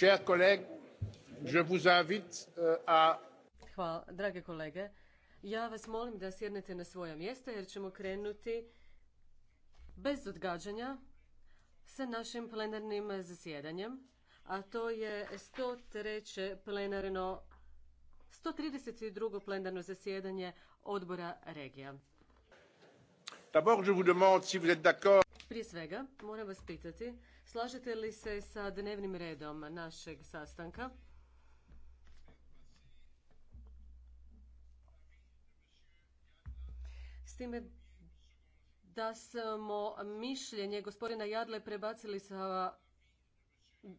Chers collègues, euh, drage kolege. Ja vas molim da sjednete na svoja mjesta jer ćemo krenuti bez odgađanja sa našim plenarnim zasjedanjem, a to je 103. plenarno 132. plenarno zasjedanje odbora regija. D'abord, je vous demande si Prije svega, moram vas pitati Slažete li se sa dnevnim redom našeg sastanka? S time da smo mišljenje gospodina Jadle prebacili sa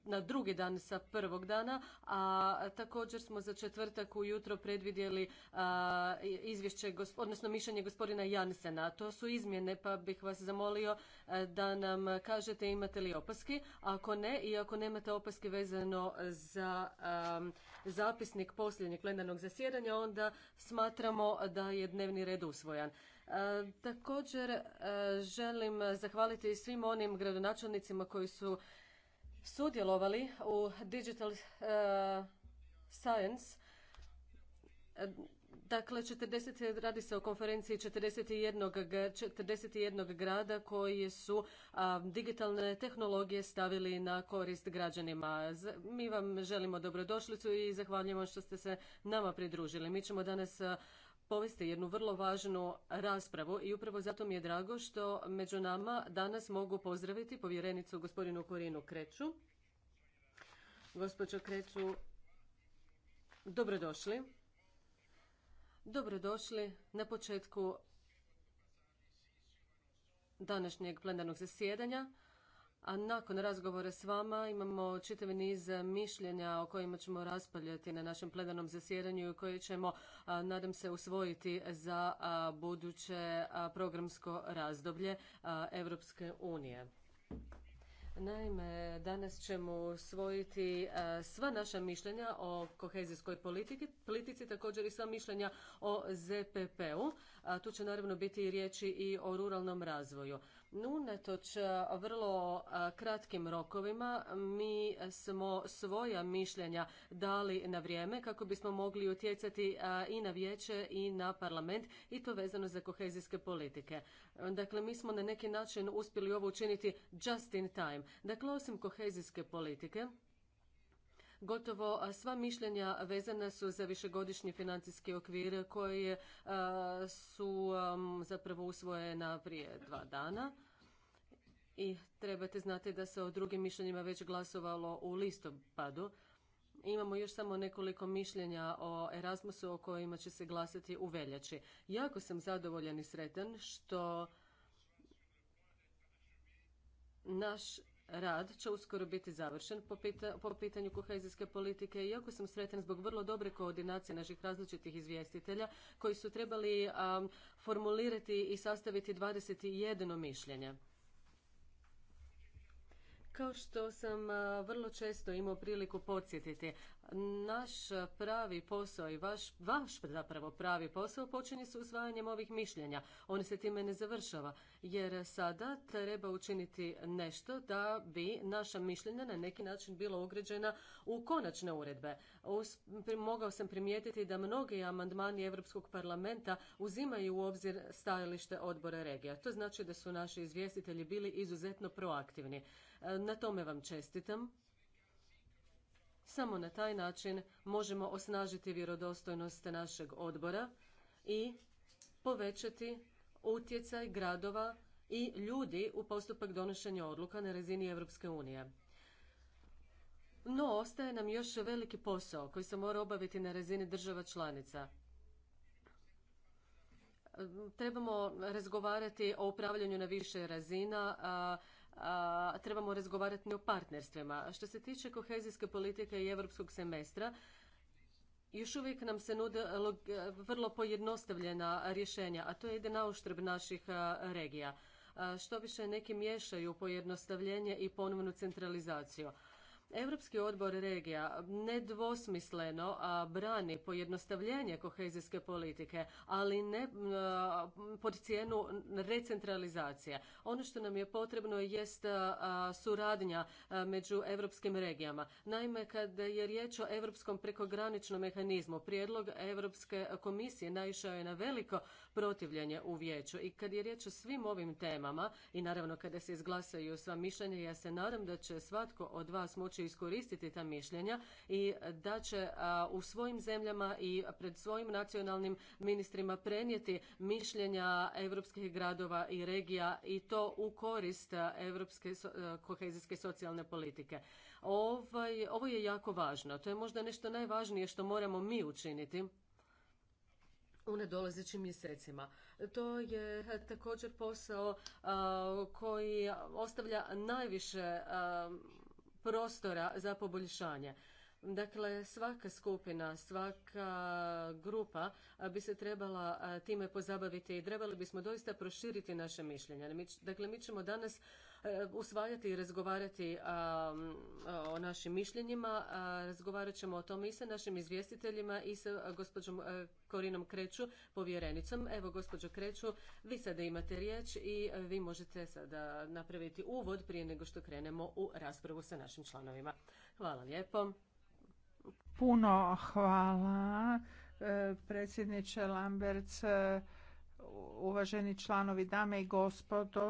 na drugi dan sa prvog dana, a također smo za četvrtak ujutro predvidjeli izvješće, odnosno mišljenje gospodina Jansena. To su izmjene, pa bih vas zamolio da nam kažete imate li opaski. Ako ne i ako nemate opaski vezano za zapisnik posljednjeg plenarnog zasjedanja, onda smatramo da je dnevni red usvojan. također želim zahvaliti svim onim gradonačelnicima koji su sudjelovali u Digital eh, Science. Dakle, 40, radi se o konferenciji 41, 41 grada koji su digitalne tehnologije stavili na korist građanima. Mi vam želimo dobrodošlicu i zahvaljujemo što ste se nama pridružili. Mi ćemo danas povesti jednu vrlo važnu raspravu i upravo zato mi je drago što među nama danas mogu pozdraviti povjerenicu gospodinu Korinu Kreću. Gospođo Kreću, dobrodošli. Dobrodošli na početku današnjeg plenarnog zasjedanja. A nakon razgovora s vama imamo čitav niz mišljenja o kojima ćemo raspravljati na našem plenarnom zasjedanju i koje ćemo, nadam se, usvojiti za buduće programsko razdoblje Europske unije. Naime, danas ćemo usvojiti sva naša mišljenja o kohezijskoj politici, politici također i sva mišljenja o ZPP-u. Tu će naravno biti i riječi i o ruralnom razvoju. Unatoč vrlo kratkim rokovima mi smo svoja mišljenja dali na vrijeme kako bismo mogli utjecati i na vijeće i na parlament i to vezano za kohezijske politike. Dakle, mi smo na neki način uspjeli ovo učiniti just in time. Dakle, osim kohezijske politike, Gotovo sva mišljenja vezana su za višegodišnji financijski okvir koji su zapravo usvojena prije dva dana. I trebate znati da se o drugim mišljenjima već glasovalo u listopadu. Imamo još samo nekoliko mišljenja o Erasmusu o kojima će se glasati u veljači. Jako sam zadovoljan i sretan što naš rad će uskoro biti završen po, pitanju kohezijske politike. Iako sam sretan zbog vrlo dobre koordinacije naših različitih izvjestitelja koji su trebali formulirati i sastaviti 21 mišljenje. Kao što sam vrlo često imao priliku podsjetiti, naš pravi posao i vaš, vaš zapravo pravi posao počinje su usvajanjem ovih mišljenja. On se time ne završava, jer sada treba učiniti nešto da bi naša mišljenja na neki način bila ugrađena u konačne uredbe. mogao sam primijetiti da mnogi amandmani Europskog parlamenta uzimaju u obzir stajalište odbora regija. To znači da su naši izvjestitelji bili izuzetno proaktivni. E, na tome vam čestitam samo na taj način možemo osnažiti vjerodostojnost našeg odbora i povećati utjecaj gradova i ljudi u postupak donošenja odluka na razini Europske unije. No, ostaje nam još veliki posao koji se mora obaviti na razini država članica. Trebamo razgovarati o upravljanju na više razina, a trebamo razgovarati o partnerstvima. Što se tiče kohezijske politike i europskog semestra, još uvijek nam se nude e, vrlo pojednostavljena rješenja, a to ide na uštrb naših regija. Što više neki miješaju pojednostavljenje i ponovnu centralizaciju. Europski odbor regija nedvosmisleno brani pojednostavljenje kohezijske politike, ali ne pod cijenu recentralizacije. Ono što nam je potrebno jest suradnja među europskim regijama. Naime, kada je riječ o europskom prekograničnom mehanizmu, prijedlog Europske komisije naišao je na veliko protivljenje u vijeću. I kad je riječ o svim ovim temama i naravno kada se izglasaju sva mišljenja, ja se nadam da će svatko od vas moći iskoristiti ta mišljenja i da će u svojim zemljama i pred svojim nacionalnim ministrima prenijeti mišljenja europskih gradova i regija i to u korist europske kohezijske socijalne politike. Ovaj, ovo je jako važno. To je možda nešto najvažnije što moramo mi učiniti u nadolazećim mjesecima. To je također posao koji ostavlja najviše prostora za poboljšanje. Dakle, svaka skupina, svaka grupa bi se trebala time pozabaviti i trebali bismo doista proširiti naše mišljenje. Dakle, mi ćemo danas E, usvajati i razgovarati o našim mišljenjima. Razgovarat ćemo o tome i sa našim izvjestiteljima i sa gospođom e, Korinom Kreću, povjerenicom. Evo, gospođo Kreću, vi sada imate riječ i e, vi možete sada napraviti uvod prije nego što krenemo u raspravu sa našim članovima. Hvala lijepo. Puno hvala predsjedniče Lamberts uvaženi članovi, dame i gospodo,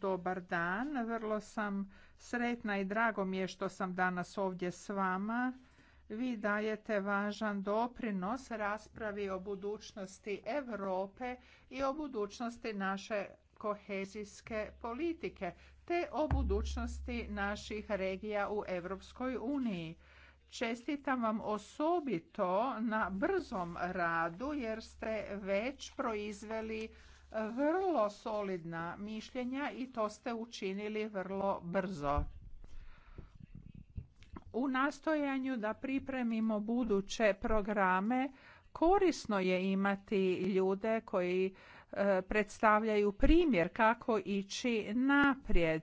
dobar dan. Vrlo sam sretna i drago mi je što sam danas ovdje s vama. Vi dajete važan doprinos raspravi o budućnosti Europe i o budućnosti naše kohezijske politike te o budućnosti naših regija u Europskoj uniji. Čestitam vam osobito na brzom radu jer ste već proizveli vrlo solidna mišljenja i to ste učinili vrlo brzo. U nastojanju da pripremimo buduće programe korisno je imati ljude koji e, predstavljaju primjer kako ići naprijed.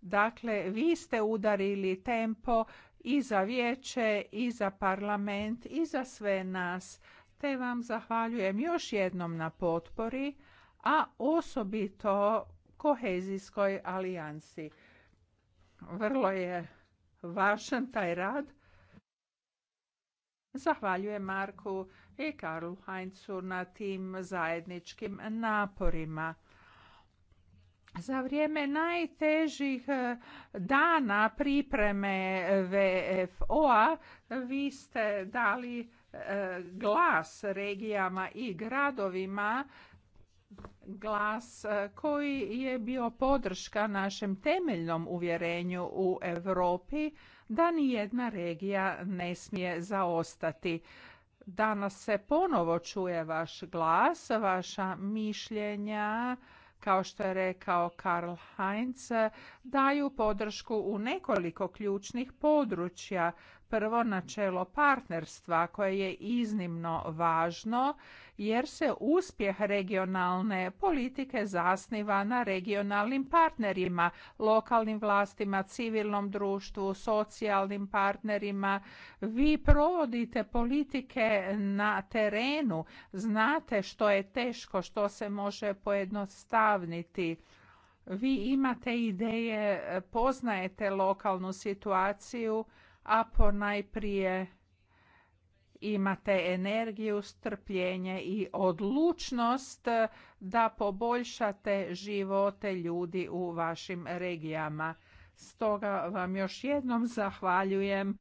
Dakle, vi ste udarili tempo, i za vijeće i za parlament i za sve nas. Te vam zahvaljujem još jednom na potpori, a osobito kohezijskoj alijansi. Vrlo je vašan taj rad. Zahvaljujem Marku i Karlu Heinzu na tim zajedničkim naporima za vrijeme najtežih e, dana pripreme VFO-a vi ste dali e, glas regijama i gradovima glas e, koji je bio podrška našem temeljnom uvjerenju u Europi da ni jedna regija ne smije zaostati. Danas se ponovo čuje vaš glas, vaša mišljenja kao što je rekao Karl Heinz, daju podršku u nekoliko ključnih područja prvo načelo partnerstva koje je iznimno važno jer se uspjeh regionalne politike zasniva na regionalnim partnerima, lokalnim vlastima, civilnom društvu, socijalnim partnerima. Vi provodite politike na terenu, znate što je teško, što se može pojednostavniti. Vi imate ideje, poznajete lokalnu situaciju a ponajprije imate energiju, strpljenje i odlučnost da poboljšate živote ljudi u vašim regijama. Stoga vam još jednom zahvaljujem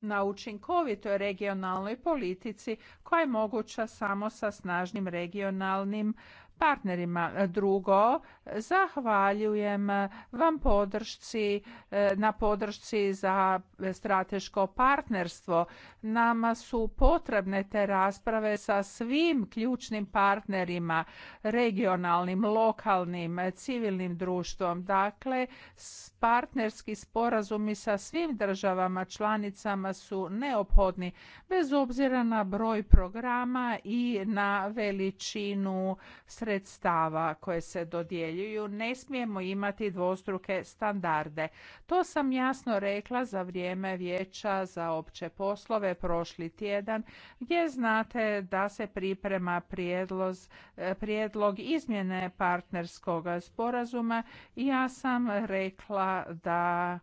na učinkovitoj regionalnoj politici koja je moguća samo sa snažnim regionalnim partnerima. Drugo, zahvaljujem vam podršci e, na podršci za strateško partnerstvo. Nama su potrebne te rasprave sa svim ključnim partnerima, regionalnim, lokalnim, civilnim društvom. Dakle, s partnerski sporazumi sa svim državama članicama su neophodni bez obzira na broj programa i na veličinu sredstava koje se dodjeljuju. Ne smijemo imati dvostruke standarde. To sam jasno rekla za vrijeme vijeća za opće poslove prošli tjedan gdje znate da se priprema prijedlog, prijedlog izmjene partnerskog sporazuma i ja sam rekla da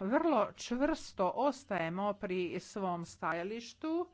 vrlo čvrsto ostajemo pri svom stajalištu,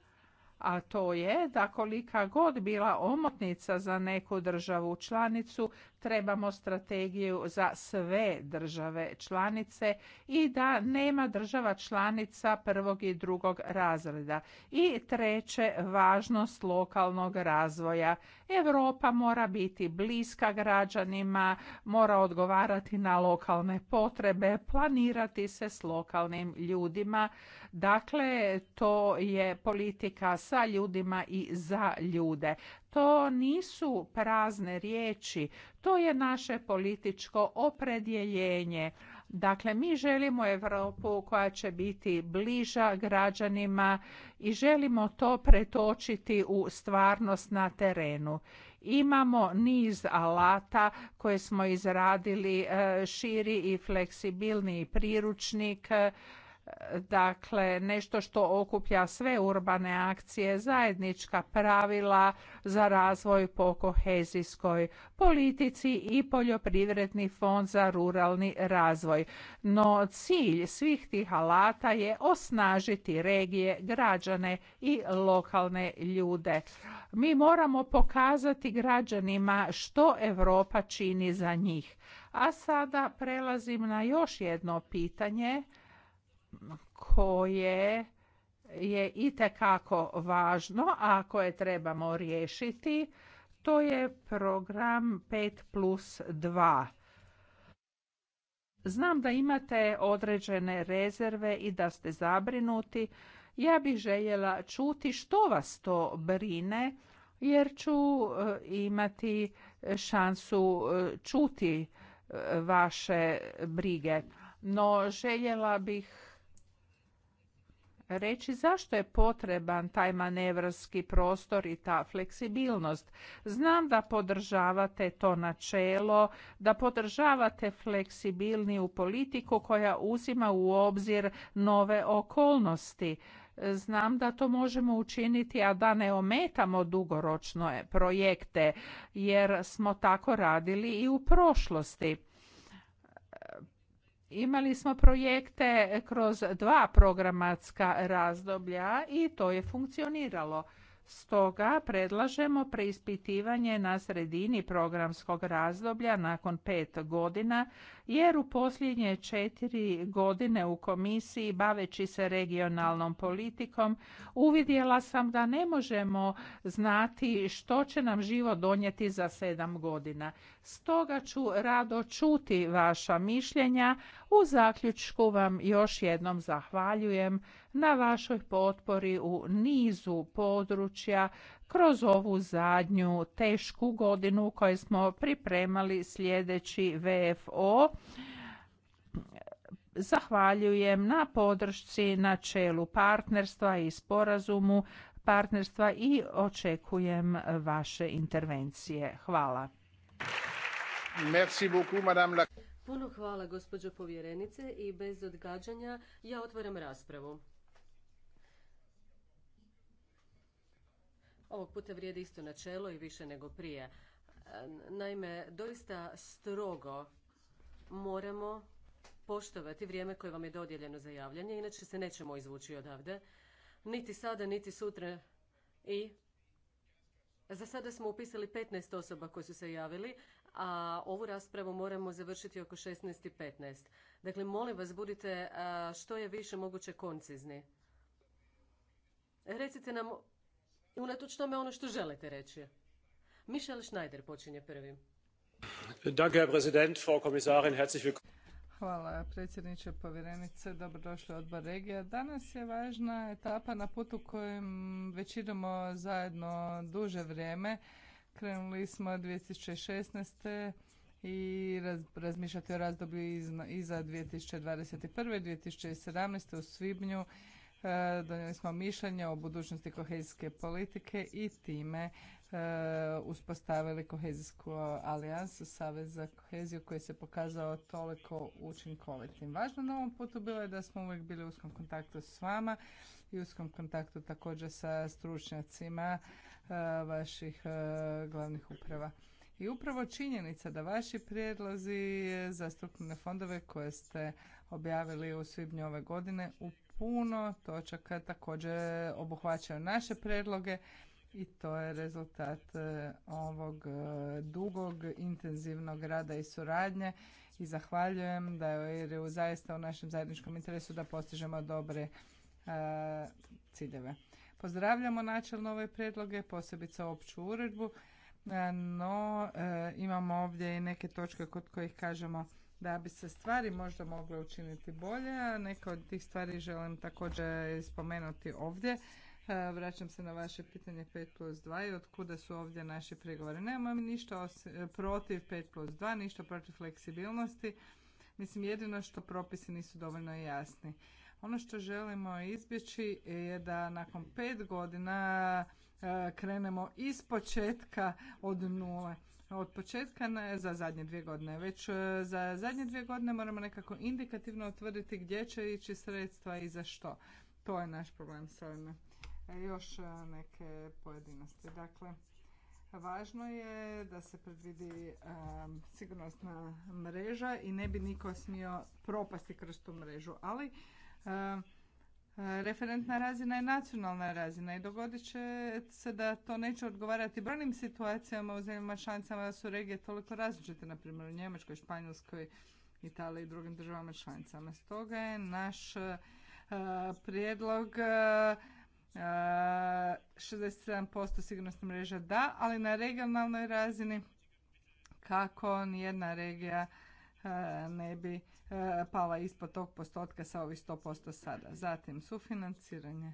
a to je da kolika god bila omotnica za neku državu članicu, trebamo strategiju za sve države članice i da nema država članica prvog i drugog razreda. I treće, važnost lokalnog razvoja. Europa mora biti bliska građanima, mora odgovarati na lokalne potrebe, planirati se s lokalnim ljudima. Dakle, to je politika sa ljudima i za ljude. To nisu prazne riječi, to je naše političko opredjeljenje. Dakle, mi želimo Europu koja će biti bliža građanima i želimo to pretočiti u stvarnost na terenu. Imamo niz alata koje smo izradili, e, širi i fleksibilniji priručnik, dakle nešto što okuplja sve urbane akcije, zajednička pravila za razvoj po kohezijskoj politici i poljoprivredni fond za ruralni razvoj. No cilj svih tih alata je osnažiti regije, građane i lokalne ljude. Mi moramo pokazati građanima što Europa čini za njih. A sada prelazim na još jedno pitanje koje je itekako važno, a koje trebamo riješiti, to je program 5 plus 2. Znam da imate određene rezerve i da ste zabrinuti. Ja bih željela čuti što vas to brine, jer ću e, imati šansu e, čuti e, vaše brige. No željela bih reći zašto je potreban taj manevrski prostor i ta fleksibilnost. Znam da podržavate to načelo, da podržavate fleksibilniju politiku koja uzima u obzir nove okolnosti. Znam da to možemo učiniti, a da ne ometamo dugoročne projekte, jer smo tako radili i u prošlosti. Imali smo projekte kroz dva programatska razdoblja i to je funkcioniralo. Stoga predlažemo preispitivanje na sredini programskog razdoblja nakon pet godina jer u posljednje četiri godine u komisiji baveći se regionalnom politikom uvidjela sam da ne možemo znati što će nam život donijeti za sedam godina. Stoga ću rado čuti vaša mišljenja. U zaključku vam još jednom zahvaljujem na vašoj potpori u nizu područja kroz ovu zadnju tešku godinu koju smo pripremali sljedeći VFO. Zahvaljujem na podršci na čelu partnerstva i sporazumu partnerstva i očekujem vaše intervencije. Hvala. Merci beaucoup, madame la... Puno hvala, gospođo povjerenice, i bez odgađanja ja otvaram raspravu. Ovog puta vrijedi isto načelo i više nego prije. E, naime, doista strogo moramo poštovati vrijeme koje vam je dodijeljeno za javljanje, inače se nećemo izvući odavde. Niti sada, niti sutra i za sada smo upisali 15 osoba koji su se javili, a ovu raspravu moramo završiti oko 16.15. Dakle, molim vas, budite što je više moguće koncizni. Recite nam unatoč tome ono što želite reći. Michel Schneider počinje prvi. Danke, Herr Präsident, Frau Kommissarin, herzlich willkommen. Hvala predsjedniče povjerenice, dobrodošli odbor regija. Danas je važna etapa na putu kojem već idemo zajedno duže vrijeme. Krenuli smo 2016. i razmišljati o razdoblju iza 2021. 2017. u Svibnju E, donijeli smo mišljenje o budućnosti kohezijske politike i time e, uspostavili kohezijsku alijansu Savez za koheziju koji se pokazao toliko učinkovitim. Važno na ovom putu bilo je da smo uvijek bili u uskom kontaktu s vama i uskom kontaktu također sa stručnjacima e, vaših glavnih uprava. I upravo činjenica da vaši prijedlozi za strukturne fondove koje ste objavili u svibnju ove godine u puno točaka također obuhvaćaju naše predloge i to je rezultat e, ovog e, dugog intenzivnog rada i suradnje i zahvaljujem da je u zaista u našem zajedničkom interesu da postižemo dobre e, ciljeve. Pozdravljamo načelno ove predloge, posebice opću uredbu, no imamo ovdje i neke točke kod kojih kažemo da bi se stvari možda mogle učiniti bolje, a neke od tih stvari želim također spomenuti ovdje. E, vraćam se na vaše pitanje 5 plus 2 i od kuda su ovdje naši prigovori. Nemamo mi ništa protiv 5 plus 2, ništa protiv fleksibilnosti. Mislim, jedino što propisi nisu dovoljno jasni. Ono što želimo izbjeći je da nakon pet godina e, krenemo iz početka od nule od početka ne, za zadnje dvije godine. Već e, za zadnje dvije godine moramo nekako indikativno utvrditi gdje će ići sredstva i za što. To je naš problem s ovime. E, još e, neke pojedinosti. Dakle, važno je da se predvidi um, sigurnosna mreža i ne bi niko smio propasti kroz tu mrežu. Ali Referentna razina je nacionalna razina i dogodit će se da to neće odgovarati brojnim situacijama u zemljama članicama da su regije toliko različite, na primjer u Njemačkoj, Španjolskoj, Italiji i drugim državama članicama. Stoga je naš e, prijedlog 67% e, sigurnosna mreža da, ali na regionalnoj razini kako nijedna regija E, ne bi e, pala ispod tog postotka sa ovih 100% sada. Zatim, sufinanciranje.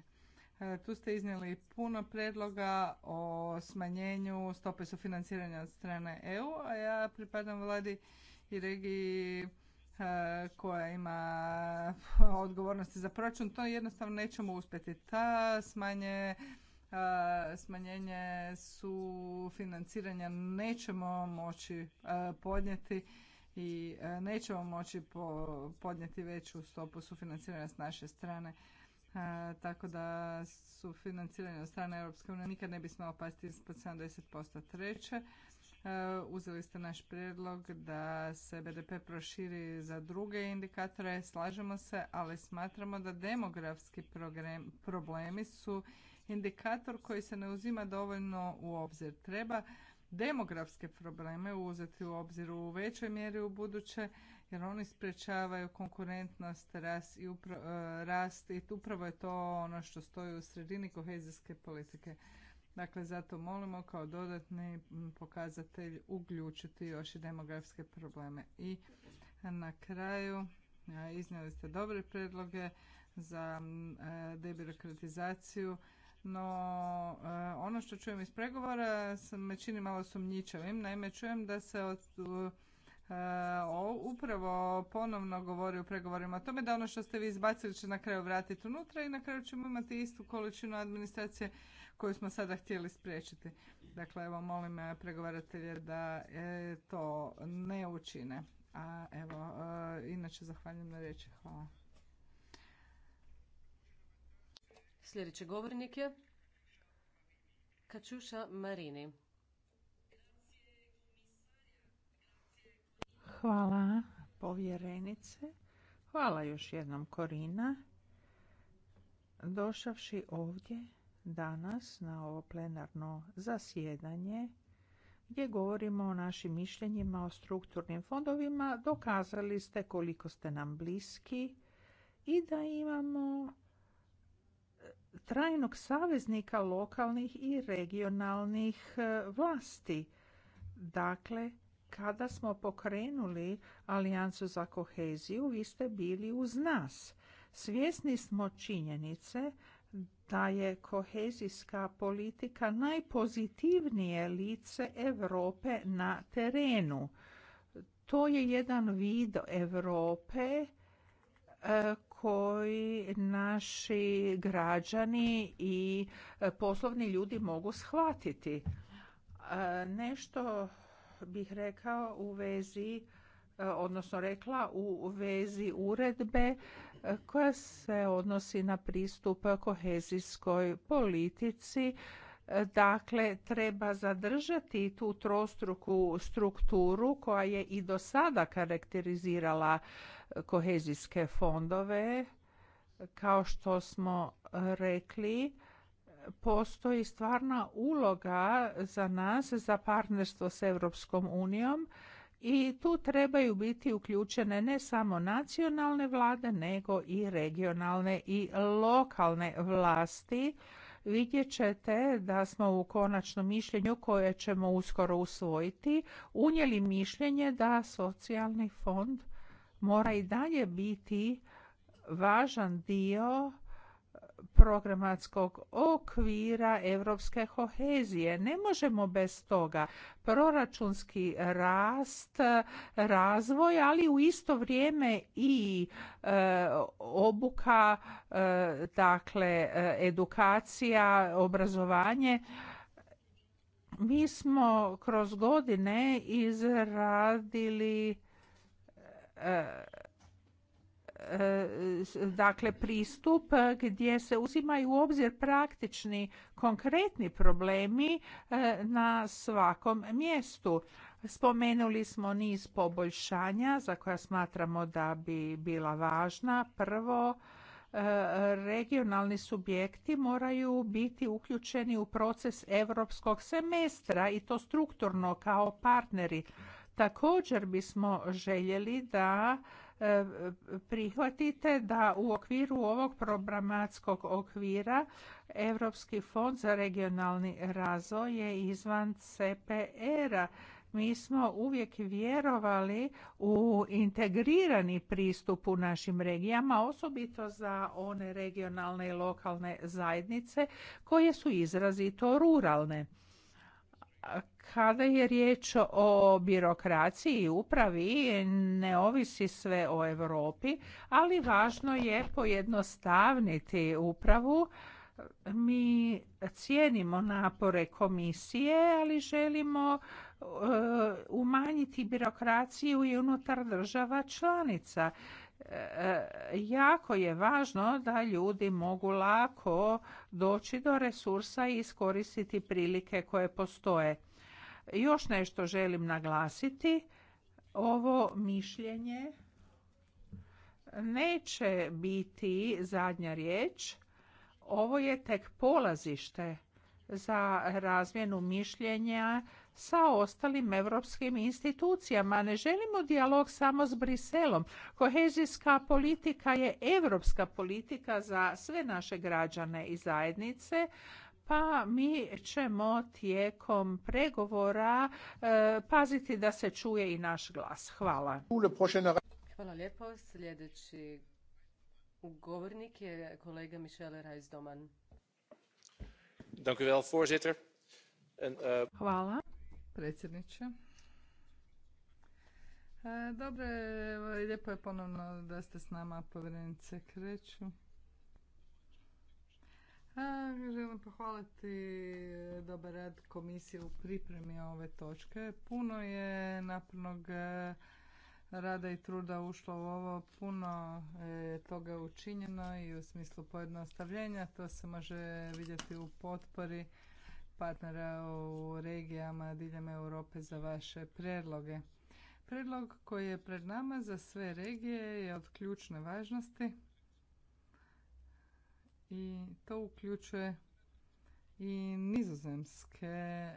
E, tu ste iznijeli puno predloga o smanjenju stope sufinanciranja od strane EU, a ja pripadam vladi i regiji koja ima odgovornosti za proračun, to jednostavno nećemo uspjeti. Ta smanje, smanjenje su financiranja nećemo moći podnijeti i e, nećemo moći podnijeti veću stopu sufinanciranja s naše strane. E, tako da sufinanciranje od strane Europske unije nikad ne bi smjelo pasti ispod 70% treće. E, uzeli ste naš prijedlog da se BDP proširi za druge indikatore, slažemo se, ali smatramo da demografski problemi su indikator koji se ne uzima dovoljno u obzir. Treba demografske probleme uzeti u obzir u većoj mjeri u buduće jer oni sprečavaju konkurentnost rast i, e, rast i upravo je to ono što stoji u sredini kohezijske politike. Dakle, zato molimo kao dodatni pokazatelj uključiti još i demografske probleme. I na kraju e, iznijeli ste dobre predloge za e, debirokratizaciju no e, ono što čujem iz pregovora me čini malo sumnjičavim. Naime, čujem da se e, upravo ponovno govori u pregovorima o tome da ono što ste vi izbacili će na kraju vratiti unutra i na kraju ćemo imati istu količinu administracije koju smo sada htjeli spriječiti. Dakle, evo molim e, pregovaratelje da to ne učine. A evo, inače zahvaljujem na riječi. Hvala. Sljedeći govornik je Kačuša Marini. Hvala povjerenice. Hvala još jednom Korina. Došavši ovdje danas na ovo plenarno zasjedanje gdje govorimo o našim mišljenjima o strukturnim fondovima, dokazali ste koliko ste nam bliski i da imamo trajnog saveznika lokalnih i regionalnih e, vlasti. Dakle, kada smo pokrenuli Alijansu za koheziju, vi ste bili uz nas. Svjesni smo činjenice da je kohezijska politika najpozitivnije lice Europe na terenu. To je jedan vid Europe e, koji naši građani i e, poslovni ljudi mogu shvatiti. E, nešto bih rekao u vezi e, odnosno rekla u vezi uredbe koja se odnosi na pristup kohezijskoj politici. Dakle, treba zadržati tu trostruku strukturu koja je i do sada karakterizirala kohezijske fondove. Kao što smo rekli, postoji stvarna uloga za nas za partnerstvo s Europskom unijom i tu trebaju biti uključene ne samo nacionalne vlade nego i regionalne i lokalne vlasti. Vidjet ćete da smo u konačnom mišljenju koje ćemo uskoro usvojiti unijeli mišljenje da socijalni fond mora i dalje biti važan dio programatskog okvira europske kohezije. Ne možemo bez toga. Proračunski rast, razvoj, ali u isto vrijeme i e, obuka, e, dakle e, edukacija, obrazovanje. Mi smo kroz godine izradili dakle pristup gdje se uzimaju u obzir praktični konkretni problemi e, na svakom mjestu. Spomenuli smo niz poboljšanja za koja smatramo da bi bila važna. Prvo, e, regionalni subjekti moraju biti uključeni u proces europskog semestra i to strukturno kao partneri. Također bismo željeli da e, prihvatite da u okviru ovog programatskog okvira Europski fond za regionalni razvoj je izvan CPR-a. Mi smo uvijek vjerovali u integrirani pristup u našim regijama, osobito za one regionalne i lokalne zajednice koje su izrazito ruralne kada je riječ o birokraciji i upravi, ne ovisi sve o Europi, ali važno je pojednostavniti upravu. Mi cijenimo napore komisije, ali želimo e, umanjiti birokraciju i unutar država članica. E, jako je važno da ljudi mogu lako doći do resursa i iskoristiti prilike koje postoje. Još nešto želim naglasiti. Ovo mišljenje neće biti zadnja riječ. Ovo je tek polazište za razmjenu mišljenja sa ostalim europskim institucijama. Ne želimo dijalog samo s Briselom. Kohezijska politika je europska politika za sve naše građane i zajednice, pa mi ćemo tijekom pregovora e, paziti da se čuje i naš glas. Hvala. Hvala lijepo. Sljedeći govornik je kolega En, eh, Hvala predsjedniče. E, dobro je, lijepo je ponovno da ste s nama povjerenice kreću. Želim pohvaliti dobar rad komisije u pripremi ove točke. Puno je napornog e, rada i truda ušlo u ovo, puno e, je toga učinjeno i u smislu pojednostavljenja. To se može vidjeti u potpori partnera u regijama diljem Europe za vaše predloge. Predlog koji je pred nama za sve regije je od ključne važnosti i to uključuje i nizozemske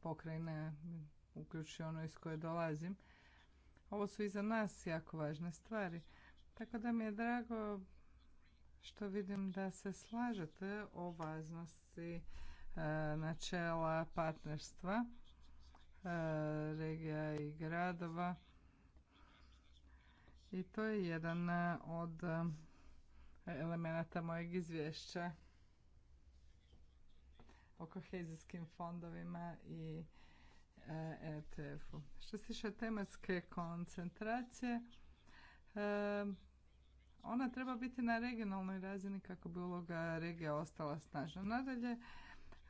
pokrajine, uključuje ono iz koje dolazim. Ovo su i za nas jako važne stvari. Tako da mi je drago što vidim da se slažete o važnosti e, načela partnerstva e, regija i gradova. I to je jedan od elemenata mojeg izvješća o kohezijskim fondovima i ETF-u. E Što se tiče tematske koncentracije, e, ona treba biti na regionalnoj razini kako bi uloga regija ostala snažna. Nadalje,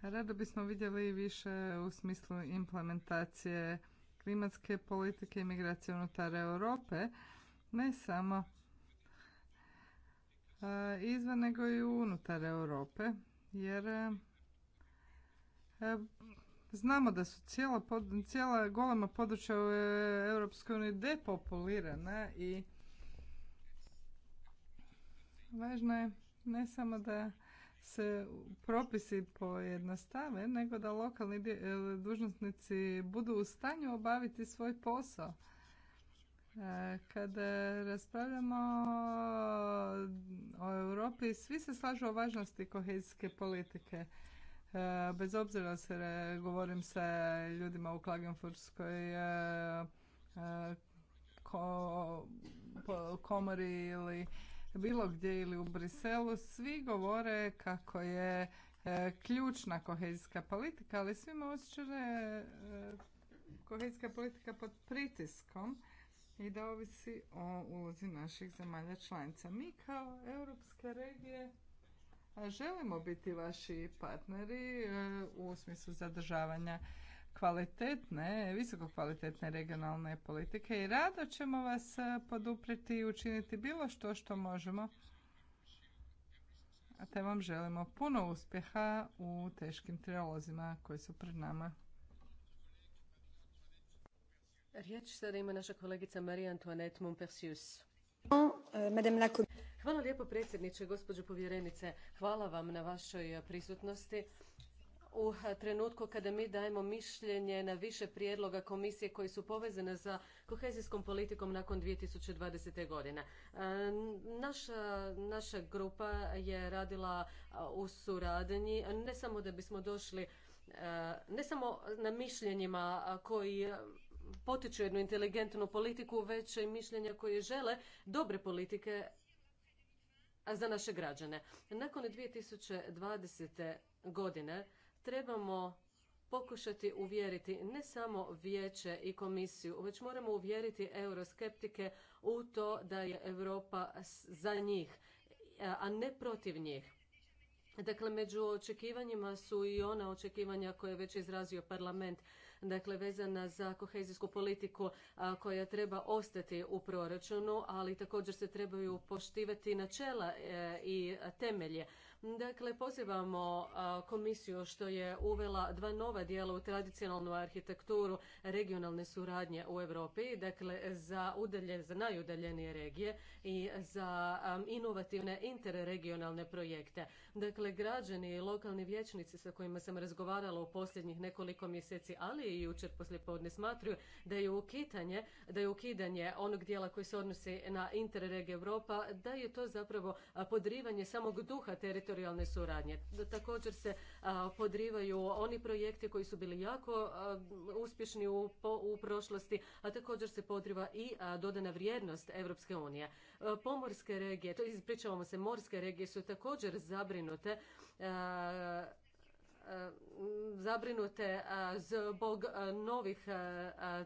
rado bismo vidjeli više u smislu implementacije klimatske politike i migracije unutar Europe, ne samo E, izvan nego i unutar Europe jer e, e, znamo da su cijela, cijela golema područja u Europskoj depopulirana i važno je ne samo da se propisi pojednostave, nego da lokalni dužnosnici budu u stanju obaviti svoj posao. Kada raspravljamo o Europi, svi se slažu o važnosti kohezijske politike. E, bez obzira se govorim sa ljudima u Klagenfurskoj e, e, komori ili bilo gdje ili u Briselu, svi govore kako je ključna kohezijska politika, ali svima osjećaju da je kohezijska politika pod pritiskom i da ovisi o ulozi naših zemalja članica. Mi kao europske regije želimo biti vaši partneri e, u smislu zadržavanja kvalitetne, visokokvalitetne regionalne politike i rado ćemo vas e, poduprijeti i učiniti bilo što što možemo. A te vam želimo puno uspjeha u teškim trijalozima koji su pred nama. Riječ sada ima naša kolegica Marija Antoinette Montpersius. Hvala lijepo predsjedniče, gospođo povjerenice. Hvala vam na vašoj prisutnosti u trenutku kada mi dajemo mišljenje na više prijedloga komisije koji su povezane za kohezijskom politikom nakon 2020. godine. Naša, naša grupa je radila u suradnji ne samo da bismo došli ne samo na mišljenjima koji potiču jednu inteligentnu politiku, već i mišljenja koje žele dobre politike za naše građane. Nakon 2020. godine trebamo pokušati uvjeriti ne samo vijeće i komisiju, već moramo uvjeriti euroskeptike u to da je Europa za njih, a ne protiv njih. Dakle, među očekivanjima su i ona očekivanja koje je već izrazio parlament dakle vezana za kohezijsku politiku koja treba ostati u proračunu, ali također se trebaju poštivati načela e, i temelje Dakle, pozivamo komisiju što je uvela dva nova dijela u tradicionalnu arhitekturu regionalne suradnje u Europi, dakle za za najudaljenije regije i za inovativne interregionalne projekte. Dakle, građani i lokalni vječnici sa kojima sam razgovarala u posljednjih nekoliko mjeseci, ali i jučer poslijepodne smatruju da je ukitanje, da je ukidanje onog dijela koji se odnosi na interreg Europa, da je to zapravo podrivanje samog duha teritorijalne realne suradnje. Također se podrivaju oni projekti koji su bili jako uspješni u, prošlosti, a također se podriva i dodana vrijednost Evropske unije. Pomorske regije, to ispričavamo se, morske regije su također zabrinute zabrinute zbog novih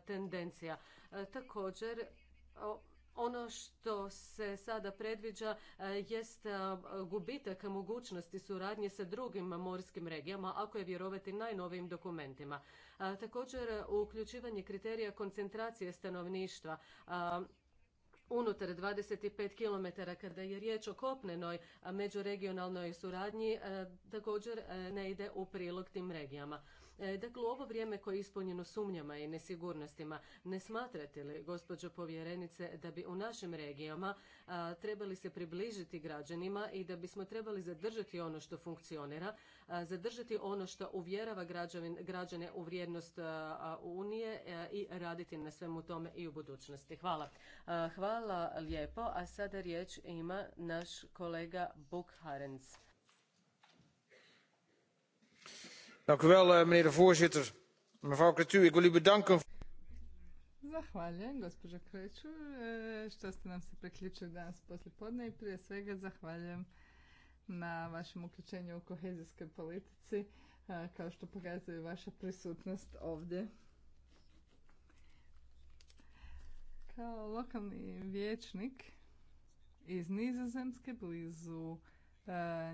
tendencija. Također ono što se sada predviđa e, jest e, gubitak mogućnosti suradnje sa drugim morskim regijama, ako je vjerovati najnovijim dokumentima. E, također, uključivanje kriterija koncentracije stanovništva unutar 25 km kada je riječ o kopnenoj međuregionalnoj suradnji također ne ide u prilog tim regijama. E, dakle, u ovo vrijeme koje je ispunjeno sumnjama i nesigurnostima, ne smatrate li, gospođo povjerenice, da bi u našim regijama trebali se približiti građanima i da bismo trebali zadržati ono što funkcionira, zadržati ono što uvjerava građane u vrijednost Unije i raditi na svemu tome i u budućnosti. Hvala. Hvala lijepo, a sada riječ ima naš kolega Buk Harens. Eh, meneer de voorzitter. Mevrouw Cretu, ik wil u bedanken. Zahvaljujem, gospođo Kreću, eh, što ste nam se priključili danas poslje podne i prije svega zahvaljujem na vašem uključenju u kohezijskoj politici, eh, kao što pokazuje vaša prisutnost ovdje. Kao lokalni vječnik iz Nizozemske, blizu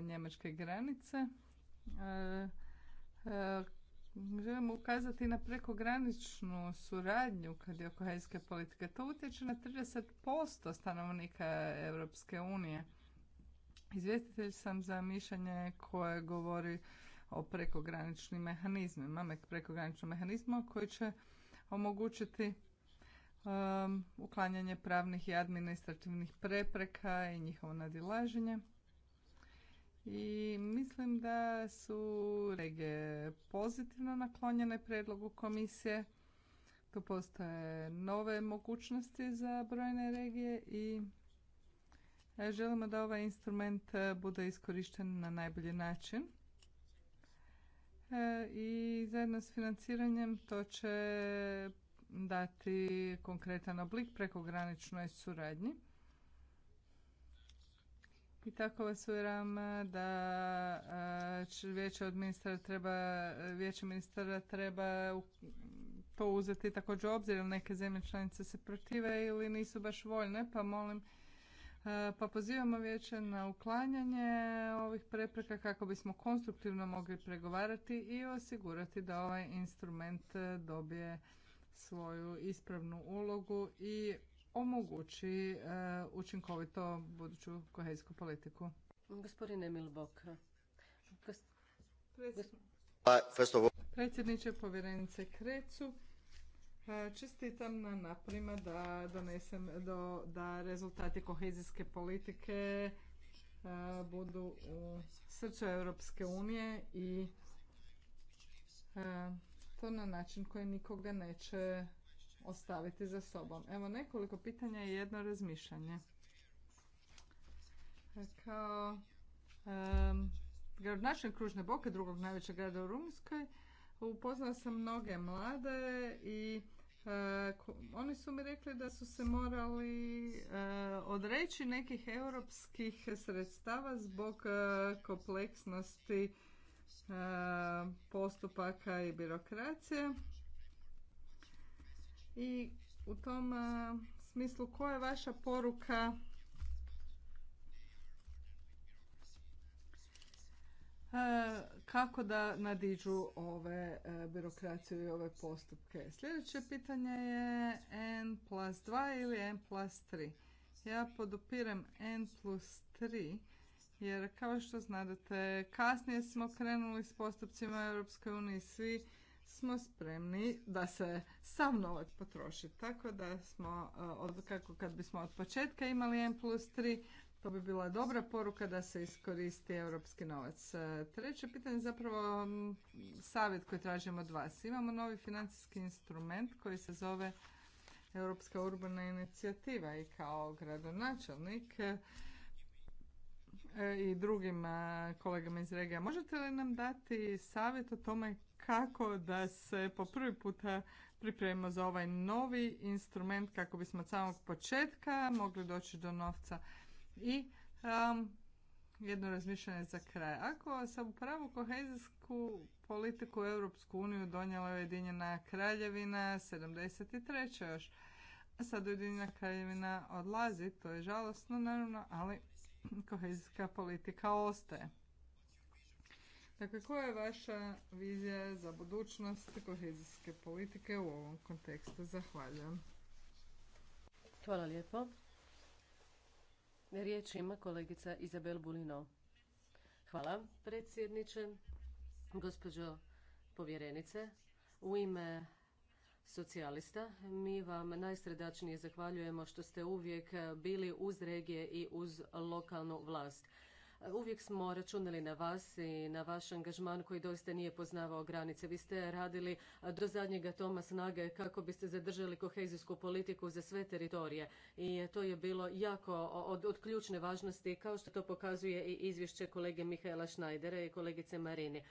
njemačke granice, E, želimo ukazati na prekograničnu suradnju kad je kohezijske politike. To utječe na 30% stanovnika Europske unije. Izvjestitelj sam za mišljenje koje govori o prekograničnim mehanizmima, prekograničnom mehanizmu koji će omogućiti um, uklanjanje pravnih i administrativnih prepreka i njihovo nadilaženje i mislim da su regije pozitivno naklonjene predlogu komisije. Tu postoje nove mogućnosti za brojne regije i e, želimo da ovaj instrument e, bude iskorišten na najbolji način. E, I zajedno s financiranjem to će dati konkretan oblik prekograničnoj suradnji. I tako vas uvjeram da vijeće od ministra treba, vijeće ministara treba to uzeti također obzir jer neke zemlje članice se protive ili nisu baš voljne, pa molim pa pozivamo vijeće na uklanjanje ovih prepreka kako bismo konstruktivno mogli pregovarati i osigurati da ovaj instrument e, dobije svoju ispravnu ulogu i omogući e, učinkovito buduću kohezijsku politiku. Gospodine Milbok, pa, predsjedniče povjerenice Krecu, e, Čestitam na naprima da donesem do, da rezultati kohezijske politike e, budu u srcu Europske unije i to na način koji nikoga neće ostaviti za sobom. Evo nekoliko pitanja i jedno razmišljanje. Kao um, Kružne Boke, drugog najvećeg grada u Rumunjskoj, upoznala sam mnoge mlade i e, oni su mi rekli da su se morali e, odreći nekih europskih sredstava zbog e, kompleksnosti postupaka i birokracije i u tom smislu koja je vaša poruka e, kako da nadiđu ove birokracije birokraciju i ove postupke? Sljedeće pitanje je N plus 2 ili N plus 3. Ja podupirem N plus 3 jer kao što znate kasnije smo krenuli s postupcima Europske i svi smo spremni da se sam novac potroši. Tako da smo, e, od, kako kad bismo od početka imali M plus 3, to bi bila dobra poruka da se iskoristi europski novac. E, treće pitanje je zapravo savjet koji tražimo od vas. Imamo novi financijski instrument koji se zove Europska urbana inicijativa i kao gradonačelnik e, i drugim kolegama iz regija. Možete li nam dati savjet o tome kako da se po prvi puta pripremimo za ovaj novi instrument kako bismo od samog početka mogli doći do novca. I um, jedno razmišljanje za kraj. Ako sam pravu kohezijsku politiku u Europsku uniju donijela Ujedinjena kraljevina 73. još, a sad Ujedinjena kraljevina odlazi, to je žalosno naravno, ali kohezijska politika ostaje. Dakle, koja je vaša vizija za budućnost kohezijske politike u ovom kontekstu? Zahvaljujem. Hvala lijepo. Riječ ima kolegica Izabel Bulino. Hvala, predsjedniče, gospođo povjerenice. U ime socijalista. Mi vam najsredačnije zahvaljujemo što ste uvijek bili uz regije i uz lokalnu vlast. Uvijek smo računali na vas i na vaš angažman koji doista nije poznavao granice. Vi ste radili do zadnjega toma snage kako biste zadržali kohezijsku politiku za sve teritorije i to je bilo jako od, od ključne važnosti kao što to pokazuje i izvješće kolege Mihaela Šnajdera i kolegice Marini.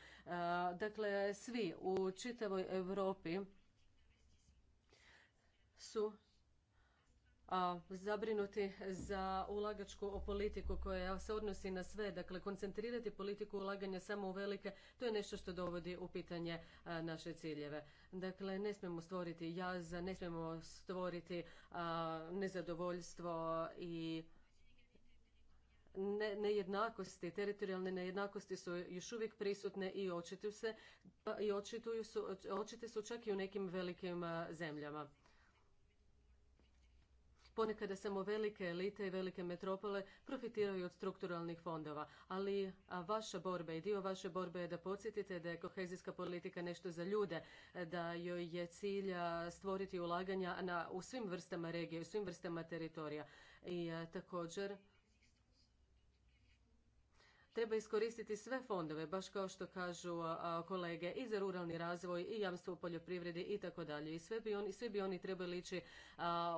Dakle, svi u čitavoj Europi su zabrinuti za ulagačku politiku koja se odnosi na sve. Dakle, koncentrirati politiku ulaganja samo u velike, to je nešto što dovodi u pitanje naše ciljeve. Dakle, ne smijemo stvoriti jaz, ne smijemo stvoriti nezadovoljstvo i nejednakosti, teritorijalne nejednakosti su još uvijek prisutne i očituju se, pa, i očituju su, očite su čak i u nekim velikim zemljama. Ponekada samo velike elite i velike metropole profitiraju od strukturalnih fondova, ali vaša borba i dio vaše borbe je da podsjetite da je kohezijska politika nešto za ljude, da joj je cilj stvoriti ulaganja na, u svim vrstama regije, u svim vrstama teritorija. I također Treba iskoristiti sve fondove, baš kao što kažu kolege i za ruralni razvoj i jamstvo u poljoprivredi i tako dalje. I sve bi oni, svi bi oni trebali ići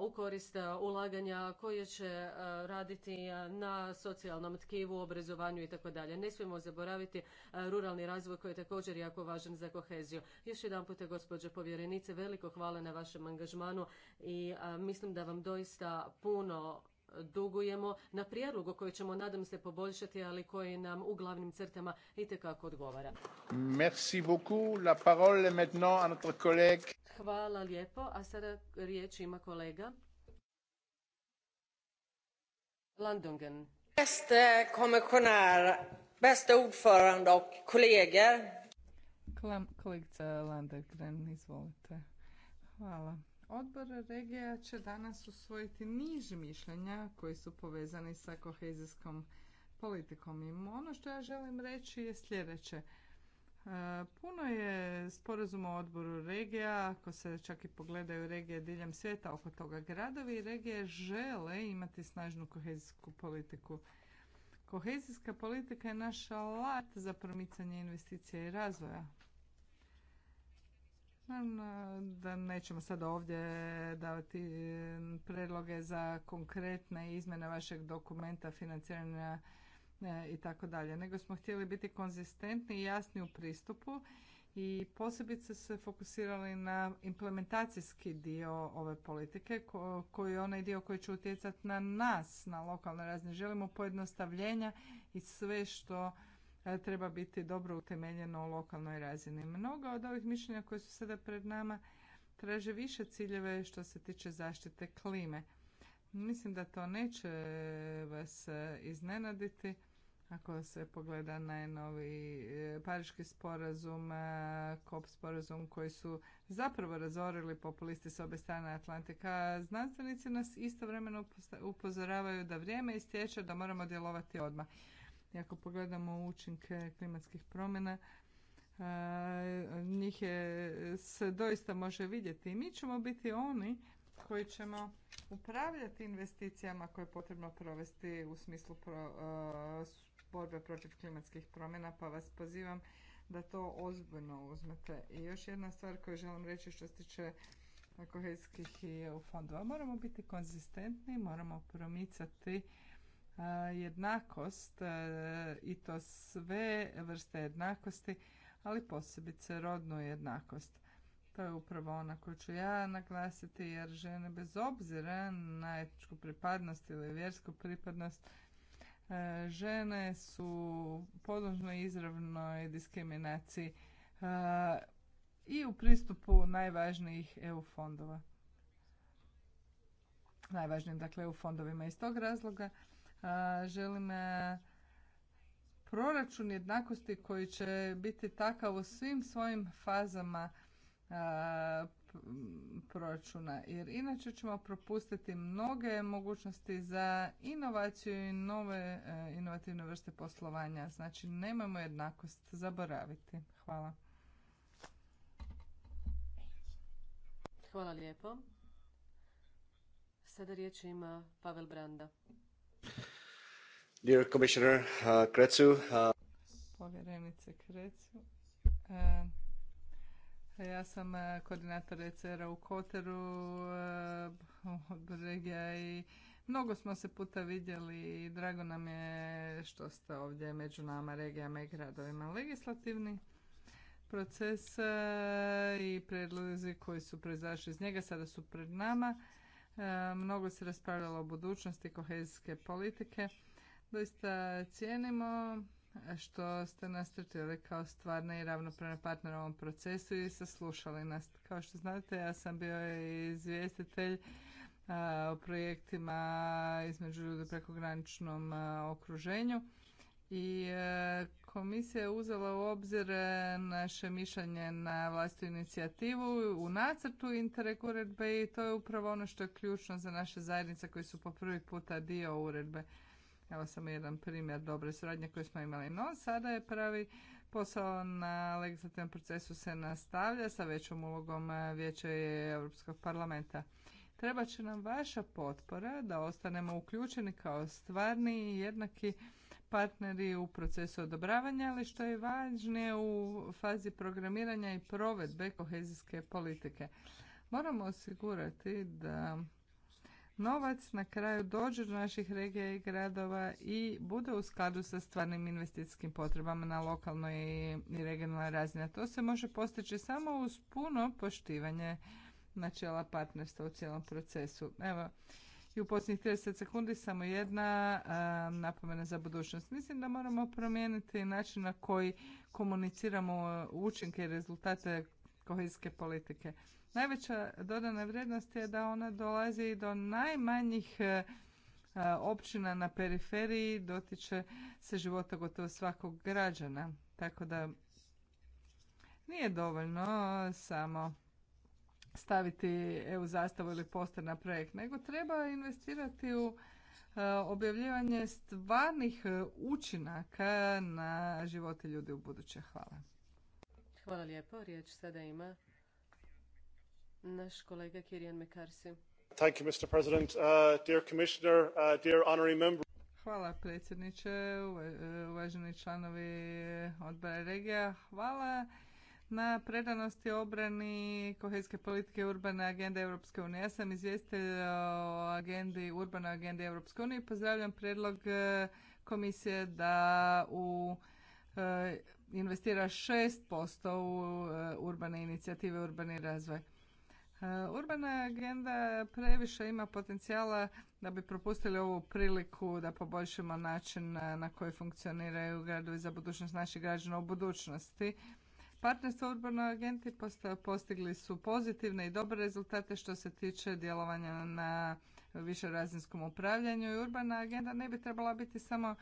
u korist ulaganja koje će raditi na socijalnom tkivu, obrazovanju i tako dalje. Ne smijemo zaboraviti ruralni razvoj koji je također jako važan za koheziju. Još jedan puta, gospođo povjerenice, veliko hvala na vašem angažmanu i mislim da vam doista puno dugujemo na prijedlogu koji ćemo nadam se poboljšati, ali koji nam u glavnim crtama kako odgovara. Merci beaucoup. La parole est maintenant à notre collègue. Hvala lijepo, a sada riječ ima kolega. Landungen. Beste komisionar, beste ordförande och kollegor. Kolegica izvolite. Hvala. Odbor regija će danas usvojiti niž mišljenja koji su povezani sa kohezijskom politikom. I ono što ja želim reći je sljedeće. E, puno je sporazuma o odboru regija, ako se čak i pogledaju regije diljem svijeta oko toga. Gradovi i regije žele imati snažnu kohezijsku politiku. Kohezijska politika je naš alat za promicanje investicija i razvoja. Naravno da nećemo sada ovdje davati predloge za konkretne izmjene vašeg dokumenta financiranja e, i tako dalje, nego smo htjeli biti konzistentni i jasni u pristupu i posebice se fokusirali na implementacijski dio ove politike koji je onaj dio koji će utjecati na nas na lokalnoj razini. Želimo pojednostavljenja i sve što E, treba biti dobro utemeljeno u lokalnoj razini. Mnoga od ovih mišljenja koje su sada pred nama traže više ciljeve što se tiče zaštite klime. Mislim da to neće e, vas e, iznenaditi ako se pogleda novi pariški sporazum, kop sporazum koji su zapravo razorili populisti s obe strane Atlantika. Znanstvenici nas istovremeno upozoravaju da vrijeme istječe, da moramo djelovati odmah. I ako pogledamo učinke klimatskih promjena, e, njih je, se doista može vidjeti. I mi ćemo biti oni koji ćemo upravljati investicijama koje je potrebno provesti u smislu pro, e, borbe protiv klimatskih promjena, pa vas pozivam da to ozbiljno uzmete. I još jedna stvar koju želim reći što se tiče kohezijskih i EU fondova. Moramo biti konzistentni, moramo promicati jednakost e, i to sve vrste jednakosti, ali posebice rodnu jednakost. To je upravo ona koju ću ja naglasiti jer žene bez obzira na etičku pripadnost ili vjersku pripadnost e, žene su podložne izravnoj diskriminaciji e, i u pristupu najvažnijih EU fondova. Najvažnijim dakle EU fondovima iz tog razloga želim e, proračun jednakosti koji će biti takav u svim svojim fazama e, proračuna jer inače ćemo propustiti mnoge mogućnosti za inovaciju i nove e, inovativne vrste poslovanja. Znači nemojmo jednakost zaboraviti. Hvala. Hvala lijepo. Sada riječ ima Pavel Branda. Dear Commissioner uh, uh Povjerenice e, ja sam e, koordinator ECR-a u Koteru, e, od regija i mnogo smo se puta vidjeli i drago nam je što ste ovdje među nama, regijama i gradovima. Legislativni proces i predlozi koji su proizašli iz njega sada su pred nama. Mnogo se raspravljalo o budućnosti kohezijske politike Doista cijenimo što ste nas kao stvarne i ravnopravne partnere u ovom procesu i saslušali nas. Kao što znate, ja sam bio izvjestitelj o projektima između ljudi prekograničnom okruženju i e, komisija je uzela u obzir e, naše mišljenje na vlastitu inicijativu u nacrtu Interreg uredbe i to je upravo ono što je ključno za naše zajednice koji su po prvi puta dio uredbe. Evo samo jedan primjer dobre suradnje koju smo imali. No, sada je pravi posao na legislativnom procesu se nastavlja sa većom ulogom eh, Vijeća i Europskog parlamenta. Treba će nam vaša potpora da ostanemo uključeni kao stvarni i jednaki partneri u procesu odobravanja, ali što je važnije u fazi programiranja i provedbe kohezijske politike. Moramo osigurati da novac na kraju dođe do naših regija i gradova i bude u skladu sa stvarnim investicijskim potrebama na lokalnoj i regionalnoj razini. A to se može postići samo uz puno poštivanje načela partnerstva u cijelom procesu. Evo, i u posljednjih 30 sekundi samo jedna a, napomena za budućnost. Mislim da moramo promijeniti način na koji komuniciramo učinke i rezultate kohezijske politike. Najveća dodana vrijednost je da ona dolazi do najmanjih e, e, općina na periferiji, dotiče se života gotovo svakog građana. Tako da nije dovoljno e, samo staviti EU zastavu ili poster na projekt, nego treba investirati u objavljivanje stvarnih učinaka na živote ljudi u buduće. Hvala. Hvala lijepo. Riječ sada ima naš kolega uh, uh, Hvala predsjedniče, e, uvaženi članovi e, odbora regija. Hvala na predanosti obrani kohezijske politike urbane agende Europske unije. Ja sam izvjestitelj o agendi, urbane agende Europske unije i pozdravljam predlog e, komisije da u investira 6% u urbane inicijative, urbani razvoj. Eh, urbana agenda previše ima potencijala da bi propustili ovu priliku da poboljšamo način eh, na koji funkcioniraju gradovi za budućnost naših građana u budućnosti. Partnerstvo urbanoj agenti postigli su pozitivne i dobre rezultate što se tiče djelovanja na višerazinskom upravljanju i urbana agenda ne bi trebala biti samo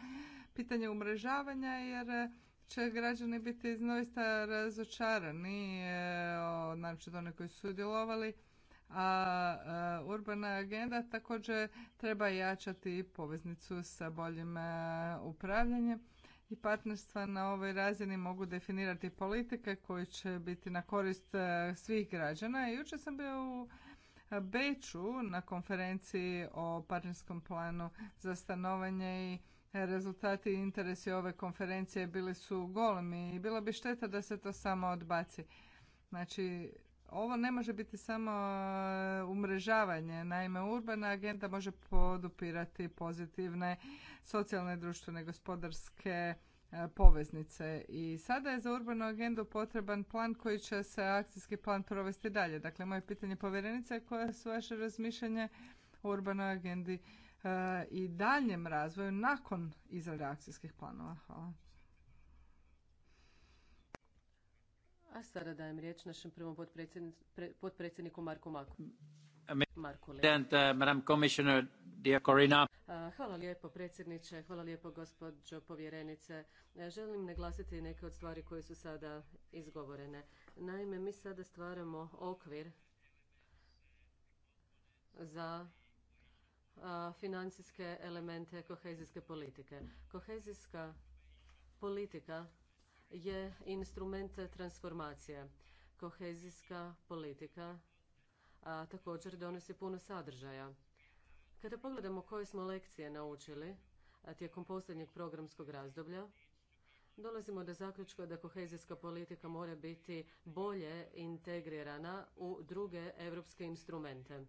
pitanje umrežavanja jer eh, će građani biti doista razočarani, e, naročito oni koji su sudjelovali, a e, urbana agenda također treba jačati poveznicu sa boljim e, upravljanjem i partnerstva na ovoj razini mogu definirati politike koje će biti na korist svih građana. Jučer sam bio u Beču na konferenciji o partnerskom planu za stanovanje i rezultati i interesi ove konferencije bili su golemi i bilo bi šteta da se to samo odbaci. Znači, ovo ne može biti samo e, umrežavanje. Naime, urbana agenda može podupirati pozitivne socijalne, društvene, gospodarske e, poveznice. I sada je za urbanu agendu potreban plan koji će se akcijski plan provesti dalje. Dakle, moje pitanje povjerenice je koja su vaše razmišljanje o urbanoj agendi E, i daljem razvoju nakon izrade akcijskih planova? Hvala. A sada dajem riječ našem prvom potpredsjedniku Marku Maku. Uh, hvala lijepo predsjedniče, hvala lijepo gospođo povjerenice. E, želim naglasiti neke od stvari koje su sada izgovorene. Naime, mi sada stvaramo okvir za financijske elemente kohezijske politike. Kohezijska politika je instrument transformacije. Kohezijska politika a, također donosi puno sadržaja. Kada pogledamo koje smo lekcije naučili tijekom posljednjeg programskog razdoblja, dolazimo do zaključka da kohezijska politika mora biti bolje integrirana u druge europske instrumente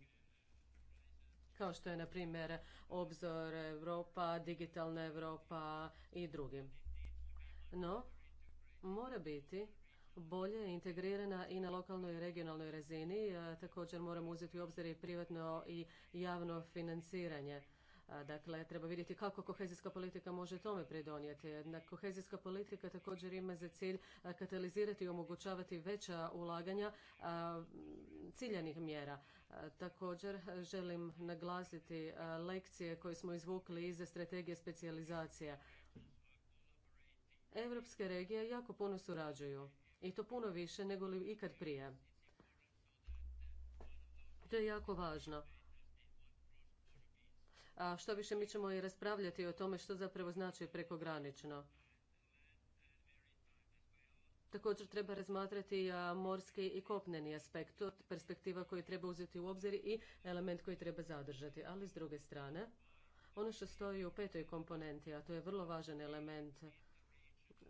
kao što je na primjer obzor Europa, digitalna Europa i drugi. No, mora biti bolje integrirana i na lokalnoj i regionalnoj razini. E, također moramo uzeti u obzir i privatno i javno financiranje. Dakle, treba vidjeti kako kohezijska politika može tome pridonijeti. Kohezijska politika također ima za cilj katalizirati i omogućavati veća ulaganja ciljanih mjera. Također želim naglasiti lekcije koje smo izvukli iz strategije specijalizacije. Europske regije jako puno surađuju i to puno više nego li ikad prije. To je jako važno a što više mi ćemo i raspravljati o tome što zapravo znači prekogranično. Također treba razmatrati morski i kopneni aspekt, perspektiva koju treba uzeti u obzir i element koji treba zadržati. Ali s druge strane, ono što stoji u petoj komponenti, a to je vrlo važan element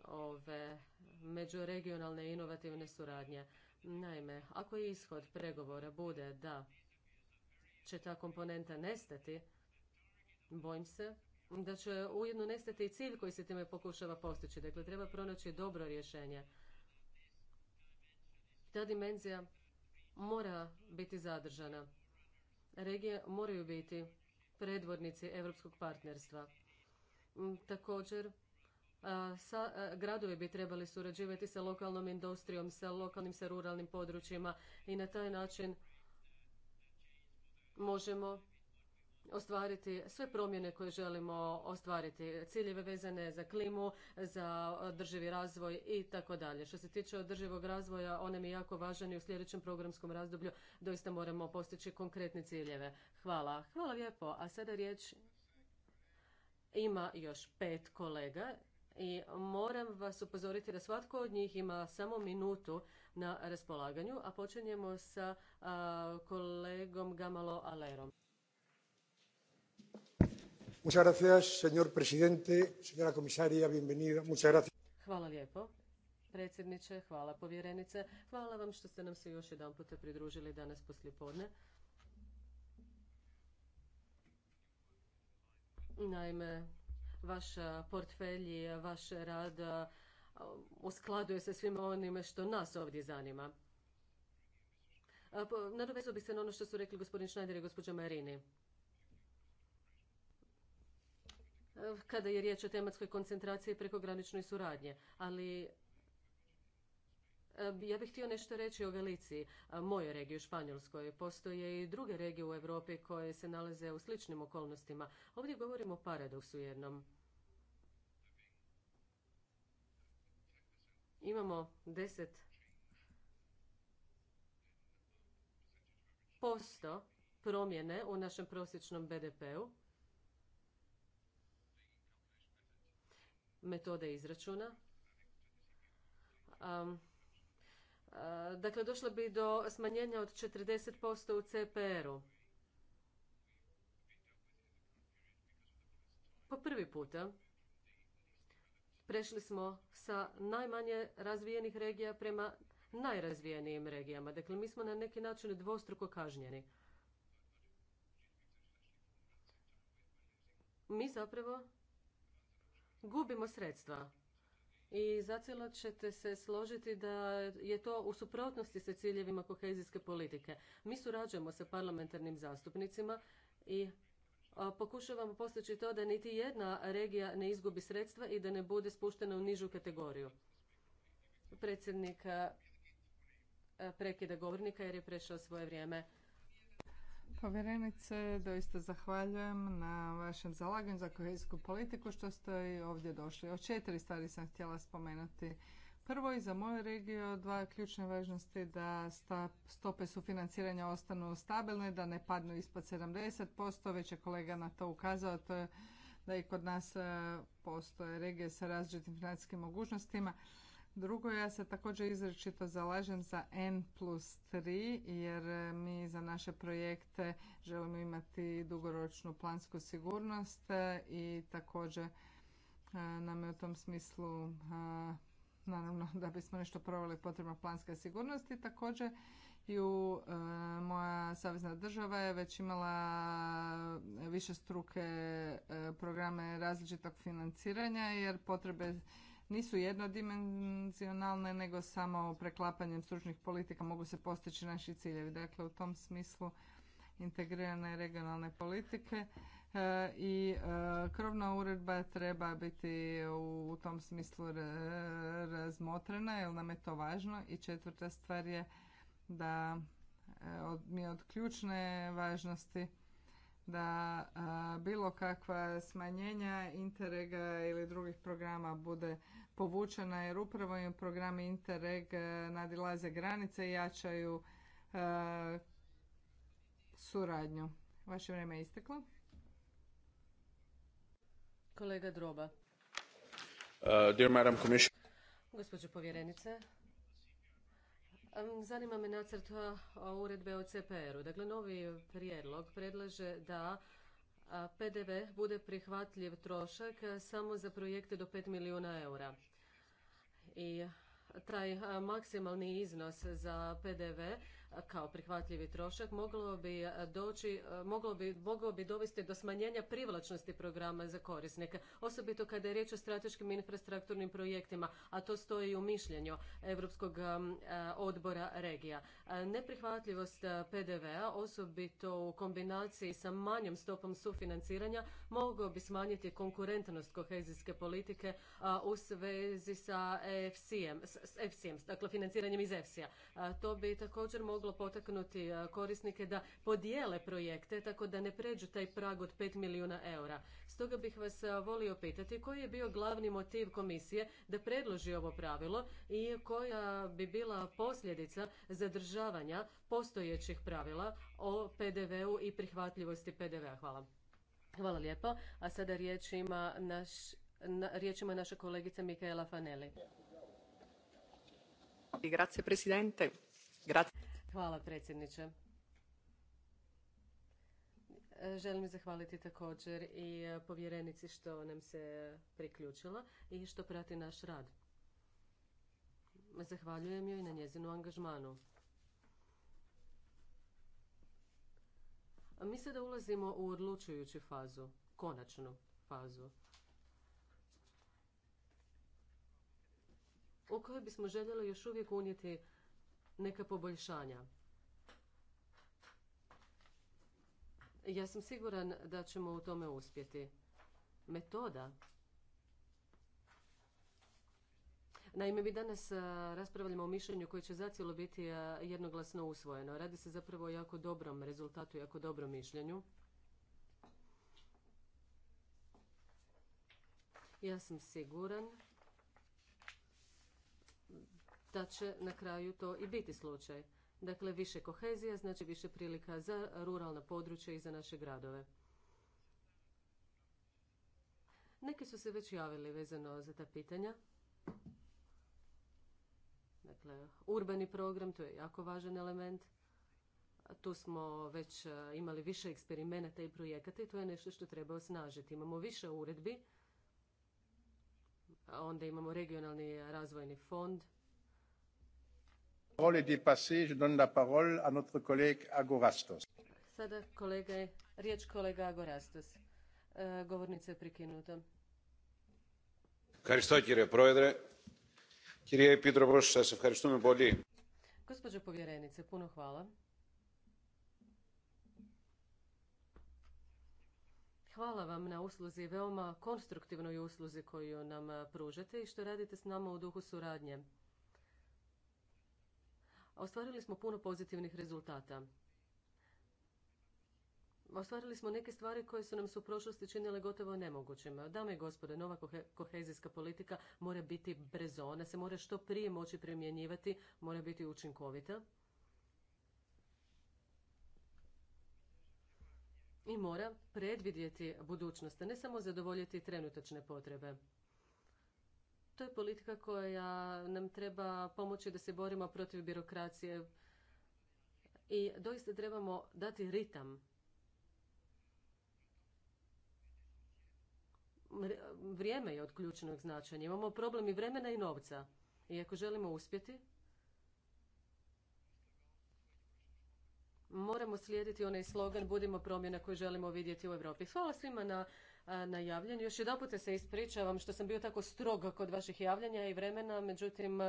ove međuregionalne inovativne suradnje. Naime, ako ishod pregovora bude da će ta komponenta nestati, Bojim se da će ujedno nestati i cilj koji se time pokušava postići. Dakle, treba pronaći dobro rješenje. Ta dimenzija mora biti zadržana. Regije moraju biti predvodnici europskog partnerstva. Mm, također, gradovi bi trebali surađivati sa lokalnom industrijom, sa lokalnim, sa ruralnim područjima i na taj način možemo ostvariti sve promjene koje želimo ostvariti, ciljeve vezane za klimu, za održivi razvoj i tako dalje. Što se tiče održivog razvoja, on mi jako važan i u sljedećem programskom razdoblju doista moramo postići konkretne ciljeve. Hvala. Hvala lijepo. A sada riječ ima još pet kolega i moram vas upozoriti da svatko od njih ima samo minutu na raspolaganju, a počinjemo sa kolegom Gamalo Alerom señor presidente señora comisaria bienvenida. hvala lijepo predsjedniče hvala povjerenice hvala vam što ste nam se još puta pridružili danas poslijepodne naime vaš portfelj i vaš rad u skladu je onime što nas ovdje zanima. Nadovezao bih se na ono što su rekli gospodin Schneider i gospođa Marini. Eh, kada je riječ o tematskoj koncentraciji prekograničnoj suradnje. Ali eh, ja bih htio nešto reći o Galiciji, mojoj regiji u Španjolskoj. Postoje i druge regije u Europi koje se nalaze u sličnim okolnostima. Ovdje govorimo o paradoksu jednom. Imamo deset posto promjene u našem prosječnom BDP-u metode izračuna. dakle, došlo bi do smanjenja od 40% u CPR-u. Po prvi puta prešli smo sa najmanje razvijenih regija prema najrazvijenijim regijama. Dakle, mi smo na neki način dvostruko kažnjeni. Mi zapravo gubimo sredstva. I zacijelo ćete se složiti da je to u suprotnosti sa ciljevima kohezijske politike. Mi surađujemo sa parlamentarnim zastupnicima i pokušavamo postići to da niti jedna regija ne izgubi sredstva i da ne bude spuštena u nižu kategoriju. Predsjednik prekida govornika jer je prešao svoje vrijeme. Povjerenice, doista zahvaljujem na vašem zalaganju za kohezijsku politiku što ste i ovdje došli. O četiri stvari sam htjela spomenuti. Prvo i za moju regiju dva ključne važnosti da stope financiranja ostanu stabilne, da ne padnu ispod 70%, već je kolega na to ukazao, to je da i kod nas e, postoje regije sa različitim financijskim mogućnostima Drugo, ja se također izrečito zalažem za N plus 3 jer e, mi za naše projekte želimo imati dugoročnu plansku sigurnost e, i također e, nam je u tom smislu naravno da bismo nešto provali potreba planske sigurnosti također i u moja savezna država je već imala više struke programe različitog financiranja jer potrebe nisu jednodimenzionalne, nego samo preklapanjem stručnih politika mogu se postići naši ciljevi. Dakle, u tom smislu integrirane regionalne politike e, i e, krovna uredba treba biti u tom smislu razmotrena, jer nam je to važno. I četvrta stvar je da e, mi od ključne važnosti da bilo kakva smanjenja Interrega ili drugih programa bude povučena jer upravo im programi Interreg e, nadilaze granice i jačaju e, suradnju. Vaše vrijeme je isteklo. Kolega Droba. E, Gospođo povjerenice, zanima me nacrt uredbe o CPR-u. Dakle, novi prijedlog predlaže da PDV bude prihvatljiv trošak samo za projekte do 5 milijuna eura. I taj maksimalni iznos za PDV kao prihvatljivi trošak moglo bi e, doći, e, moglo bi, bi dovesti do smanjenja privlačnosti programa za korisnike, osobito kada je riječ o strateškim infrastrukturnim projektima, a to stoji i u mišljenju Europskog e, odbora regija. Neprihvatljivost PDV-a, osobito u kombinaciji sa manjom stopom sufinanciranja, mogao bi smanjiti konkurentnost kohezijske politike u svezi sa efc dakle financiranjem iz efsi To bi također moglo potaknuti korisnike da podijele projekte tako da ne pređu taj prag od 5 milijuna eura. Stoga bih vas volio pitati koji je bio glavni motiv komisije da predloži ovo pravilo i koja bi bila posljedica zadržavanja postojećih pravila o PDV-u i prihvatljivosti PDV-a. Hvala. Hvala lijepo. A sada riječ ima, naš, riječ ima naša kolegica Mikaela Faneli. Grazie, presidente. Grazie. Hvala predsjedniče. E, želim zahvaliti također i e, povjerenici što nam se priključila i što prati naš rad. Zahvaljujem joj na njezinu angažmanu. Mi sada ulazimo u odlučujuću fazu, konačnu fazu. U kojoj bismo željeli još uvijek unijeti neka poboljšanja. Ja sam siguran da ćemo u tome uspjeti. Metoda. Naime, mi danas raspravljamo o mišljenju koje će zacijelo biti jednoglasno usvojeno. Radi se zapravo o jako dobrom rezultatu, jako dobrom mišljenju. Ja sam siguran da će na kraju to i biti slučaj. Dakle, više kohezija znači više prilika za ruralna područja i za naše gradove. Neki su se već javili vezano za ta pitanja. Dakle, urbani program, to je jako važan element. Tu smo već e, imali više eksperimenata i projekata i to je nešto što treba osnažiti. Imamo više uredbi, onda imamo regionalni razvojni fond, Sada kolege riječ kolega Agorastos. E, govornica je prekinuta. Haristo, kire projedre. Kirije Epidroboš, sa se haristume bolji. Gospođo povjerenice, puno hvala. Hvala vam na usluzi, veoma konstruktivnoj usluzi koju nam pružate i što radite s nama u duhu suradnje. Ostvarili smo puno pozitivnih rezultata. Ostvarili smo neke stvari koje su nam su u prošlosti činile gotovo nemogućima. Dame i gospode, nova kohezijska politika mora biti brzo, ona se mora što prije moći primjenjivati, mora biti učinkovita. I mora predvidjeti budućnost, ne samo zadovoljiti trenutačne potrebe. To je politika koja nam treba pomoći da se borimo protiv birokracije i doista trebamo dati ritam. Vrijeme je od ključnog značenja. Imamo problem i vremena i novca. I ako želimo uspjeti, moramo slijediti onaj slogan Budimo promjena koju želimo vidjeti u Europi. Hvala svima na najavljen. Još jedan se ispričavam što sam bio tako strog kod vaših javljanja i vremena, međutim...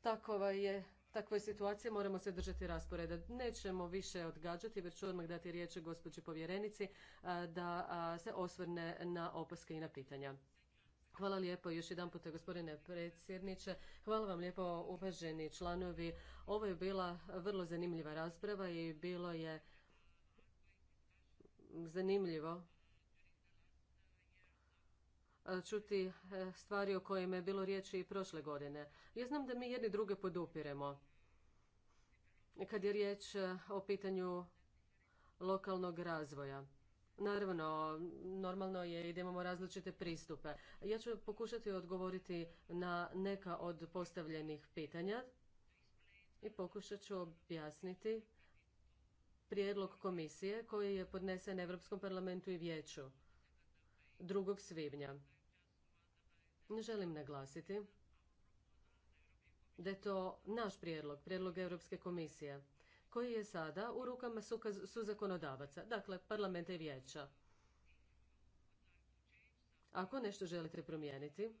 Takova je takvoj situacija, moramo se držati rasporeda. Nećemo više odgađati, već ću odmah dati riječ gospođi povjerenici da se osvrne na opaske i na pitanja. Hvala lijepo još jedan puta gospodine predsjedniče. Hvala vam lijepo uvaženi članovi. Ovo je bila vrlo zanimljiva rasprava i bilo je zanimljivo e, čuti e, stvari o kojima je bilo riječi i prošle godine. Ja znam da mi jedni druge podupiremo. Kad je riječ e, o pitanju lokalnog razvoja. Naravno, normalno je i da imamo različite pristupe. Ja ću pokušati odgovoriti na neka od postavljenih pitanja i pokušat ću objasniti prijedlog komisije koji je podnesen Europskom parlamentu i vijeću 2. svibnja. Ne Želim naglasiti da je to naš prijedlog, prijedlog Europske komisije koji je sada u rukama su, zakonodavaca, dakle parlamenta i vijeća. Ako nešto želite promijeniti,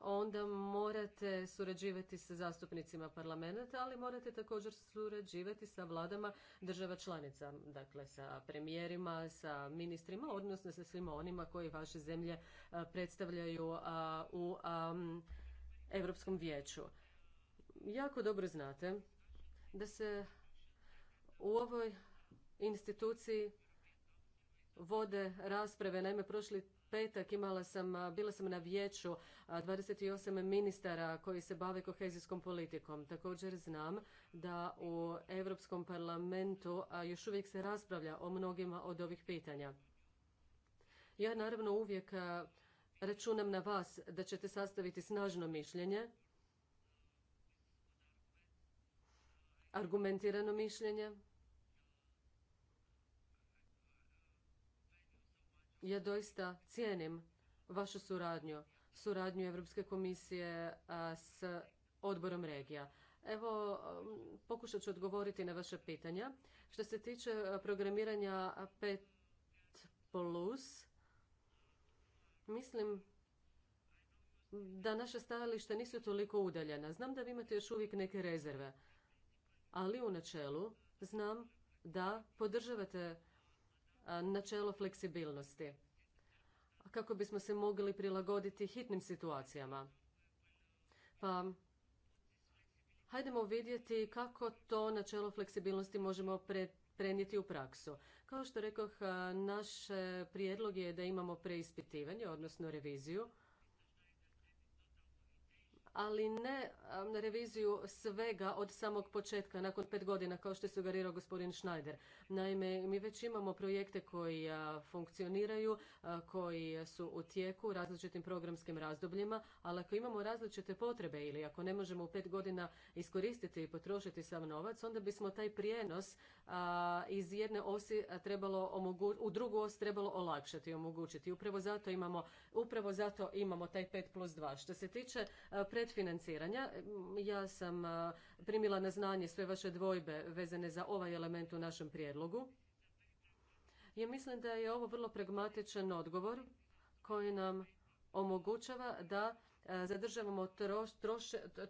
onda morate surađivati sa zastupnicima parlamenta, ali morate također surađivati sa vladama država članica, dakle sa premijerima, sa ministrima, odnosno sa svima onima koji vaše zemlje predstavljaju u Europskom vijeću. Jako dobro znate da se u ovoj instituciji vode rasprave. Naime, prošli petak imala sam, bila sam na vijeću 28 ministara koji se bave kohezijskom politikom. Također znam da u Europskom parlamentu još uvijek se raspravlja o mnogima od ovih pitanja. Ja naravno uvijek računam na vas da ćete sastaviti snažno mišljenje argumentirano mišljenje. Ja doista cijenim vašu suradnju, suradnju Europske komisije s odborom regija. Evo, um, pokušat ću odgovoriti na vaše pitanja. Što se tiče programiranja 5+, mislim da naše stajališta nisu toliko udaljena. Znam da vi imate još uvijek neke rezerve ali u načelu znam da podržavate e, načelo fleksibilnosti kako bismo se mogli prilagoditi hitnim situacijama. Pa hajdemo vidjeti kako to načelo fleksibilnosti možemo prenijeti u praksu. Kao što rekoh, e, naš e, prijedlog je da imamo preispitivanje, odnosno reviziju ali ne reviziju svega od samog početka nakon pet godina kao što je sugerirao gospodin Schneider. Naime, mi već imamo projekte koji funkcioniraju, koji su u tijeku u različitim programskim razdobljima, ali ako imamo različite potrebe ili ako ne možemo u pet godina iskoristiti i potrošiti sam novac, onda bismo taj prijenos iz jedne osi trebalo omogućiti, u drugu os trebalo olakšati i omogućiti. Upravo zato imamo, upravo zato imamo taj 5 plus 2. Što se tiče pred financiranja. Ja sam primila na znanje sve vaše dvojbe vezane za ovaj element u našem prijedlogu. Ja mislim da je ovo vrlo pragmatičan odgovor koji nam omogućava da zadržavamo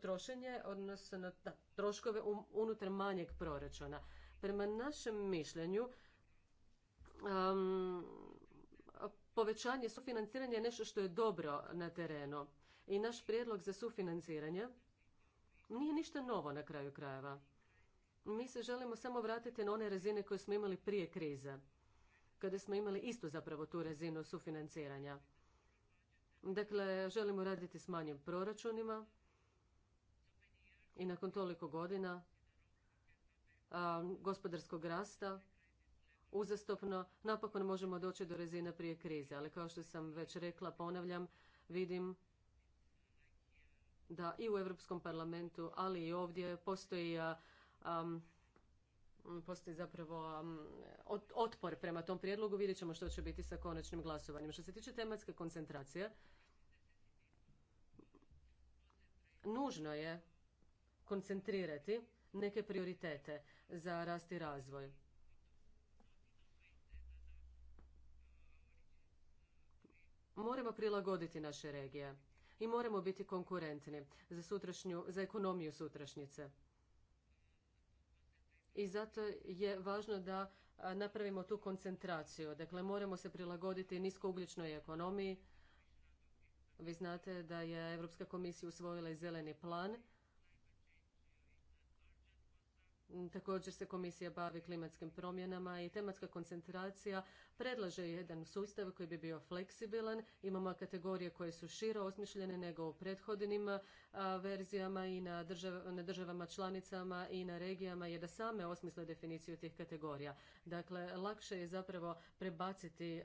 trošenje, odnosno troškove unutar manjeg proračuna. Prema našem mišljenju, povećanje sufinanciranja je nešto što je dobro na terenu i naš prijedlog za sufinanciranje nije ništa novo na kraju krajeva. Mi se želimo samo vratiti na one razine koje smo imali prije krize, kada smo imali isto zapravo tu razinu sufinanciranja. Dakle, želimo raditi s manjim proračunima i nakon toliko godina gospodarskog rasta uzastopno napokon možemo doći do razine prije krize. Ali kao što sam već rekla, ponavljam, vidim da i u Europskom parlamentu, ali i ovdje postoji um, postoji zapravo otpor prema tom prijedlogu. Vidjet ćemo što će biti sa konačnim glasovanjem. Što se tiče tematske koncentracije, nužno je koncentrirati neke prioritete za rast i razvoj. Moramo prilagoditi naše regije i moramo biti konkurentni za, sutrašnju, za ekonomiju sutrašnjice. I zato je važno da napravimo tu koncentraciju. Dakle, moramo se prilagoditi niskougljičnoj ekonomiji. Vi znate da je Europska komisija usvojila i zeleni plan Mm, također se komisija bavi klimatskim promjenama i tematska koncentracija predlaže jedan sustav koji bi bio fleksibilan. Imamo kategorije koje su širo osmišljene nego u prethodnim verzijama i na, državama članicama i na regijama je da same osmisle definiciju tih kategorija. Dakle, lakše je zapravo prebaciti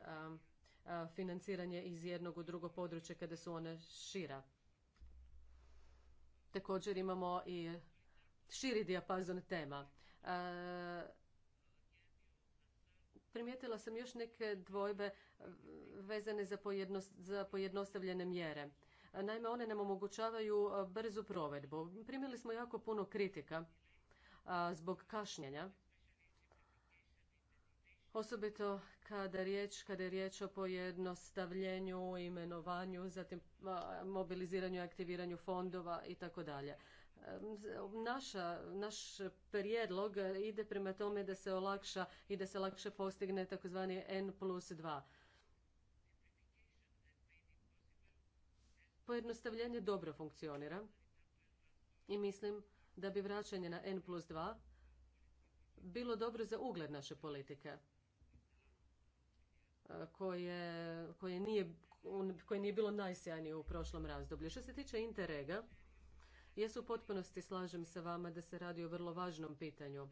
financiranje iz jednog u drugo područje kada su one šira. Također imamo i širi dijapazon tema. E, primijetila sam još neke dvojbe vezane za, pojednostavljene mjere. E, naime, one nam omogućavaju e, brzu provedbu. Primili smo jako puno kritika zbog kašnjenja. Osobito kada, riječ, kada je riječ o pojednostavljenju, imenovanju, zatim mobiliziranju, aktiviranju fondova i tako dalje. Naša, naš prijedlog ide prema tome da se olakša i da se lakše postigne takozvani N plus 2. Pojednostavljenje dobro funkcionira i mislim da bi vraćanje na N plus 2 bilo dobro za ugled naše politike koje, nije, koje nije bilo najsjajnije u prošlom razdoblju. Što se tiče Interrega, ja su u potpunosti slažem se vama da se radi o vrlo važnom pitanju.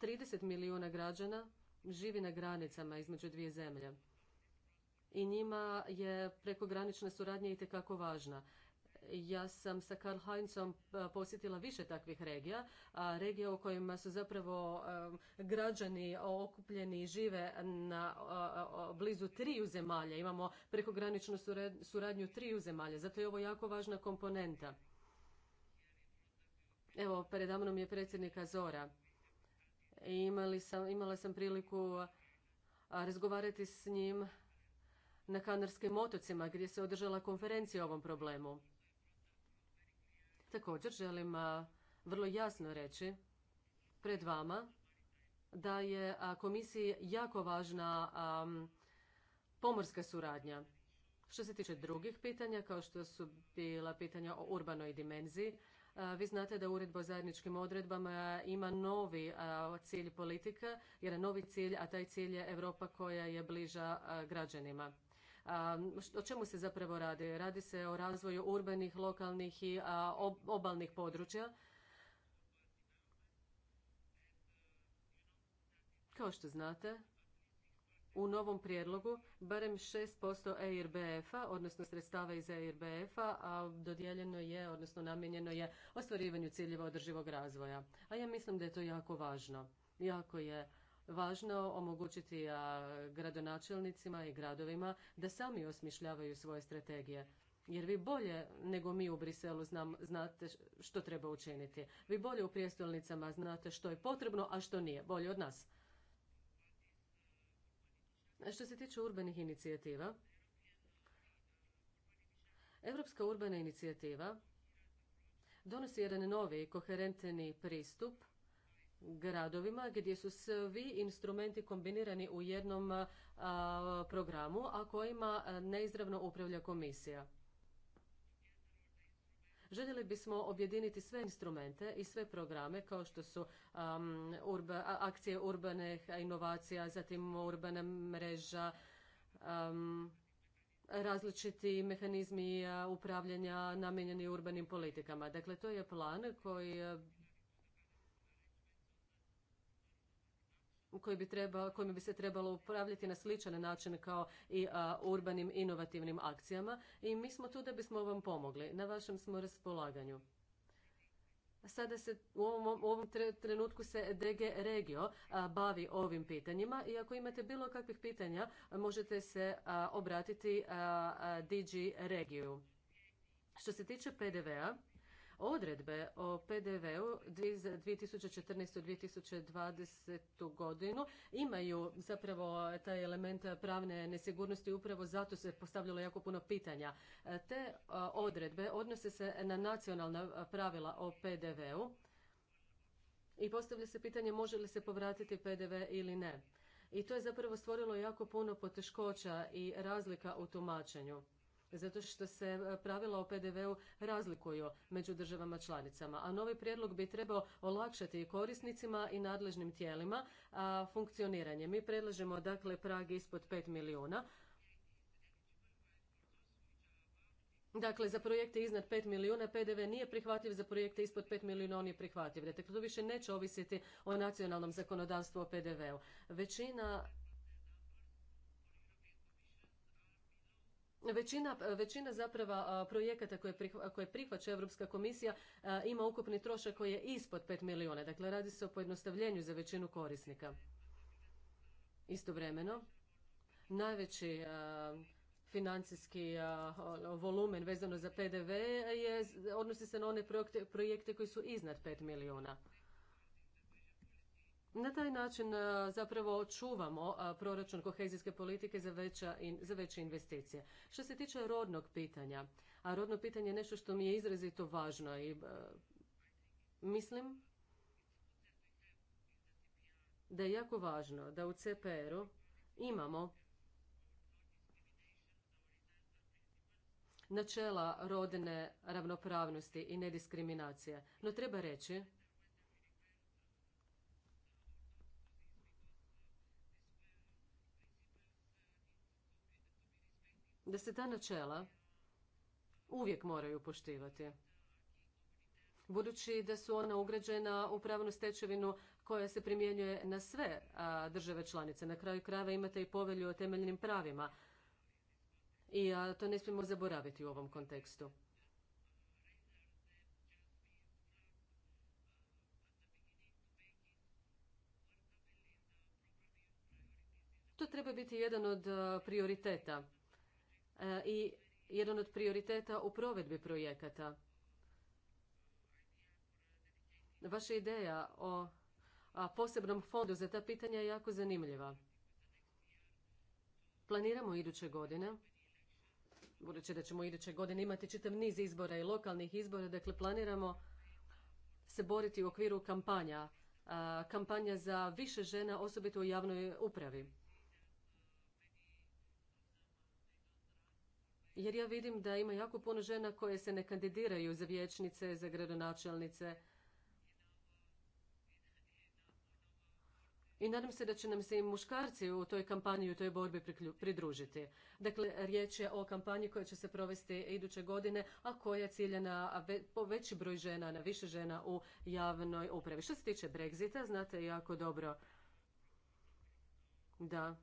30 milijuna građana živi na granicama između dvije zemlje i njima je prekogranična suradnja itekako važna. Ja sam sa Karl Heinzom e, posjetila više takvih regija, regija u kojima su zapravo e, građani okupljeni i žive na e, blizu triju zemalja. Imamo prekograničnu suradnju triju zemalja, zato je ovo jako važna komponenta. Evo, predamnom je predsjednik Azora. sam, imala sam priliku razgovarati s njim na Kanarskim otocima gdje se održala konferencija o ovom problemu. Također želim vrlo jasno reći pred vama da je komisiji jako važna pomorska suradnja. Što se tiče drugih pitanja, kao što su bila pitanja o urbanoj dimenziji, vi znate da uredba o zajedničkim odredbama ima novi cilj politika, jedan novi cilj, a taj cilj je Europa koja je bliža građanima. O čemu se zapravo radi? Radi se o razvoju urbanih, lokalnih i obalnih područja. Kao što znate, u novom prijedlogu barem 6% EIRBF-a, odnosno sredstava iz EIRBF-a, dodijeljeno je, odnosno namijenjeno je ostvarivanju ciljeva održivog razvoja. A ja mislim da je to jako važno. Jako je važno omogućiti gradonačelnicima i gradovima da sami osmišljavaju svoje strategije. Jer vi bolje nego mi u Briselu znam, znate što treba učiniti. Vi bolje u prijestolnicama znate što je potrebno, a što nije. Bolje od nas. Što se tiče urbanih inicijativa, Europska urbana inicijativa donosi jedan novi koherentni pristup gradovima gdje su svi instrumenti kombinirani u jednom programu, a kojima neizravno upravlja komisija. Željeli bismo objediniti sve instrumente i sve programe kao što su akcije urbanih inovacija, zatim urbana mreža, različiti mehanizmi upravljanja namijenjeni urbanim politikama. Dakle, to je plan koji koji bi treba, kojima bi se trebalo upravljati na sličan način kao i urbanim inovativnim akcijama i mi smo tu da bismo vam pomogli. Na vašem smo raspolaganju. Sada se u ovom, ovom trenutku se DG Regio bavi ovim pitanjima i ako imate bilo kakvih pitanja možete se obratiti DG Regiju. Što se tiče PDV-a, odredbe o PDV-u 2014. i 2020. godinu imaju zapravo taj element pravne nesigurnosti upravo zato se postavljalo jako puno pitanja. Te e, odredbe odnose se na nacionalna pravila o PDV-u i postavlja se pitanje može li se povratiti PDV ili ne. I to je zapravo stvorilo jako puno poteškoća i razlika u tumačenju zato što se e, pravila o PDV-u razlikuju među državama članicama, a novi prijedlog bi trebao olakšati i korisnicima i nadležnim tijelima a, funkcioniranje. Mi predlažemo dakle prag ispod 5 milijuna, Dakle, za projekte iznad 5 milijuna PDV nije prihvatljiv, za projekte ispod 5 milijuna on je prihvatljiv. Dakle, to više neće ovisiti o nacionalnom zakonodavstvu o PDV-u. Većina Većina, većina zapravo projekata koje, prihvaća Europska komisija ima ukupni trošak koji je ispod 5 milijuna. Dakle, radi se o pojednostavljenju za većinu korisnika. Istovremeno, najveći financijski ono, volumen vezano za PDV je, odnosi se na one projekte, projekte koji su iznad 5 milijuna. Na taj način e, zapravo čuvamo e, proračun kohezijske politike za, veće investicije. Što se tiče rodnog pitanja, a rodno pitanje je nešto što mi je izrazito važno i e, mislim da je jako važno da u CPR-u imamo načela rodne ravnopravnosti i nediskriminacije. No treba reći da se ta načela uvijek moraju poštivati. Budući da su ona ugrađena u pravnu stečevinu koja se primjenjuje na sve države članice. Na kraju krajeva imate i povelju o temeljnim pravima. I to ne smijemo zaboraviti u ovom kontekstu. To treba biti jedan od prioriteta E, i jedan od prioriteta u provedbi projekata. Vaša ideja o posebnom fondu za ta pitanja je jako zanimljiva. Planiramo iduće godine, budući da ćemo iduće godine imati čitav niz izbora i lokalnih izbora, dakle planiramo se boriti u okviru kampanja, kampanja za više žena, osobito u javnoj upravi. Jer ja vidim da ima jako puno žena koje se ne kandidiraju za vječnice, za gradonačelnice. I nadam se da će nam se i muškarci u toj kampanji, u toj borbi pridružiti. Dakle, riječ je o kampanji koja će se provesti iduće godine, a koja je ciljena na veći broj žena, na više žena u javnoj upravi. Što se tiče Brexita, znate jako dobro da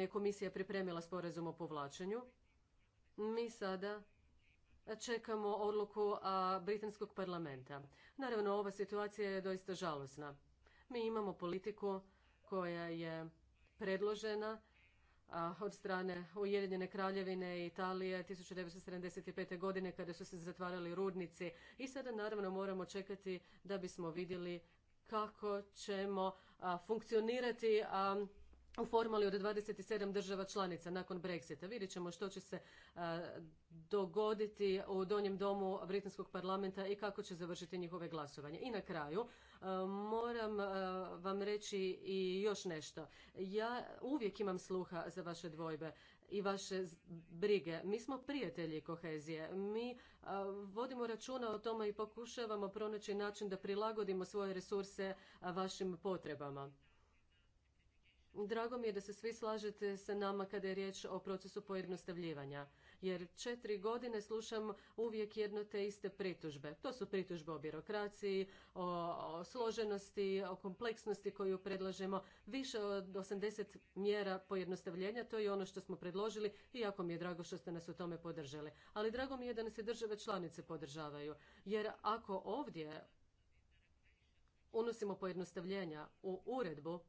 je komisija pripremila sporazum o povlačenju mi sada čekamo odluku a, britanskog parlamenta. Naravno, ova situacija je doista žalosna. Mi imamo politiku koja je predložena od strane Ujedinjene kraljevine i Italije 1975. godine kada su se zatvarali rudnici i sada naravno moramo čekati da bismo vidjeli kako ćemo a, funkcionirati u formuli od 27 država članica nakon Brexita. Vidjet ćemo što će se dogoditi u donjem domu Britanskog parlamenta i kako će završiti njihove glasovanje. I na kraju moram vam reći i još nešto. Ja uvijek imam sluha za vaše dvojbe i vaše brige. Mi smo prijatelji kohezije. Mi vodimo računa o tome i pokušavamo pronaći način da prilagodimo svoje resurse vašim potrebama. Drago mi je da se svi slažete sa nama kada je riječ o procesu pojednostavljivanja, jer četiri godine slušam uvijek jedno te iste pritužbe. To su pritužbe o birokraciji, o, složenosti, o kompleksnosti koju predlažemo. Više od 80 mjera pojednostavljenja, to je ono što smo predložili i jako mi je drago što ste nas u tome podržali. Ali drago mi je da nas i države članice podržavaju, jer ako ovdje unosimo pojednostavljenja u uredbu,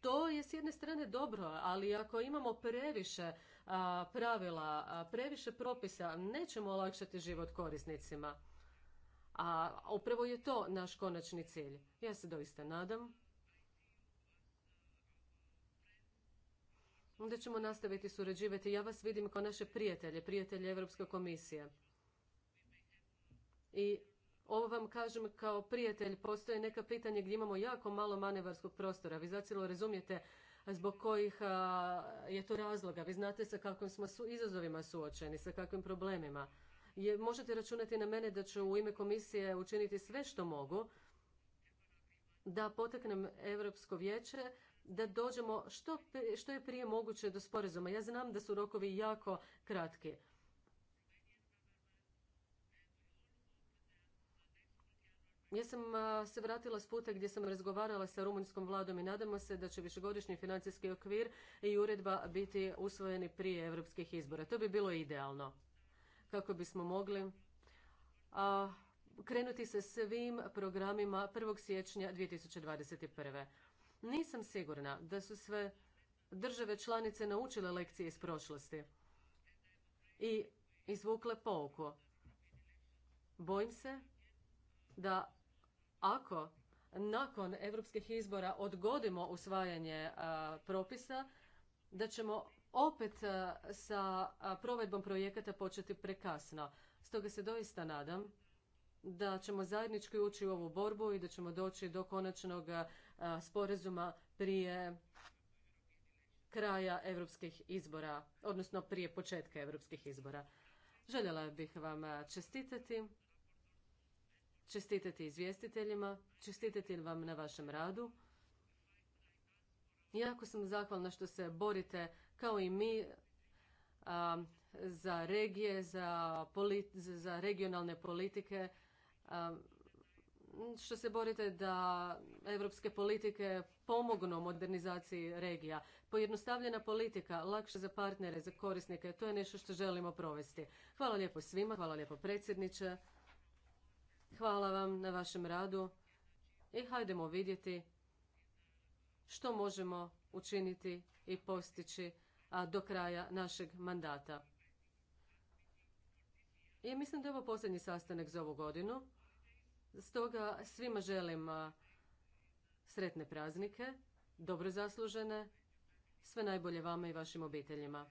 to je s jedne strane dobro, ali ako imamo previše pravila, previše propisa, nećemo olakšati život korisnicima. A upravo je to naš konačni cilj. Ja se doista nadam Onda ćemo nastaviti surađivati. Ja vas vidim kao naše prijatelje, prijatelje Europske komisije. I ovo vam kažem kao prijatelj, postoje neka pitanja gdje imamo jako malo manevarskog prostora. Vi zacijelo razumijete zbog kojih je to razloga. Vi znate sa kakvim smo su, izazovima suočeni, sa kakvim problemima. Je, možete računati na mene da ću u ime komisije učiniti sve što mogu da potaknem Europsko vijeće da dođemo što, što je prije moguće do sporazuma. Ja znam da su rokovi jako kratki. Ja sam se vratila s puta gdje sam razgovarala sa rumunjskom vladom i nadamo se da će višegodišnji financijski okvir i uredba biti usvojeni prije europskih izbora. To bi bilo idealno kako bismo mogli krenuti sa svim programima 1. siječnja 2021. Nisam sigurna da su sve države članice naučile lekcije iz prošlosti i izvukle pouku. Bojim se da ako nakon europskih izbora odgodimo usvajanje propisa, da ćemo opet sa provedbom projekata početi prekasno. Stoga se doista nadam da ćemo zajednički ući u ovu borbu i da ćemo doći do konačnog sporazuma prije kraja europskih izbora, odnosno prije početka europskih izbora. Željela bih vam čestitati čestitati izvjestiteljima, čestitati vam na vašem radu. Jako sam zahvalna što se borite kao i mi za regije, za, regionalne politike, što se borite da europske politike pomognu modernizaciji regija. Pojednostavljena politika, lakše za partnere, za korisnike, to je nešto što želimo provesti. Hvala lijepo svima, hvala lijepo predsjedniče. Hvala vam na vašem radu i hajdemo vidjeti što možemo učiniti i postići do kraja našeg mandata. I mislim da je ovo posljednji sastanak za ovu godinu. Stoga svima želim sretne praznike, dobro zaslužene, sve najbolje vama i vašim obiteljima.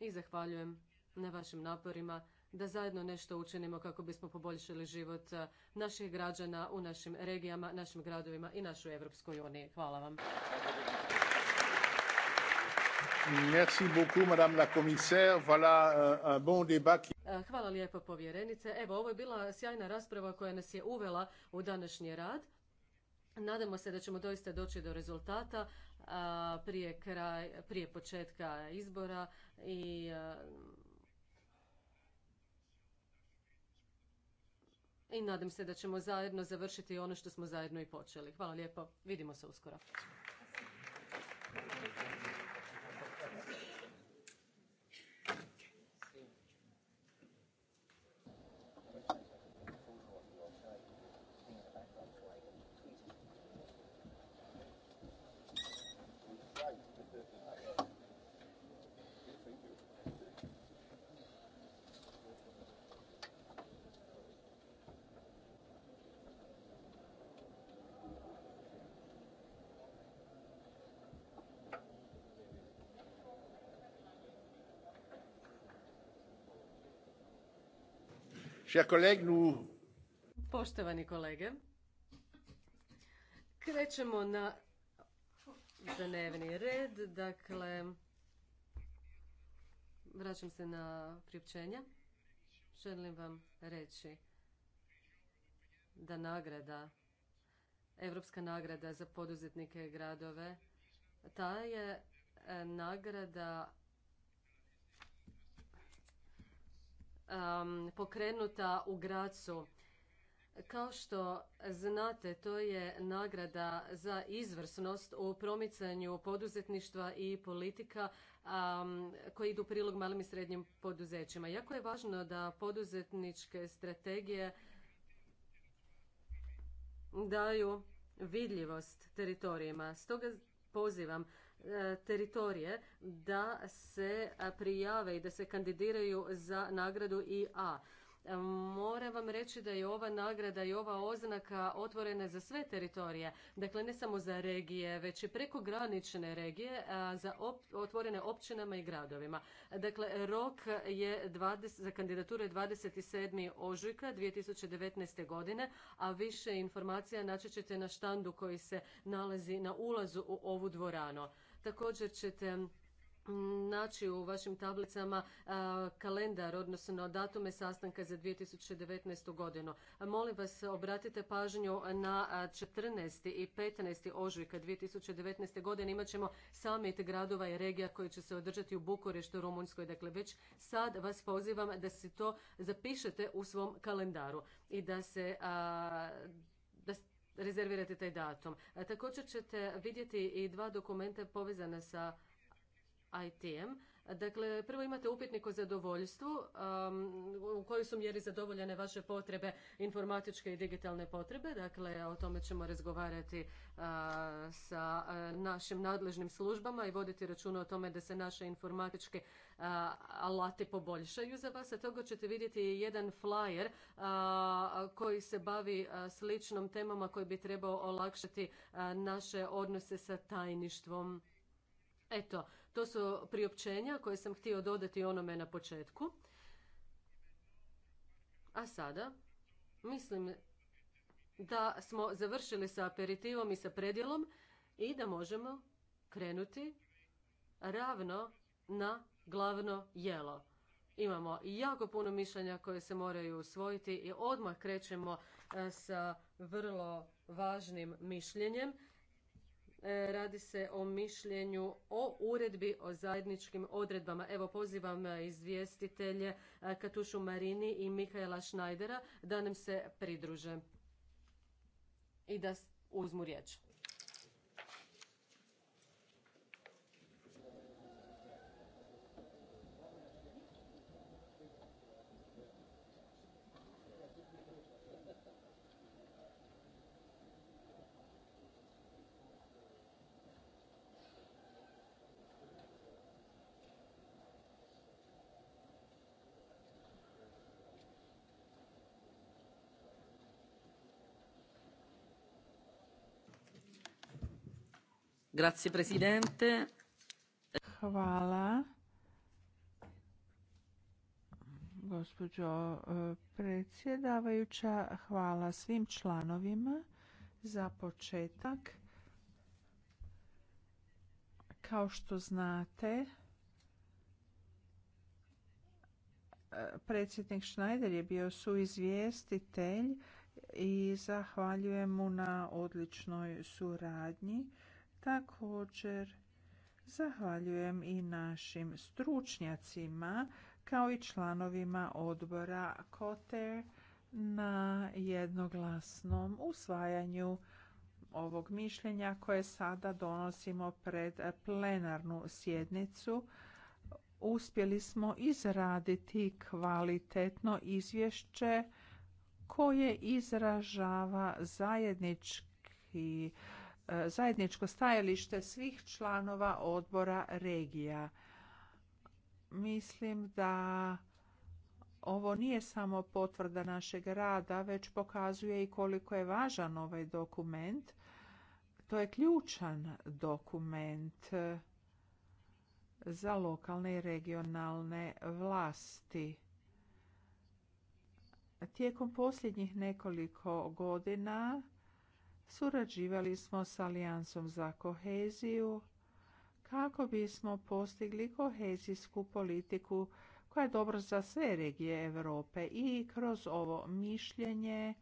I zahvaljujem na vašim naporima da zajedno nešto učinimo kako bismo poboljšali život eh, naših građana u našim regijama, našim gradovima i našoj Evropskoj uniji. Hvala vam. Hvala lijepo povjerenice. Evo, ovo je bila sjajna rasprava koja nas je uvela u današnji rad. Nadamo se da ćemo doista doći do rezultata eh, prije početka izbora i eh, i nadam se da ćemo zajedno završiti ono što smo zajedno i počeli. Hvala lijepo, vidimo se uskoro. Poštovani kolege, krećemo na dnevni red. Dakle, vraćam se na priopćenja. Želim vam reći da nagrada, Evropska nagrada za poduzetnike gradove, ta je e, nagrada pokrenuta u Gracu. Kao što znate, to je nagrada za izvrsnost u promicanju poduzetništva i politika koji idu prilog malim i srednjim poduzećima. Jako je važno da poduzetničke strategije daju vidljivost teritorijima. Stoga pozivam E, teritorije da se e, prijave i da se kandidiraju za nagradu i a e, Moram vam reći da je ova nagrada i ova oznaka otvorena za sve teritorije, dakle ne samo za regije, već i prekogranične regije, za op otvorene općinama i gradovima. Dakle, rok je 20, za kandidature 27. ožujka 2019. godine, a više informacija naći ćete na štandu koji se nalazi na ulazu u ovu dvoranu. Također ćete naći u vašim tablicama kalendar, odnosno datume sastanka za 2019. godinu. Molim vas, obratite pažnju na 14. i 15. ožujka 2019. godine. Imaćemo summit gradova i regija koji će se održati u Bukureštu, Rumunjskoj. Dakle, već sad vas pozivam da si to zapišete u svom kalendaru i da se rezervirate taj datum. Također ćete vidjeti i dva dokumenta povezana sa ITM. Dakle, prvo imate upitnik o zadovoljstvu, um, u kojoj su mjeri zadovoljene vaše potrebe, informatičke i digitalne potrebe. Dakle, o tome ćemo razgovarati uh, sa uh, našim nadležnim službama i voditi računa o tome da se naše informatičke uh, alati poboljšaju za vas. A toga ćete vidjeti jedan flyer uh, koji se bavi sličnom temama koji bi trebao olakšati naše odnose sa tajništvom. Eto, to su priopćenja koje sam htio dodati onome na početku. A sada mislim da smo završili sa aperitivom i sa predjelom i da možemo krenuti ravno na glavno jelo. Imamo jako puno mišljenja koje se moraju usvojiti i odmah krećemo e, sa vrlo važnim mišljenjem E, radi se o mišljenju o uredbi o zajedničkim odredbama. Evo pozivam e, izvjestitelje e, Katušu Marini i Mihajla Schneidera da nam se pridruže i da uzmu riječ. Grazie, Hvala. Gospođo e, predsjedavajuća, hvala svim članovima za početak. Kao što znate, e, predsjednik Schneider je bio suizvjestitelj i zahvaljujem mu na odličnoj suradnji Također zahvaljujem i našim stručnjacima kao i članovima odbora Koter na jednoglasnom usvajanju ovog mišljenja koje sada donosimo pred plenarnu sjednicu. Uspjeli smo izraditi kvalitetno izvješće koje izražava zajednički zajedničko stajalište svih članova odbora regija. Mislim da ovo nije samo potvrda našeg rada, već pokazuje i koliko je važan ovaj dokument. To je ključan dokument za lokalne i regionalne vlasti. Tijekom posljednjih nekoliko godina surađivali smo s Alijansom za koheziju kako bismo postigli kohezijsku politiku koja je dobra za sve regije Europe i kroz ovo mišljenje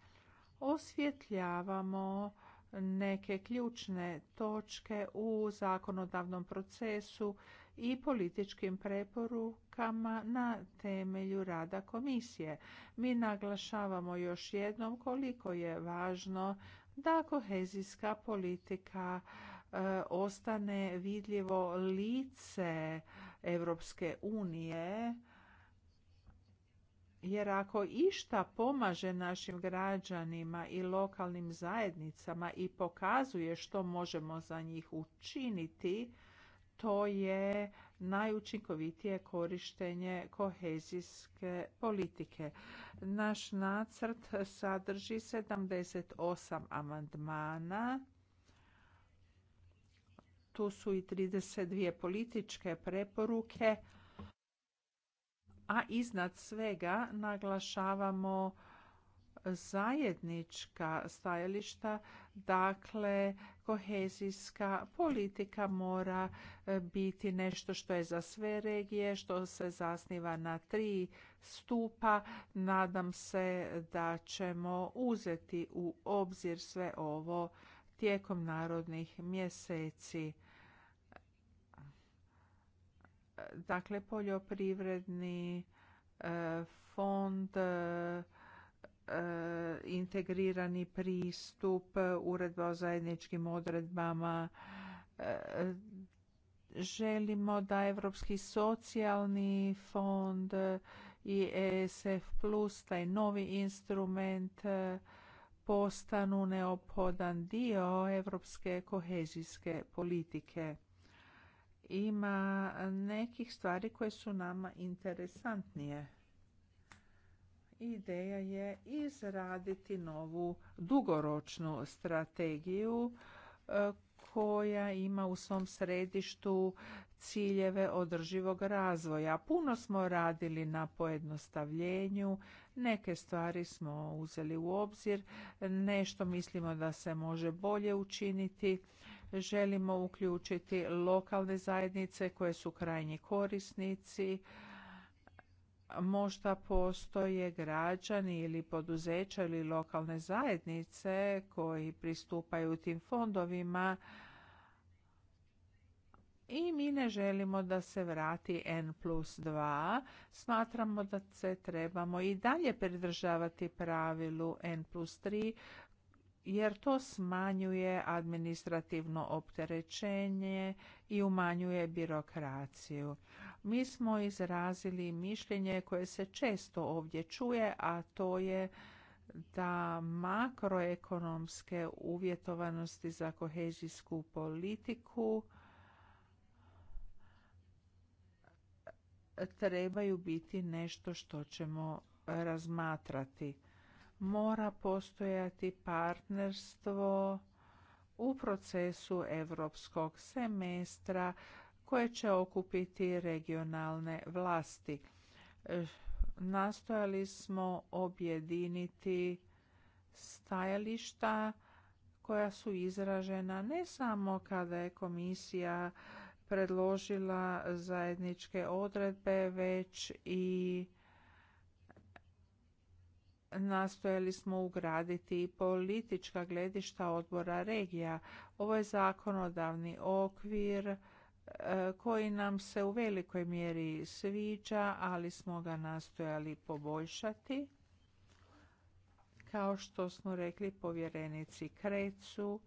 osvjetljavamo neke ključne točke u zakonodavnom procesu i političkim preporukama na temelju rada komisije. Mi naglašavamo još jednom koliko je važno da kohezijska politika e, ostane vidljivo lice Europske unije jer ako išta pomaže našim građanima i lokalnim zajednicama i pokazuje što možemo za njih učiniti to je najučinkovitije korištenje kohezijske politike. Naš nacrt sadrži 78 amandmana. Tu su i 32 političke preporuke, a iznad svega naglašavamo zajednička stajališta, dakle kohezijska politika mora e, biti nešto što je za sve regije, što se zasniva na tri stupa. Nadam se da ćemo uzeti u obzir sve ovo tijekom narodnih mjeseci. Dakle, poljoprivredni e, fond e, E, integrirani pristup, uredba o zajedničkim odredbama. E, želimo da Evropski socijalni fond i ESF plus, taj novi instrument, e, postanu neophodan dio europske kohezijske politike. Ima nekih stvari koje su nama interesantnije ideja je izraditi novu dugoročnu strategiju e, koja ima u svom središtu ciljeve održivog razvoja. Puno smo radili na pojednostavljenju, neke stvari smo uzeli u obzir, nešto mislimo da se može bolje učiniti. Želimo uključiti lokalne zajednice koje su krajnji korisnici, možda postoje građani ili poduzeća ili lokalne zajednice koji pristupaju tim fondovima i mi ne želimo da se vrati N plus 2. Smatramo da se trebamo i dalje pridržavati pravilu N plus 3 jer to smanjuje administrativno opterećenje i umanjuje birokraciju. Mi smo izrazili mišljenje koje se često ovdje čuje, a to je da makroekonomske uvjetovanosti za kohezijsku politiku trebaju biti nešto što ćemo razmatrati. Mora postojati partnerstvo u procesu europskog semestra koje će okupiti regionalne vlasti. E, nastojali smo objediniti stajališta koja su izražena ne samo kada je komisija predložila zajedničke odredbe, već i nastojali smo ugraditi i politička gledišta odbora regija. Ovo je zakonodavni okvir E, koji nam se u velikoj mjeri sviđa, ali smo ga nastojali poboljšati. Kao što smo rekli povjerenici Krecu,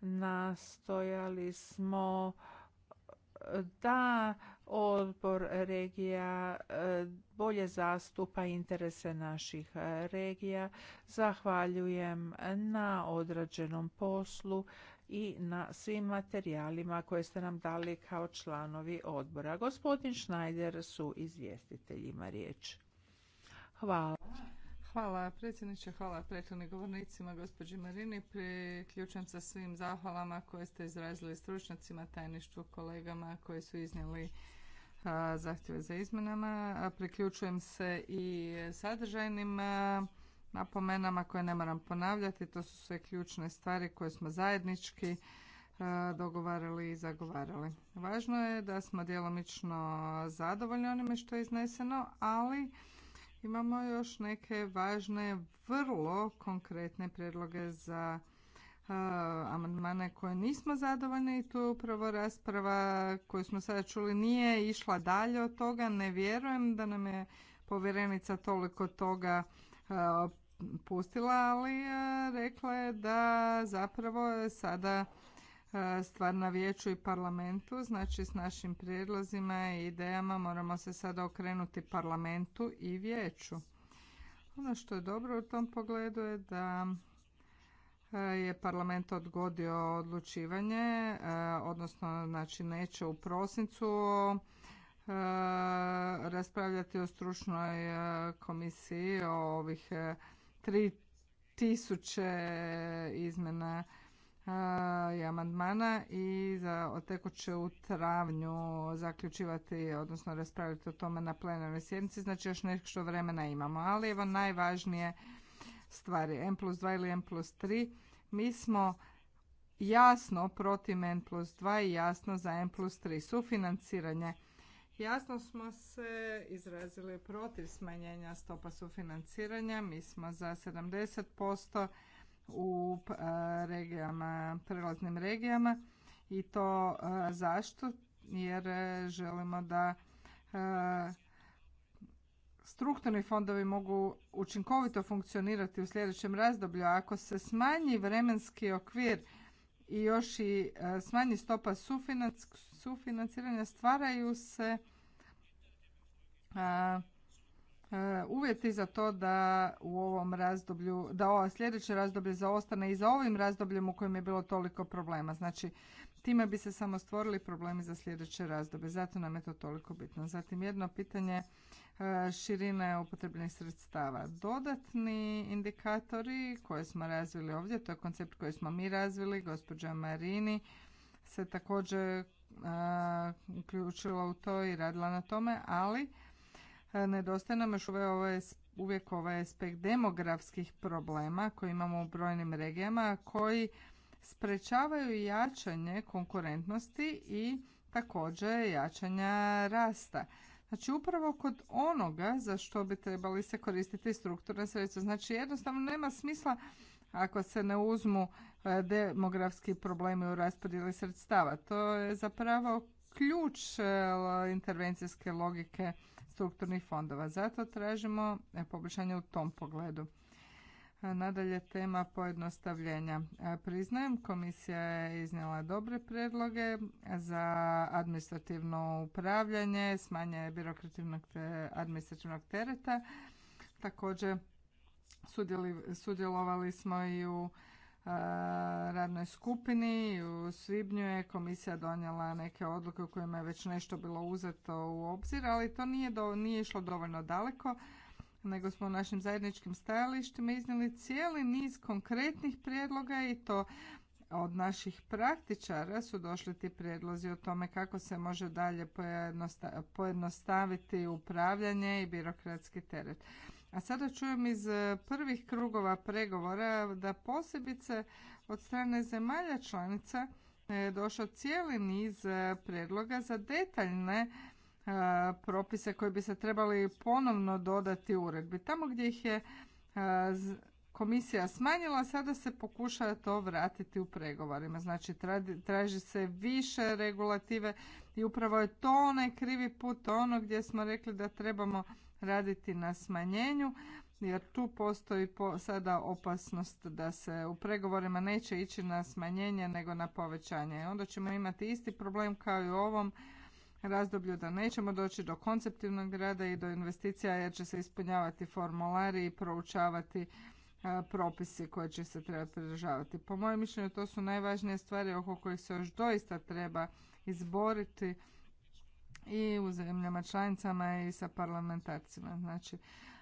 nastojali smo e, da odbor regija e, bolje zastupa interese naših regija. Zahvaljujem na odrađenom poslu i na svim materijalima koje ste nam dali kao članovi odbora. Gospodin Schneider su izvjestiteljima riječ. Hvala. Hvala predsjedniče, hvala prethodnim govornicima, gospođi Marini. Priključujem sa svim zahvalama koje ste izrazili stručnjacima, tajništvu, kolegama koji su iznijeli zahtjeve za izmjenama. Priključujem se i sadržajnim napomenama koje ne moram ponavljati. To su sve ključne stvari koje smo zajednički e, dogovarali i zagovarali. Važno je da smo djelomično zadovoljni onime što je izneseno, ali imamo još neke važne, vrlo konkretne predloge za e, amandmane koje nismo zadovoljni i tu upravo rasprava koju smo sada čuli nije išla dalje od toga. Ne vjerujem da nam je povjerenica toliko toga e, pustila, ali e, rekla je da zapravo je sada e, stvar na vijeću i parlamentu, znači s našim prijedlozima i idejama moramo se sada okrenuti parlamentu i vijeću. Ono što je dobro u tom pogledu je da e, je parlament odgodio odlučivanje, odnosno znači neće u prosincu raspravljati o stručnoj komisiji o ovih 3000 izmjena i amandmana i za teko će u travnju zaključivati, odnosno raspravljati o tome na plenarnoj sjednici. Znači još nešto vremena imamo. Ali evo najvažnije stvari. M plus 2 ili M plus 3. Mi smo jasno protiv N plus 2 i jasno za N plus 3. Sufinanciranje Jasno smo se izrazili protiv smanjenja stopa sufinanciranja. Mi smo za 70% u e, regijama, prelaznim regijama i to e, zašto? Jer e, želimo da strukturni fondovi mogu učinkovito funkcionirati u sljedećem razdoblju. ako se smanji vremenski okvir i još i smanji stopa sufinanciranja stvaraju se uvjeti za to da u ovom razdoblju, da ovo sljedeće razdoblje zaostane i za ovim razdobljem u kojem je bilo toliko problema. Znači, time bi se samo stvorili problemi za sljedeće razdoblje. Zato nam je to toliko bitno. Zatim jedno pitanje širine upotrebljenih sredstava. Dodatni indikatori koje smo razvili ovdje, to je koncept koji smo mi razvili, gospođa Marini se također E, uključila u to i radila na tome, ali e, nedostaje nam još ovaj uvijek ovaj aspekt demografskih problema koji imamo u brojnim regijama koji sprečavaju jačanje konkurentnosti i također jačanja rasta. Znači upravo kod onoga za što bi trebali se koristiti strukturna sredstva. Znači jednostavno nema smisla ako se ne uzmu demografski problemi u raspodjeli sredstava. To je zapravo ključ e, intervencijske logike strukturnih fondova. Zato tražimo e, poboljšanje u tom pogledu. E, nadalje tema pojednostavljenja. Priznajem, komisija je iznijela dobre predloge za administrativno upravljanje, smanje birokrativnog administrativnog tereta. Također sudjelovali smo i u radnoj skupini. U Svibnju je komisija donijela neke odluke u kojima je već nešto bilo uzeto u obzir, ali to nije, nije išlo dovoljno daleko, nego smo u našim zajedničkim stajalištima iznijeli cijeli niz konkretnih prijedloga i to od naših praktičara su došli ti prijedlozi o tome kako se može dalje pojednostaviti upravljanje i birokratski teret. A sada čujem iz e, prvih krugova pregovora da posebice od strane zemalja članica je došao cijeli niz e, predloga za detaljne e, propise koji bi se trebali ponovno dodati u uredbi. Tamo gdje ih je komisija smanjila, sada se pokuša to vratiti u pregovorima. Znači, traži se više regulative i upravo je to onaj krivi put, ono gdje smo rekli da trebamo raditi na smanjenju jer tu postoji po, sada opasnost da se u pregovorima neće ići na smanjenje nego na povećanje. Onda ćemo imati isti problem kao i u ovom razdoblju da nećemo doći do konceptivnog rada i do investicija jer će se ispunjavati formulari i proučavati e, propisi koje će se trebati pridržavati. Po mojem mišljenju to su najvažnije stvari oko kojih se još doista treba izboriti i u zemljama članicama i sa parlamentarcima. Znači,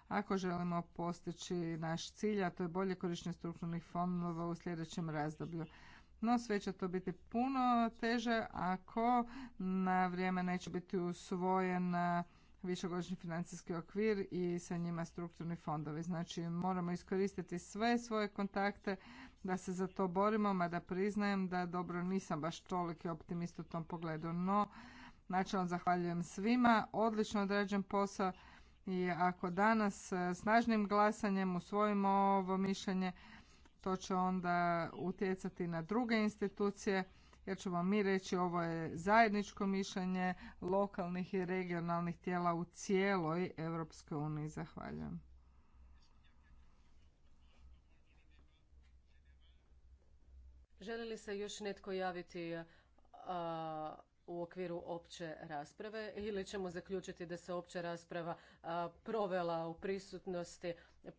ako želimo postići naš cilj, a to je bolje korištenje strukturnih fondova u sljedećem razdoblju. No, sve će to biti puno teže ako na vrijeme neće biti usvojen višegodišnji financijski okvir i sa njima strukturni fondovi. Znači, moramo iskoristiti sve svoje kontakte da se za to borimo, mada priznajem da dobro nisam baš toliki optimist u tom pogledu, no Načelno zahvaljujem svima, odlično određen posao i ako danas e, snažnim glasanjem usvojimo ovo mišljenje, to će onda utjecati na druge institucije jer ćemo mi reći ovo je zajedničko mišljenje lokalnih i regionalnih tijela u cijeloj EU. uniji. Zahvaljujem. Želi li se još netko javiti u okviru opće rasprave ili ćemo zaključiti da se opća rasprava provela u prisutnosti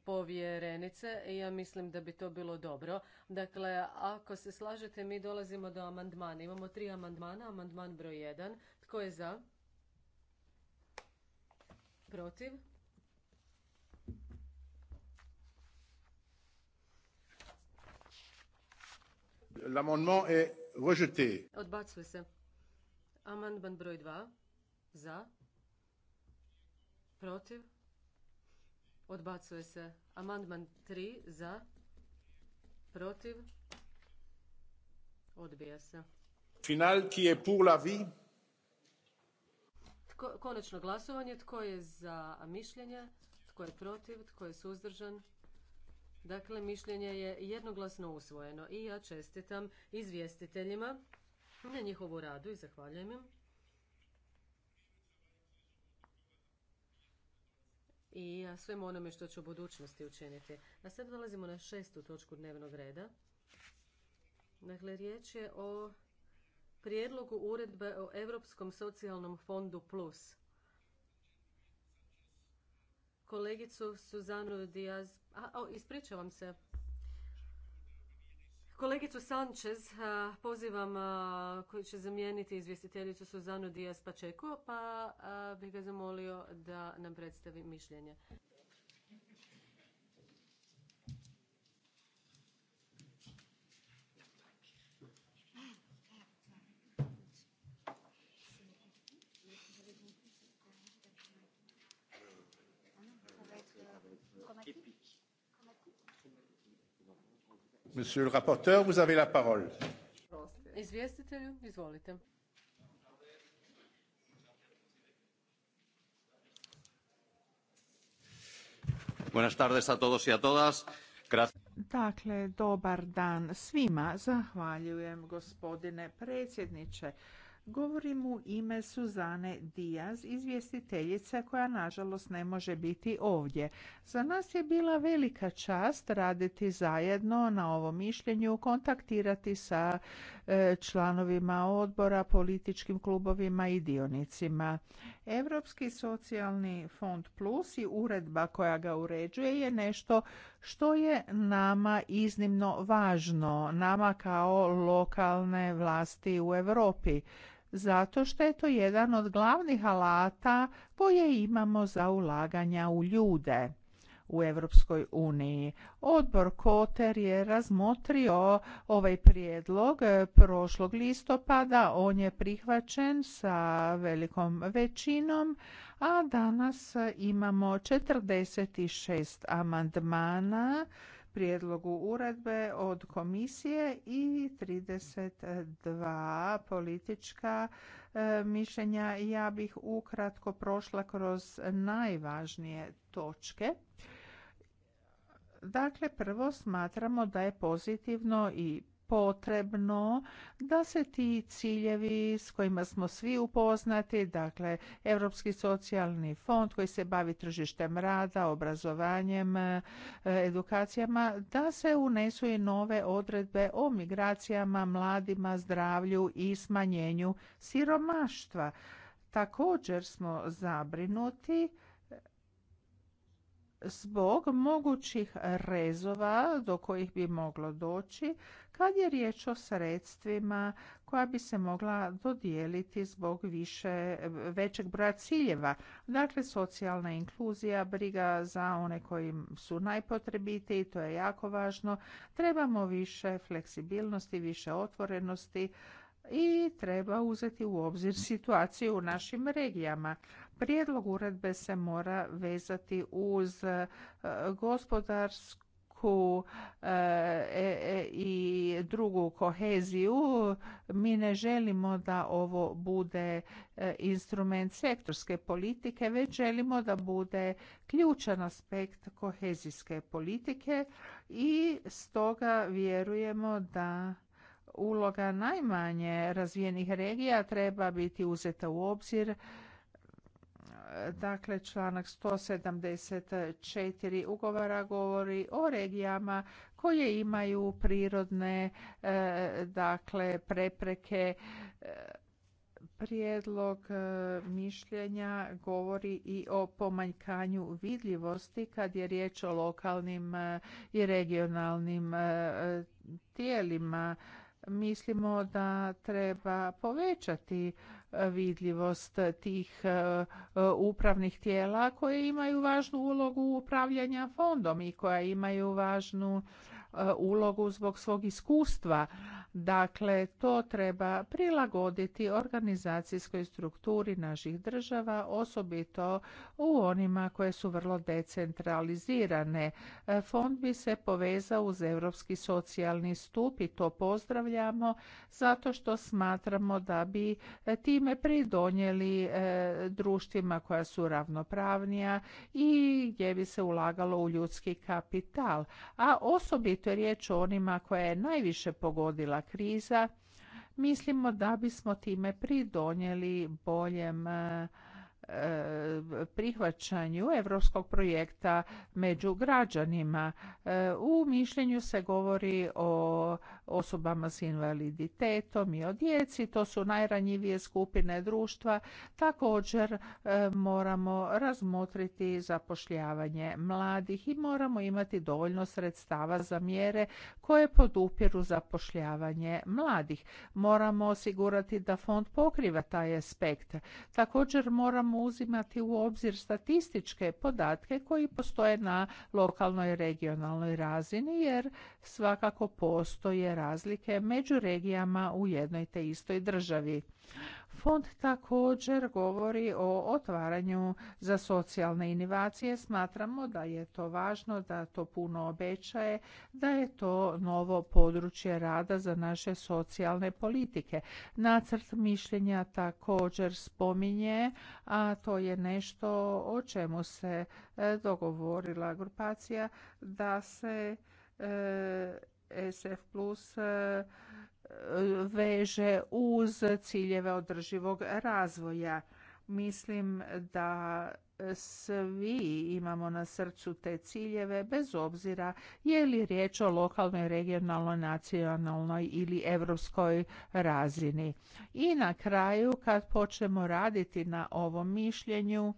povjerenice. Ja mislim da bi to bilo dobro. Dakle, ako se slažete, mi dolazimo do amandmana. Imamo tri amandmana. Amandman broj 1. Tko je za? Protiv? L'amendement est rejeté. Odbacuje se. Amandman broj 2. Za. Protiv. Odbacuje se. Amandman 3. Za. Protiv. Odbija se. Final je pour la konačno glasovanje. Tko je za mišljenje? Tko je protiv? Tko je suzdržan? Dakle, mišljenje je jednoglasno usvojeno i ja čestitam izvjestiteljima na njihovu radu i zahvaljujem im. I svemu onome što ću u budućnosti učiniti. A sad dolazimo na šestu točku dnevnog reda. Dakle, riječ je o prijedlogu uredbe o Europskom socijalnom fondu plus. Kolegicu Suzanu Diaz... A, ispričavam se. Kolegicu Sanchez pozivam koji će zamijeniti izvjestiteljicu Suzanu Dias Pačeko, pa bih ga zamolio da nam predstavi mišljenje. Monsieur le rapporteur, vous avez la parole. Izvjestitelju, izvolite. Buenas tardes a todos y a todas. Gracias. Dakle, dobar dan svima. Zahvaljujem gospodine predsjedniče. Govorim u ime Suzane Dijaz, izvjestiteljice koja nažalost ne može biti ovdje. Za nas je bila velika čast raditi zajedno na ovom mišljenju, kontaktirati sa E, članovima odbora, političkim klubovima i dionicima. Europski socijalni fond plus i uredba koja ga uređuje je nešto što je nama iznimno važno, nama kao lokalne vlasti u Europi zato što je to jedan od glavnih alata koje imamo za ulaganja u ljude u Europskoj uniji. Odbor Koter je razmotrio ovaj prijedlog e, prošlog listopada, on je prihvaćen sa velikom većinom, a danas imamo 46 amandmana prijedlogu uredbe od komisije i 32 politička e, mišljenja. Ja bih ukratko prošla kroz najvažnije točke. Dakle, prvo smatramo da je pozitivno i potrebno da se ti ciljevi s kojima smo svi upoznati, dakle Europski socijalni fond koji se bavi tržištem rada, obrazovanjem, e, edukacijama, da se unesu i nove odredbe o migracijama, mladima, zdravlju i smanjenju siromaštva. Također smo zabrinuti zbog mogućih rezova do kojih bi moglo doći kad je riječ o sredstvima koja bi se mogla dodijeliti zbog više, većeg broja ciljeva. Dakle, socijalna inkluzija, briga za one koji su najpotrebitiji, to je jako važno. Trebamo više fleksibilnosti, više otvorenosti i treba uzeti u obzir situaciju u našim regijama. Prijedlog uredbe se mora vezati uz e, gospodarsku e, e, i drugu koheziju. Mi ne želimo da ovo bude instrument sektorske politike, već želimo da bude ključan aspekt kohezijske politike i stoga vjerujemo da uloga najmanje razvijenih regija treba biti uzeta u obzir Dakle, članak 174 ugovora govori o regijama koje imaju prirodne e, dakle, prepreke e, prijedlog e, mišljenja govori i o pomanjkanju vidljivosti kad je riječ o lokalnim i regionalnim tijelima mislimo da treba povećati vidljivost tih e, upravnih tijela koje imaju važnu ulogu upravljanja fondom i koja imaju važnu e, ulogu zbog svog iskustva Dakle, to treba prilagoditi organizacijskoj strukturi naših država, osobito u onima koje su vrlo decentralizirane. E, fond bi se povezao uz Europski socijalni stup i to pozdravljamo zato što smatramo da bi e, time pridonijeli e, društvima koja su ravnopravnija i gdje bi se ulagalo u ljudski kapital. A osobito je riječ o onima koja je najviše pogodila kriza, mislimo da bismo time pridonijeli boljem e, prihvaćanju europskog projekta među građanima. E, u mišljenju se govori o osobama s invaliditetom i o djeci. To su najranjivije skupine društva. Također e, moramo razmotriti zapošljavanje mladih i moramo imati dovoljno sredstava za mjere koje podupiru zapošljavanje mladih. Moramo osigurati da fond pokriva taj aspekt. Također moramo uzimati u obzir statističke podatke koji postoje na lokalnoj i regionalnoj razini jer svakako postoje razlike među regijama u jednoj te istoj državi. Fond također govori o otvaranju za socijalne inovacije. Smatramo da je to važno, da to puno obećaje, da je to novo područje rada za naše socijalne politike. Nacrt mišljenja također spominje, a to je nešto o čemu se e, dogovorila grupacija, da se e, SF plus e, veže uz ciljeve održivog razvoja. Mislim da svi imamo na srcu te ciljeve bez obzira je li riječ o lokalnoj, regionalnoj, nacionalnoj ili europskoj razini. I na kraju kad počnemo raditi na ovom mišljenju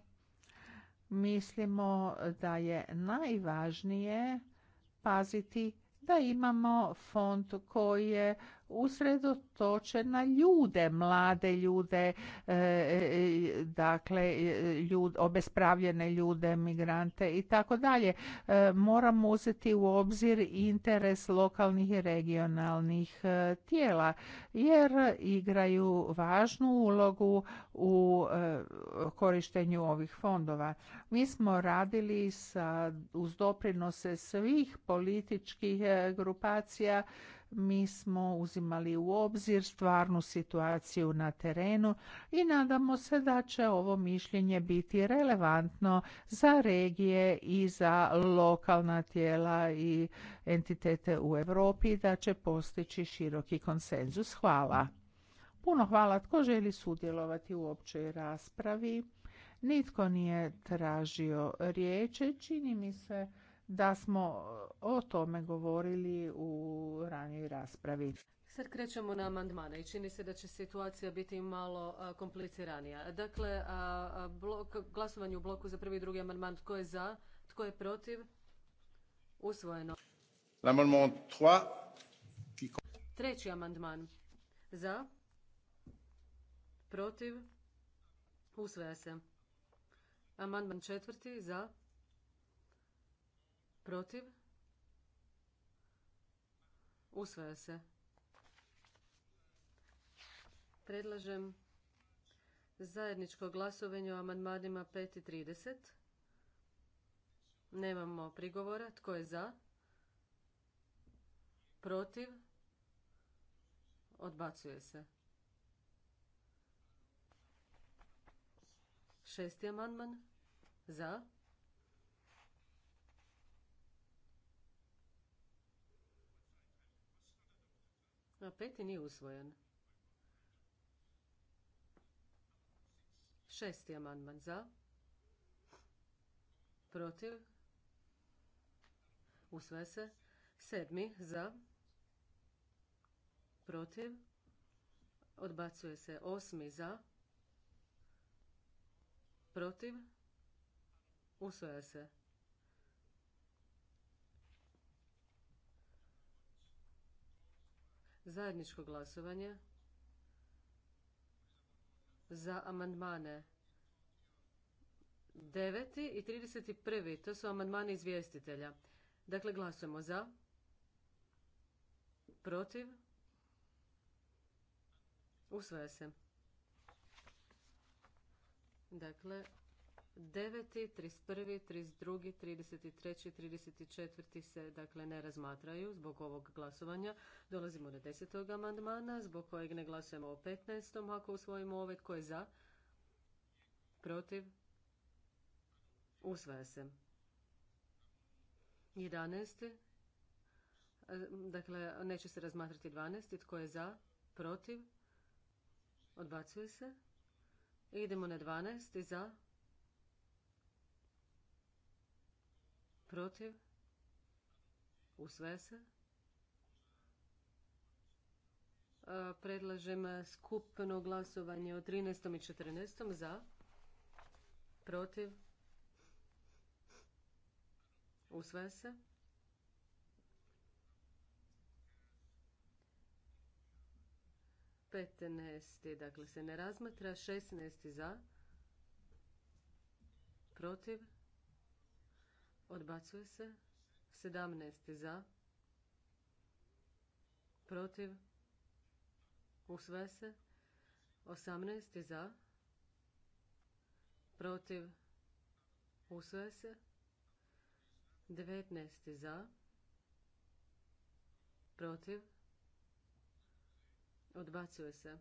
mislimo da je najvažnije paziti da imamo fond koji je usredotočen na ljude, mlade ljude, e, e, dakle obespravljene ljude, migrante i tako dalje. E, moramo uzeti u obzir interes lokalnih i regionalnih tijela jer igraju važnu ulogu u korištenju ovih fondova. Mi smo radili sa, uz doprinose svih političkih grupacija mi smo uzimali u obzir stvarnu situaciju na terenu i nadamo se da će ovo mišljenje biti relevantno za regije i za lokalna tijela i entitete u Europi da će postići široki konsenzus. Hvala. Puno hvala. Tko želi sudjelovati u općoj raspravi? Nitko nije tražio riječe. Čini mi se da smo e, o tome govorili u ranijoj raspravi. Sad krećemo na amandmane i čini se da će situacija biti malo e, kompliciranija. Dakle, blok, glasovanje u bloku za prvi i drugi amandman. Tko je za? Tko je protiv? Usvojeno. L'amendement 3. Treći amandman. Za? Protiv? Usvaja se. Amandman četvrti. Za? Protiv? Usvaja se. Predlažem zajedničko glasovanje o amandmanima 5 i 30. Nemamo prigovora. Tko je za? Protiv? Odbacuje se. Šesti amandman. Za? A peti nije usvojen. Šesti amandman za. Protiv. Usvaja se. Sedmi za. Protiv. Odbacuje se. Osmi za. Protiv. Usvaja se. zajedničko glasovanje za amandmane 9. i 31. To su amandmani izvjestitelja. Dakle, glasujemo za, protiv, usvaja se. Dakle, 9., 31., 32., 33., 34. se dakle ne razmatraju zbog ovog glasovanja. Dolazimo do 10. amandmana zbog kojeg ne glasujemo o 15. ako usvojimo ove. Ovaj. Tko je za? Protiv? Usvaja se. 11. E, dakle, neće se razmatrati 12. Tko je za? Protiv? Odbacuje se. Idemo na 12. Za? protiv, sve se. E, predlažem skupno glasovanje o 13. i 14. za, protiv, sve se. Petnesti, dakle se ne razmatra, 16. za, protiv, Odbacuje se. 17 za. Protiv. Usvaja se. 18 za. Protiv. Usvaja se. 19 za. Protiv. Odbacuje se.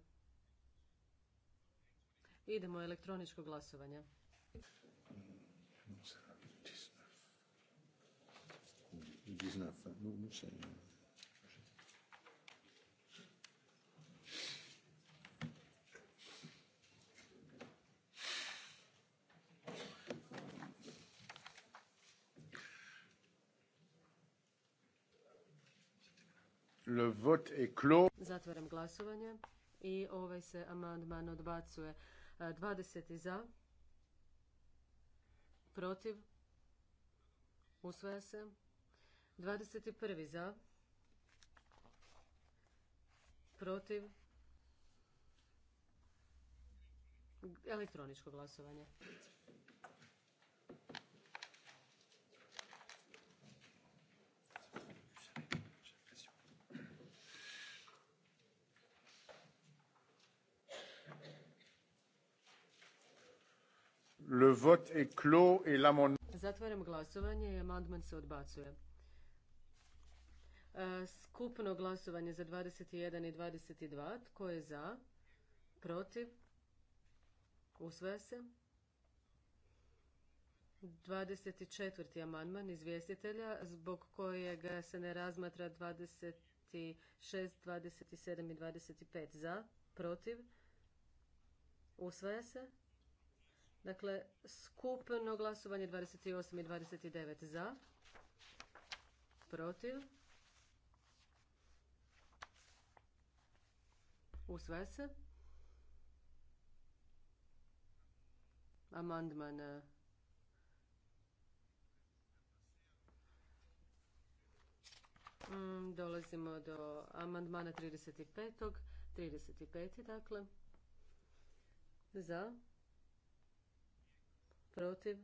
Idemo elektroničko glasovanje. Nous, nous, c'est... Le vote est clos. Zatvaram glasovanje i ovaj se amandman odbacuje. 20 za, protiv, usvaja se. 21. za, protiv, elektroničko glasovanje. Le vote est clos et l'amendement. Zatvaram glasovanje i amandman se odbacuje. E, skupno glasovanje za 21 i 22. Tko je za? Protiv? Usvaja se. 24. amandman izvjestitelja, zbog kojeg se ne razmatra 26, 27 i 25. Za? Protiv? Usvaja se. Dakle, skupno glasovanje 28 i 29 za, protiv, Usvaja se. Amandman e, mm, Dolazimo do amandmana 35. 35. dakle. Za. Protiv.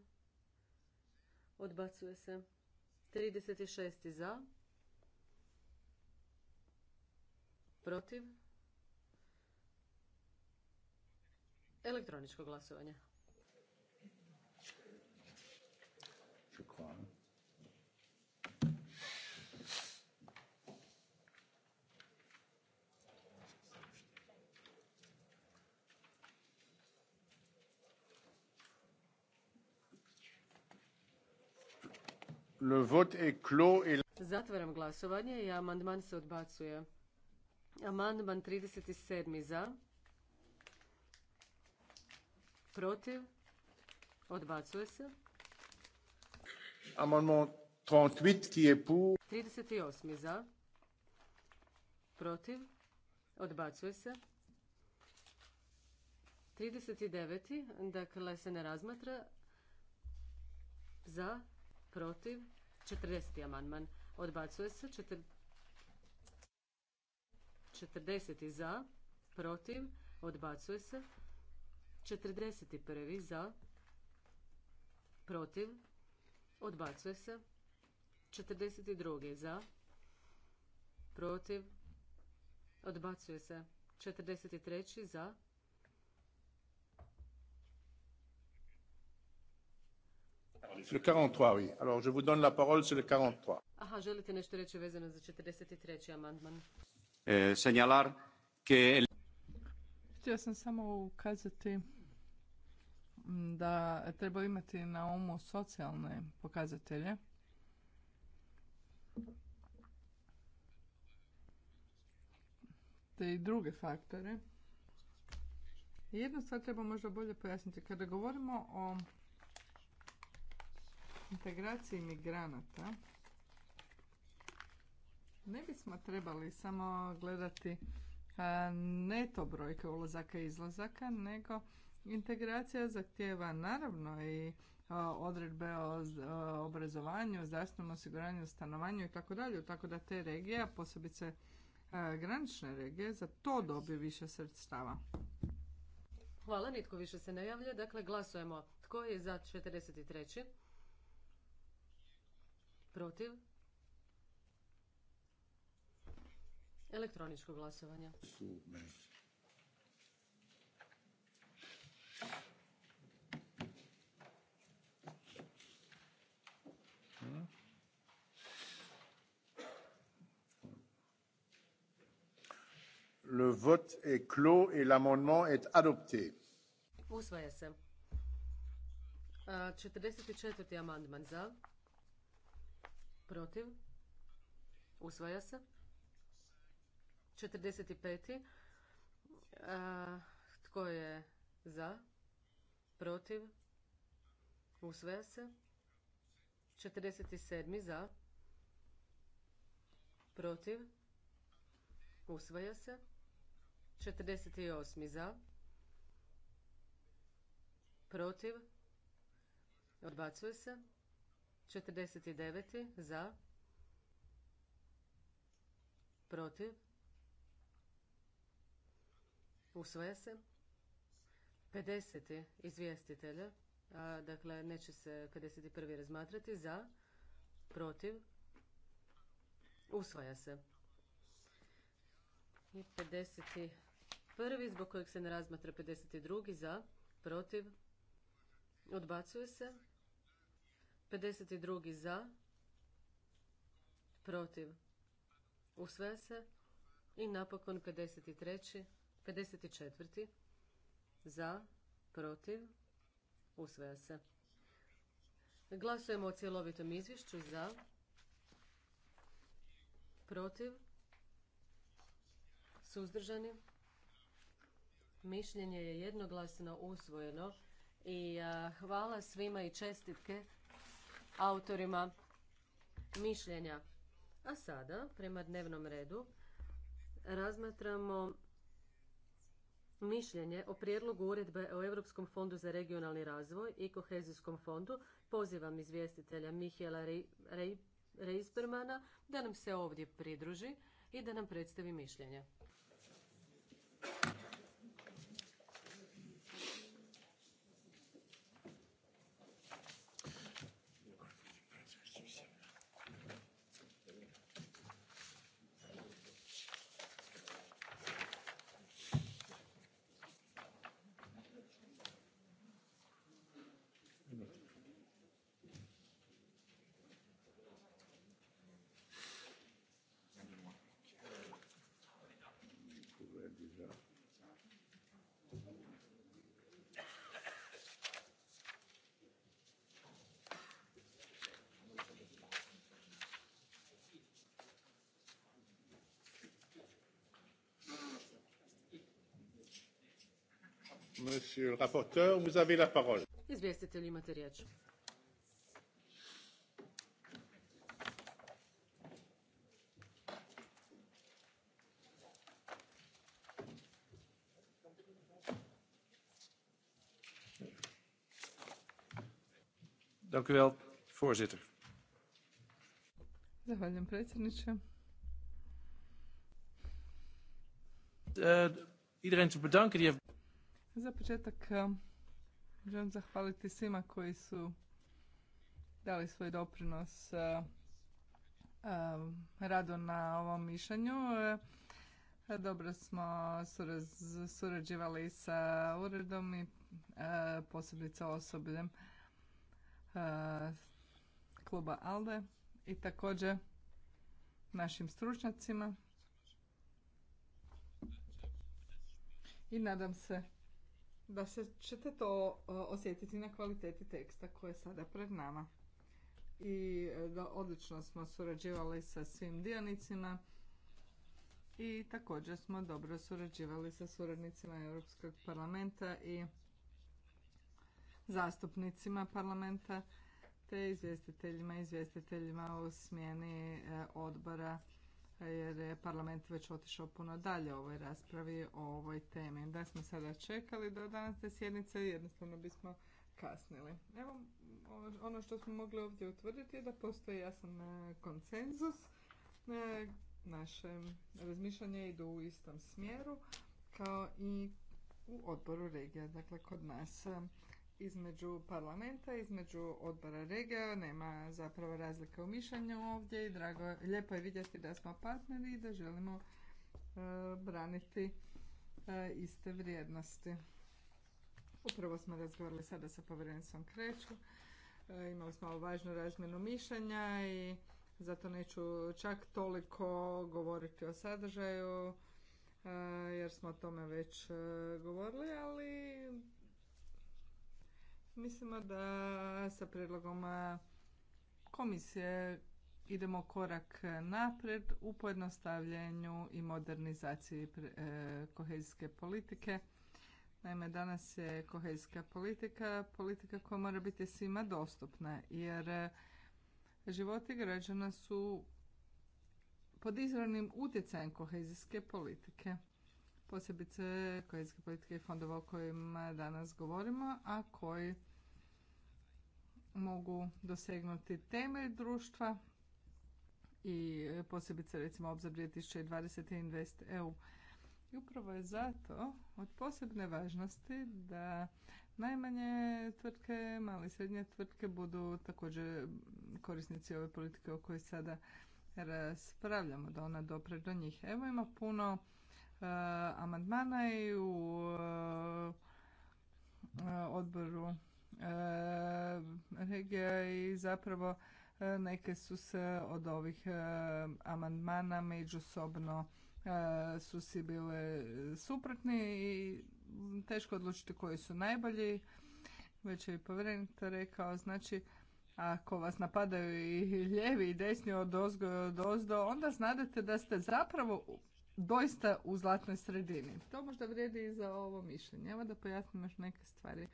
Odbacuje se. 36. za. Protiv. Elektroničko glasovanje. Le Zatvaram glasovanje i amandman se odbacuje. Amandman 37. za. Protiv? Odbacuje se. Amandman 38 ki je pour. 38 za. Protiv? Odbacuje se. 39. Dakle, se ne razmatra. Za. Protiv? 40. amandman. Odbacuje se. 40. za. Protiv? Odbacuje se. 41. za, protiv, odbacuje se. 42. za, protiv, odbacuje se. 43. za, Le 43, oui. Alors, je vous donne la parole sur le 43. Aha, želite nešto reći vezano za 43. amandman? Eh, señalar que... Htio sam samo ukazati da treba imati na umu socijalne pokazatelje. Te i druge faktore. Jednu stvar treba možda bolje pojasniti. Kada govorimo o integraciji migranata, ne bismo trebali samo gledati neto brojke ulazaka i izlazaka, nego Integracija zahtjeva naravno i e, odredbe o e, obrazovanju, zdravstvenom osiguranju, stanovanju i tako dalje, tako da te regije, a posebice e, granične regije, za to dobiju više sredstava. Hvala, nitko više se ne javlja. Dakle, glasujemo. Tko je za 43. Protiv? Elektroničko glasovanje. Le vote est clos et l'amendement est adopté. Usvaja se. 44. amandman za. Protiv. Usvaja se. 45. A, tko je za? Protiv? Usvaja se. 47. za. Protiv? Usvaja se. 48. za. Protiv. Odbacuje se. 49. za. Protiv. Usvaja se. 50. izvjestitelja. A, dakle, neće se 51. razmatrati. Za. Protiv. Usvaja se. I 50 prvi zbog kojeg se ne razmatra 52. za, protiv, odbacuje se. 52. za, protiv, usvaja se. I napokon 53. 54. za, protiv, usvaja se. Glasujemo o cjelovitom izvješću za, protiv, suzdržani. Mišljenje je jednoglasno usvojeno i hvala svima i čestitke autorima mišljenja. A sada, prema dnevnom redu, razmatramo mišljenje o prijedlogu uredbe o Europskom fondu za regionalni razvoj i kohezijskom fondu. Pozivam izvjestitelja Mihjela Reispermana da nam se ovdje pridruži i da nam predstavi mišljenje. Monsieur le rapporteur, vous avez la parole. Izvjestitelj imate riječ. Dank u wel, voorzitter. Zahvaljujem predsjedniče. Uh, iedereen te bedanken die heeft za početak e, želim zahvaliti svima koji su dali svoj doprinos e, e, radu na ovom mišljenju. Dobro smo surađivali sa uredom i posebice osobljem kluba ALDE i također našim stručnjacima. I nadam se da se ćete to e, osjetiti na kvaliteti teksta koji je sada pred nama. I e, da odlično smo surađivali sa svim dionicima i također smo dobro surađivali sa suradnicima Europskog parlamenta i zastupnicima parlamenta te izvjestiteljima i izvjestiteljima u smjeni e, odbora jer je parlament već otišao puno dalje u ovoj raspravi o ovoj temi. Da smo sada čekali do danas te sjednice, jednostavno bismo kasnili. Evo, ono što smo mogli ovdje utvrditi je da postoji jasan e, konsenzus. E, naše razmišljanje idu u istom smjeru kao i u odboru regija, dakle kod nas između parlamenta, između odbora regija, nema zapravo razlike u mišljenju ovdje i drago, lijepo je vidjeti da smo partneri i da želimo e, braniti e, iste vrijednosti. Upravo smo razgovarali sada sa povjerenstvom Kreću, e, imali smo malo važnu razmjenu mišljenja i zato neću čak toliko govoriti o sadržaju e, jer smo o tome već govorili, ali Mislimo da sa predlogom komisije idemo korak naprijed u pojednostavljenju i modernizaciji e, kohezijske politike. Naime, danas je kohezijska politika politika koja mora biti svima dostupna jer životi građana su pod izravnim utjecajem kohezijske politike. Posebice kohezijske politike i fondova o kojima danas govorimo, a koji mogu dosegnuti temelj društva i e, posebice recimo obzor 2020 Invest EU. I upravo je zato od posebne važnosti da najmanje tvrtke, male i srednje tvrtke budu također korisnici ove politike o kojoj sada raspravljamo, da ona dopre do njih. Evo ima puno e, amandmana i u e, odboru E, regija i zapravo e, neke su se od ovih e, amandmana međusobno su si bile suprotni i teško odlučiti koji su najbolji. Već je i povjerenik rekao, znači ako vas napadaju i lijevi i desni od ozgo od onda znadete da ste zapravo doista u zlatnoj sredini. To možda vrijedi i za ovo mišljenje. Evo da pojasnim još neke stvari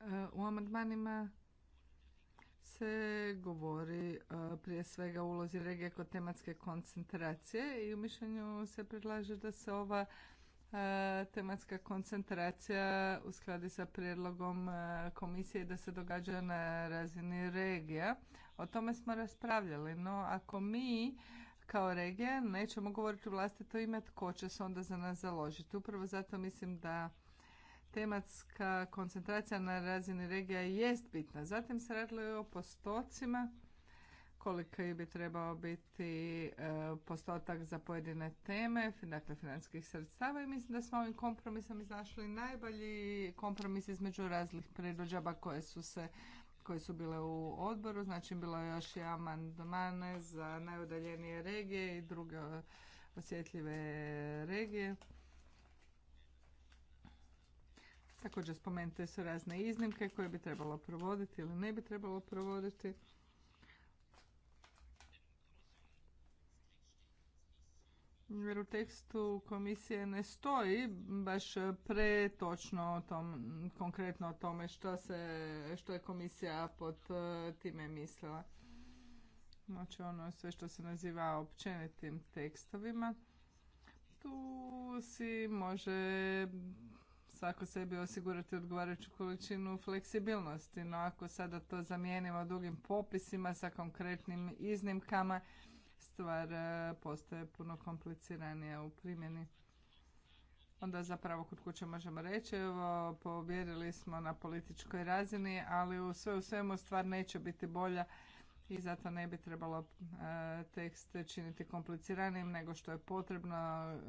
E, u amandmanima se govori e, prije svega ulozi regije kod tematske koncentracije i u mišljenju se predlaže da se ova e, tematska koncentracija uskladi sa prijedlogom komisije i da se događa na razini regija. O tome smo raspravljali, no ako mi kao regija nećemo govoriti u vlastito ime, tko će se onda za nas založiti? Upravo zato mislim da tematska koncentracija na razini regija jest bitna. Zatim se radilo i o postocima koliko bi trebao biti e, postotak za pojedine teme, dakle financijskih sredstava i mislim da smo ovim kompromisom izašli najbolji kompromis između različitih predođaba koje su se koje su bile u odboru, znači bilo je još i amandmane za najudaljenije regije i druge osjetljive regije. Također spomenute su razne iznimke koje bi trebalo provoditi ili ne bi trebalo provoditi. Jer u tekstu komisije ne stoji baš pretočno o tom, konkretno o tome što, se, što je komisija pod e, time mislila. Znači ono sve što se naziva općenitim tekstovima. Tu si može svako sebi osigurati odgovarajuću količinu fleksibilnosti. No ako sada to zamijenimo dugim popisima sa konkretnim iznimkama, stvar e, postaje puno kompliciranija u primjeni. Onda zapravo kod kuće možemo reći, evo, pobjerili smo na političkoj razini, ali u sve u svemu stvar neće biti bolja i zato ne bi trebalo e, tekst činiti kompliciranijim nego što je potrebno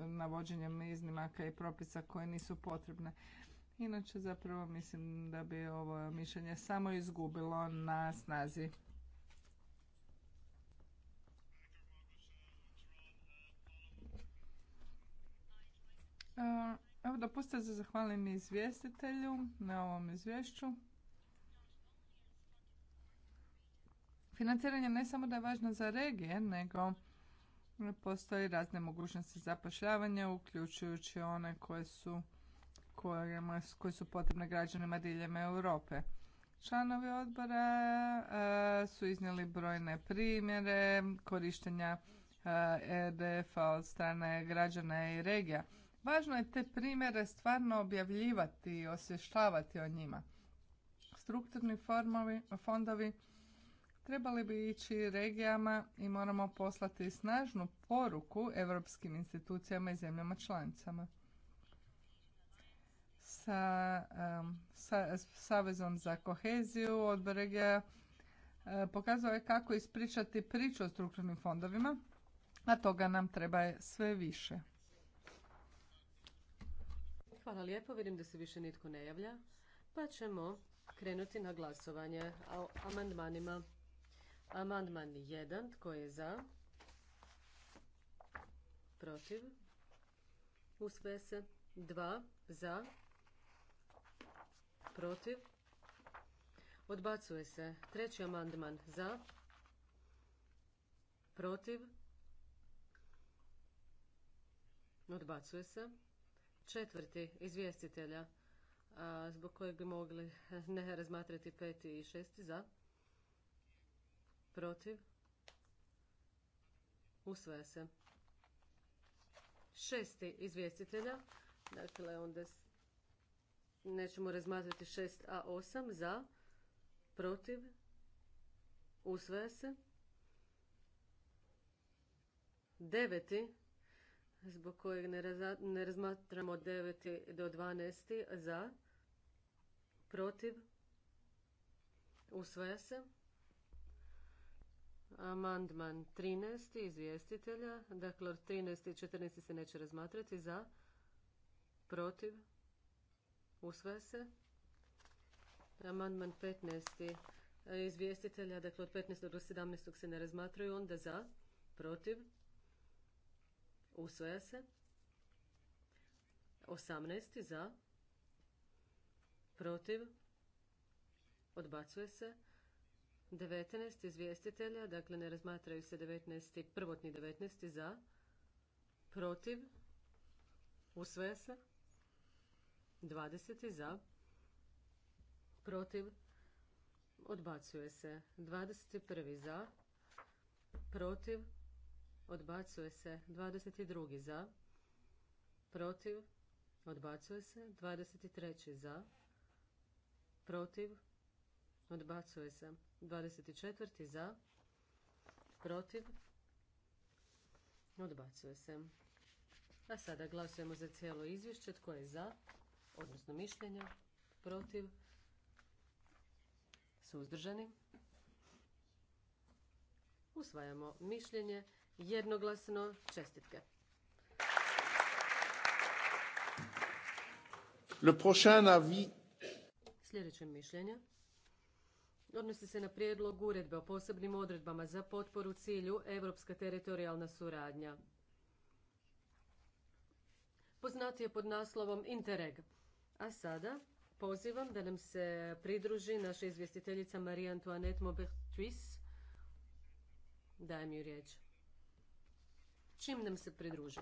navođenjem iznimaka i propisa koje nisu potrebne. Inače zapravo mislim da bi ovo mišljenje samo izgubilo na snazi. E, evo dopustite da zahvalim izvjestitelju na ovom izvješću. Financiranje ne samo da je važno za regije, nego postoji razne mogućnosti zapošljavanja, uključujući one koje su, su potrebne građanima diljem Europe. Članovi odbora eh, su iznijeli brojne primjere korištenja EDF-a eh, e od strane građana i regija. Važno je te primjere stvarno objavljivati i osvještavati o njima. Strukturni formovi, fondovi trebali bi ići regijama i moramo poslati snažnu poruku europskim institucijama i zemljama članicama. Sa, Savezom za koheziju odbor regija eh, pokazao je kako ispričati priču o strukturnim fondovima, a toga nam treba sve više. Hvala lijepo, vidim da se više nitko ne javlja, pa ćemo krenuti na glasovanje o amandmanima. Amandman 1. Tko je za? Protiv? Usve se. 2. Za? Protiv? Odbacuje se. Treći amandman. Za? Protiv? Odbacuje se. Četvrti izvjestitelja, zbog kojeg bi mogli ne razmatrati peti i šesti za protiv, usvaja se. Šesti izvjestitelja, dakle onda nećemo razmatrati 6A8 za, protiv, usvaja se. Deveti, zbog kojeg ne, ne razmatramo 9. do 12. za, protiv, usvaja se. Amandman 13. izvjestitelja. Dakle, 13. i 14. se neće razmatrati. Za? Protiv? Usvaja se. Amandman 15. izvjestitelja. Dakle, od 15. do 17. se ne razmatraju. Onda za? Protiv? Usvaja se. 18. za? Protiv? Odbacuje se. 19 izvjestitelja, dakle ne razmatraju se 19, prvotni 19 za, protiv, usvaja se, 20 za, protiv, odbacuje se, 21 za, protiv, odbacuje se, 22 za, protiv, odbacuje se, 23 za, protiv, odbacuje se, 24. za, protiv, odbacuje se. A sada glasujemo za cijelo izvješće. Tko je za, odnosno mišljenja, protiv, suzdržani. Usvajamo mišljenje jednoglasno čestitke. Le prochain avis. Sljedeće mišljenje odnosi se na prijedlog uredbe o posebnim odredbama za potporu cilju Europska teritorijalna suradnja. Poznat je pod naslovom Interreg. A sada pozivam da nam se pridruži naša izvjestiteljica Marija Antoinette maubert Daj Dajem ju riječ. Čim nam se pridruži.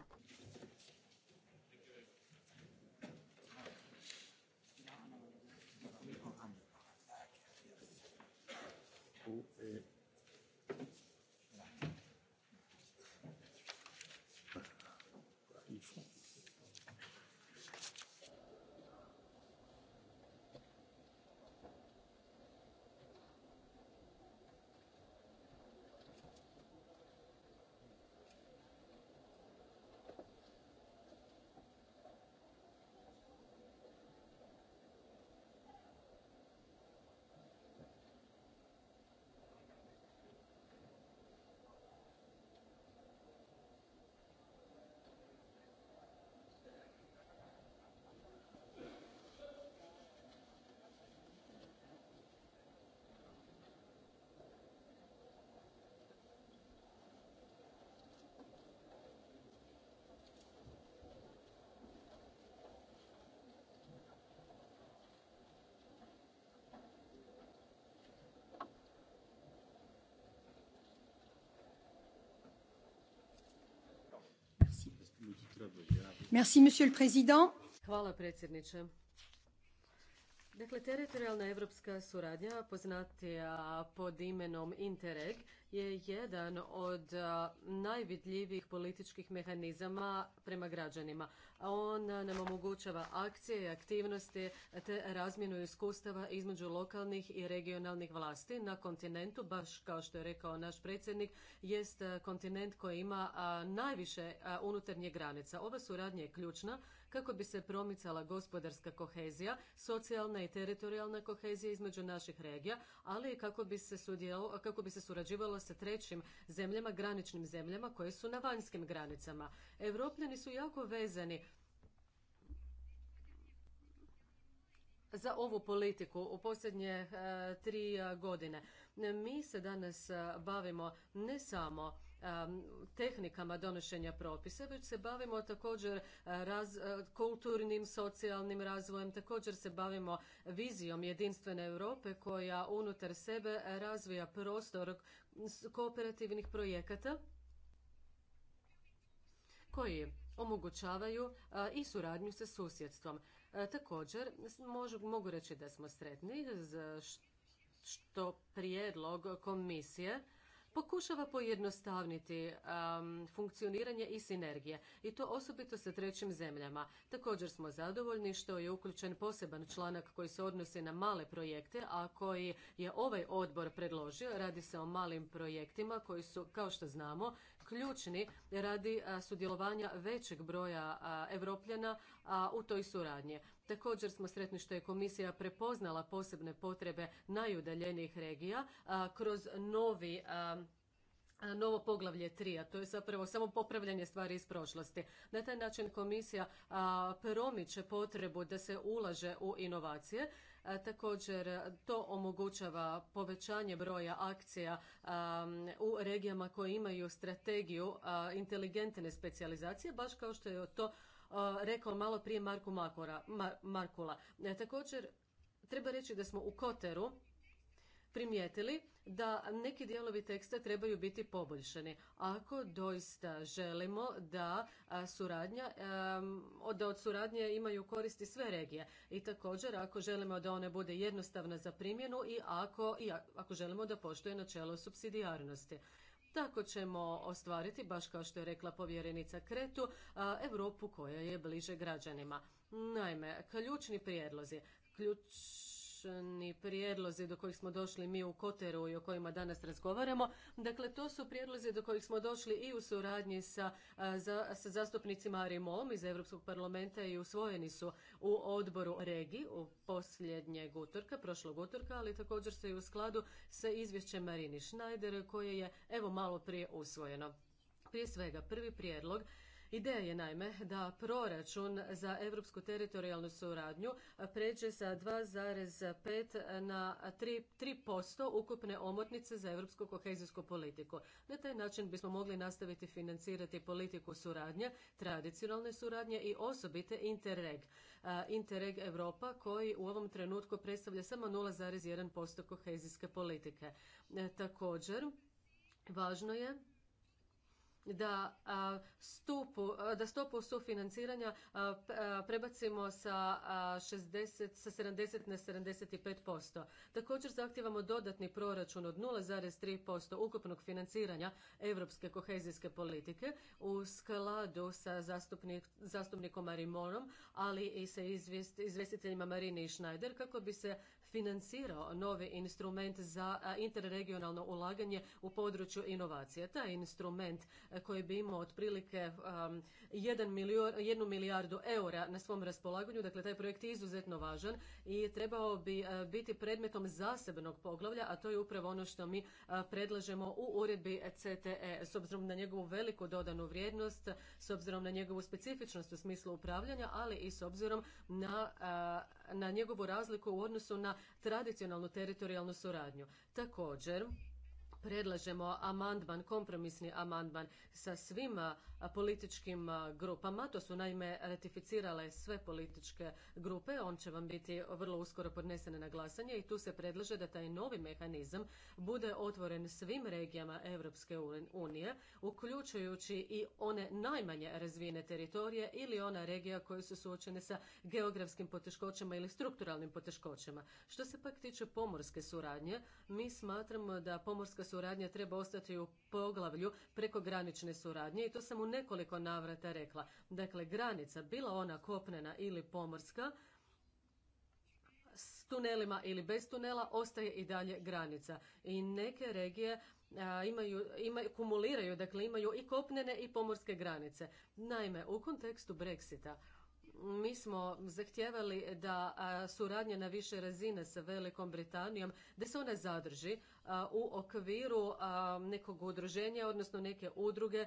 Merci, monsieur le président. Hvala predsjedniče. Dakle, teritorijalna evropska suradnja, poznatija pod imenom Interreg, je jedan od najvidljivijih političkih mehanizama prema građanima. On nam omogućava akcije i aktivnosti te razmjenu iskustava između lokalnih i regionalnih vlasti na kontinentu, baš kao što je rekao naš predsjednik, jest kontinent koji ima najviše unutarnje granica. Ova suradnja je ključna kako bi se promicala gospodarska kohezija, socijalna i teritorijalna kohezija između naših regija, ali i kako bi se, sudjelo, kako bi se surađivalo sa trećim zemljama, graničnim zemljama koje su na vanjskim granicama. Evropljani su jako vezani za ovu politiku u posljednje e, tri e, godine. Mi se danas e, bavimo ne samo Um, tehnikama donošenja propisa, već se bavimo također uh, uh, kulturnim, socijalnim razvojem, također se bavimo vizijom jedinstvene Europe koja unutar sebe razvija prostor kooperativnih projekata koji omogućavaju uh, i suradnju sa susjedstvom. Također, mogu reći da smo sretni što prijedlog komisije pokušava pojednostavniti funkcioniranje i sinergije i to osobito sa trećim zemljama. Također smo zadovoljni što je uključen poseban članak koji se odnosi na male projekte, a koji je ovaj odbor predložio. Radi se o malim projektima koji su, kao što znamo, ključni radi sudjelovanja većeg broja Evropljana u toj suradnji. Također smo sretni što je komisija prepoznala posebne potrebe najudaljenijih regija kroz novi novo poglavlje 3, a to je zapravo samo popravljanje stvari iz prošlosti. Na taj način komisija promiče potrebu da se ulaže u inovacije E, također to omogućava povećanje broja akcija u regijama koje imaju strategiju inteligentne specijalizacije, baš kao što je to rekao malo prije Markula. E, također treba reći da smo u Koteru primijetili da neki dijelovi teksta trebaju biti poboljšani. Ako doista želimo da suradnja, da od suradnje imaju koristi sve regije i također ako želimo da ona bude jednostavna za primjenu i ako, ako želimo da poštuje načelo subsidijarnosti. Tako ćemo ostvariti, baš kao što je rekla povjerenica Kretu, Europu koja je bliže građanima. Naime, ključni prijedlozi, ključ konačni prijedlozi do kojih smo došli mi u Koteru i o kojima danas razgovaramo. Dakle, to su prijedlozi do kojih smo došli i u suradnji sa, za, sa zastupnicima Arimom iz Europskog parlamenta i usvojeni su u odboru Regi u posljednjeg utorka, prošlog utorka, ali također se i u skladu sa izvješćem Marini Schneider koje je evo malo prije usvojeno. Prije svega, prvi prijedlog Ideja je naime da proračun za europsku teritorijalnu suradnju pređe sa 2,5 na 3%, posto ukupne omotnice za europsku kohezijsku politiku. Na taj način bismo mogli nastaviti financirati politiku suradnje, tradicionalne suradnje i osobite Interreg. Interreg Europa koji u ovom trenutku predstavlja samo 0,1% kohezijske politike. E, također, važno je da stupu, da stopu sufinanciranja prebacimo sa 60 sa 70 na 75%. Također zahtijevamo dodatni proračun od 0,3% ukupnog financiranja europske kohezijske politike u skladu sa zastupnikom Marimonom, ali i sa izvjest, izvjestiteljima Marini i Schneider kako bi se financirao novi instrument za interregionalno ulaganje u području inovacija. Taj instrument koji bi imao otprilike jednu milijardu eura na svom raspolaganju, dakle taj projekt je izuzetno važan i trebao bi biti predmetom zasebnog poglavlja, a to je upravo ono što mi predlažemo u uredbi CTE. S obzirom na njegovu veliku dodanu vrijednost, s obzirom na njegovu specifičnost u smislu upravljanja, ali i s obzirom na na njegovu razliku u odnosu na tradicionalnu teritorijalnu suradnju. Također, predlažemo amandman, kompromisni amandman sa svima političkim grupama. To su naime ratificirale sve političke grupe. On će vam biti vrlo uskoro podnesen na glasanje i tu se predlaže da taj novi mehanizam bude otvoren svim regijama Europske unije, uključujući i one najmanje razvijene teritorije ili ona regija koje su suočene sa geografskim poteškoćama ili strukturalnim poteškoćama. Što se pak tiče pomorske suradnje, mi smatramo da pomorska suradnja suradnja treba ostati u poglavlju prekogranične suradnje i to sam u nekoliko navrata rekla. Dakle, granica, bila ona kopnena ili pomorska, s tunelima ili bez tunela, ostaje i dalje granica. I neke regije imaju, kumuliraju, dakle imaju i kopnene i pomorske granice. Naime, u kontekstu Brexita, mi smo zahtjevali da suradnja na više razine sa Velikom Britanijom, da se ona zadrži, u okviru nekog udruženja, odnosno neke udruge,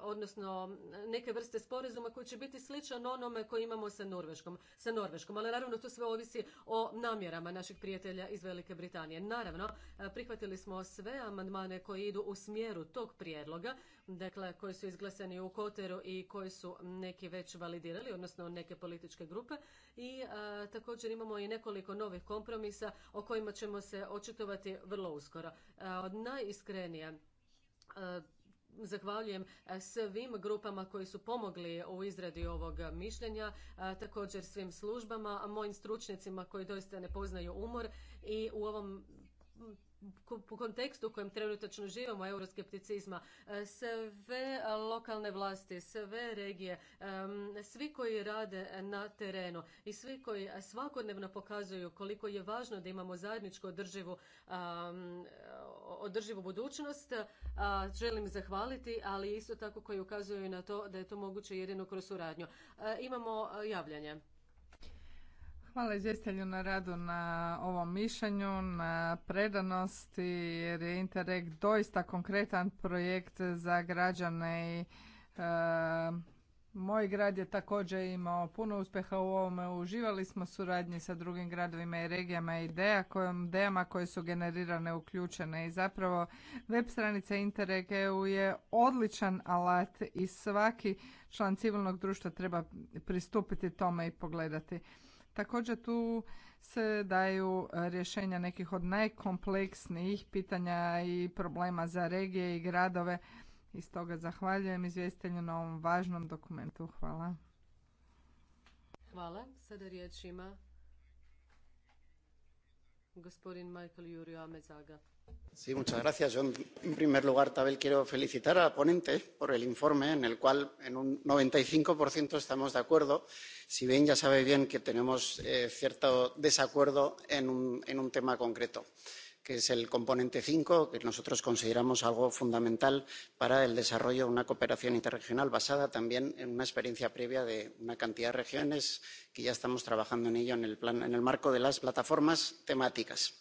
odnosno neke vrste sporazuma koji će biti sličan onome koji imamo sa Norveškom. Sa Norveškom. Ali naravno to sve ovisi o namjerama naših prijatelja iz Velike Britanije. Naravno, prihvatili smo sve amandmane koji idu u smjeru tog prijedloga, dakle koji su izglasani u Koteru i koji su neki već validirali, odnosno neke političke grupe. I također imamo i nekoliko novih kompromisa o kojima ćemo se očitovati vrlo uskoro. E, od najiskrenije e, Zahvaljujem svim grupama koji su pomogli u izradi ovog mišljenja, e, također svim službama, mojim stručnicima koji doista ne poznaju umor i u ovom u kontekstu u kojem trenutačno živimo euroskepticizma, e, sve lokalne vlasti, sve regije, e, svi koji rade na terenu i svi koji svakodnevno pokazuju koliko je važno da imamo zajedničku održivu, e, održivu budućnost, želim zahvaliti, ali isto tako koji ukazuju na to da je to moguće jedino kroz suradnju. Imamo javljanje. Hvala izvjestitelju na radu na ovom mišljenju, na predanosti, jer je Interreg doista konkretan projekt za građane i e, moj grad je također imao puno uspjeha u ovome. Uživali smo suradnji sa drugim gradovima i regijama i ideja kojom, idejama koje su generirane, uključene i zapravo web stranica Interreg EU je odličan alat i svaki član civilnog društva treba pristupiti tome i pogledati. Također tu se daju e, rješenja nekih od najkompleksnijih pitanja i problema za regije i gradove. I stoga zahvaljujem izvjestitelju na ovom važnom dokumentu. Hvala. Hvala. Sada riječ ima gospodin Michael Jurio Amezaga. Señor, muchas gracias. Yo, en primer lugar, también quiero felicitar la ponente por el informe, en el cual en un 95% estamos de acuerdo, si bien ya sabe bien que tenemos eh, cierto desacuerdo en un, en un tema concreto que es el componente cinco que nosotros consideramos algo fundamental para el desarrollo de una cooperación interregional basada también en una experiencia previa de una cantidad de regiones que ya estamos trabajando en ello en el, plan, en el marco de las plataformas temáticas.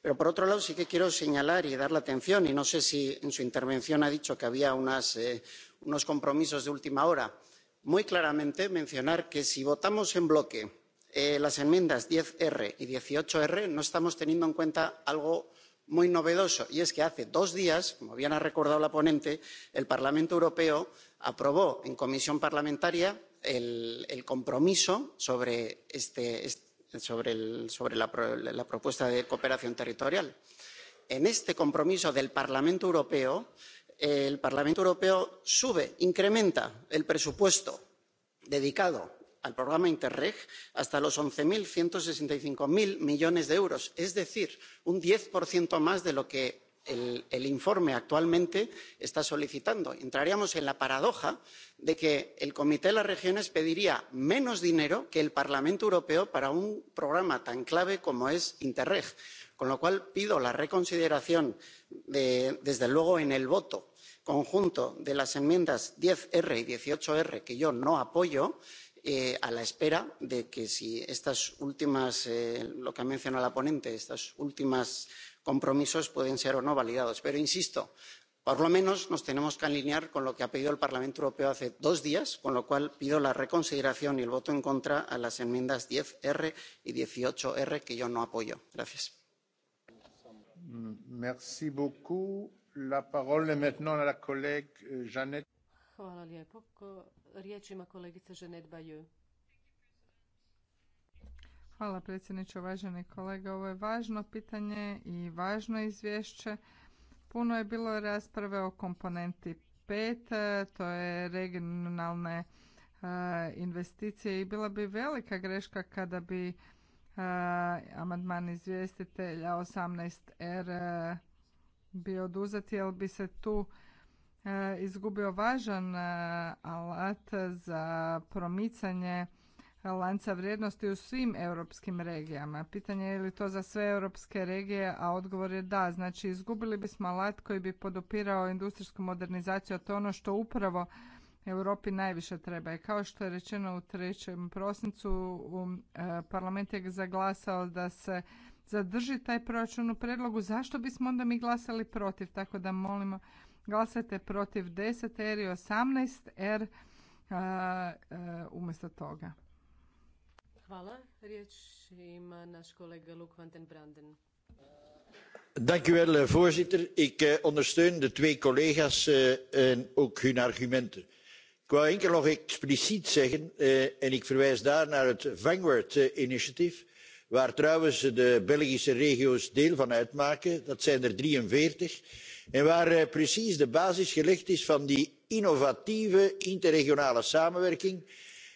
pero por otro lado sí que quiero señalar y dar la atención y no sé si en su intervención ha dicho que había unas, eh, unos compromisos de última hora muy claramente mencionar que si votamos en bloque Eh, las enmiendas diez r y dieciocho r no estamos teniendo en cuenta algo muy novedoso y es que hace dos días como bien ha recordado la ponente el parlamento europeo aprobó en comisión parlamentaria el compromiso sobre la propuesta de cooperación territorial. en este compromiso del parlamento europeo el parlamento europeo sube incrementa el presupuesto dedicado al programa interreg hasta los once ciento sesenta y cinco cero millones de euros es decir un diez más de lo que el informe actualmente está solicitando. entraríamos en la paradoja de que el comité de las regiones pediría menos dinero que el parlamento europeo para un programa tan clave como es interreg con lo cual pido la reconsideración desde luego en el voto conjunto de las enmiendas diez r y dieciocho r que yo no apoyo Eh, a la espera de que si estas últimas, eh, lo que ha mencionado la ponente, estos últimos compromisos pueden ser o no validados. Pero insisto, por lo menos nos tenemos que alinear con lo que ha pedido el Parlamento Europeo hace dos días, con lo cual pido la reconsideración y el voto en contra a las enmiendas 10R y 18R que yo no apoyo. Gracias. Mm, la Hvala lijepo. Riječ ima kolegica Ženet Baju. Hvala predsjedniče, uvaženi kolega. Ovo je važno pitanje i važno izvješće. Puno je bilo rasprave o komponenti 5, to je regionalne e, investicije i bila bi velika greška kada bi e, amandman izvjestitelja 18R e, bio oduzet, jer bi se tu E, izgubio važan e, alat za promicanje lanca vrijednosti u svim europskim regijama. Pitanje je li to za sve europske regije, a odgovor je da. Znači izgubili bismo alat koji bi podupirao industrijsku modernizaciju, a to je ono što upravo Europi najviše treba. I kao što je rečeno u trećem prosincu, e, parlament je zaglasao da se zadrži taj proračun u predlogu. Zašto bismo onda mi glasali protiv? Tako da molimo glasajte protiv 10R i 18R umjesto toga. Hvala. Riječ ima naš kolega Luk van den Branden. Dank u wel, eh, voorzitter. Ik eh, ondersteun de twee collega's eh, en ook hun argumenten. Ik wou enkel nog expliciet zeggen, en ik verwijs daar naar het Vanguard-initiatief, waar trouwens de Belgische regio's deel van uitmaken. Dat zijn er 43 en waar eh, precies de basis gelegd is van die innovatieve interregionale samenwerking.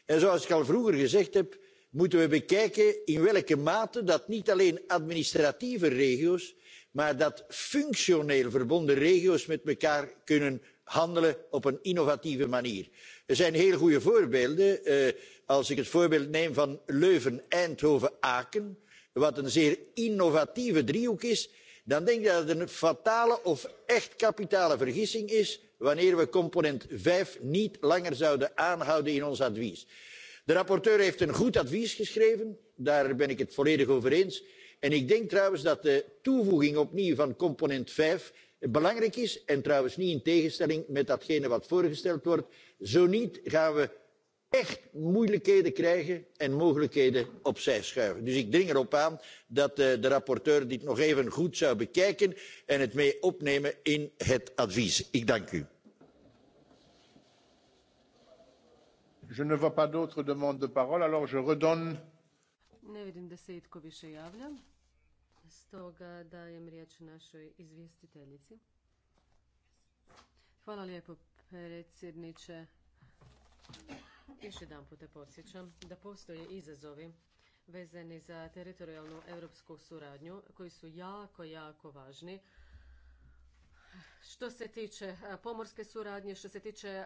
en zoals ik al vroeger gezegd heb moeten we bekijken in welke mate dat niet alleen administratieve regio's maar dat functioneel verbonden regio's met elkaar kunnen handelen op een innovatieve manier. er zijn heel goede voorbeelden eh, als ik het voorbeeld neem van leuven eindhoven aken wat een zeer innovatieve driehoek is dan denk ik dat het een fatale of echt kapitale vergissing is wanneer we component vijf niet langer zouden aanhouden in ons advies. de rapporteur heeft een goed advies geschreven daar ben ik het volledig over eens en ik denk trouwens dat de toevoeging opnieuw van component vijf belangrijk is en trouwens niet in tegenstelling met datgene wat voorgesteld wordt. zo niet gaan echt moeilijkheden krijgen en mogelijkheden opzij schuiven. dus ik dring erop aan dat eh, de rapporteur dit nog even goed zou bekijken en het mee opnemen in het advies. ik dank u. Je ne vois pas d'autres demandes de parole, alors je redonne... Ne vidim da se itko više javlja. Stoga dajem riječ našoj izvjestiteljici. Hvala lijepo predsjedniče. Još jedan podsjećam da postoje izazovi vezani za teritorijalnu europsku suradnju koji su jako, jako važni. Što se tiče pomorske suradnje, što se tiče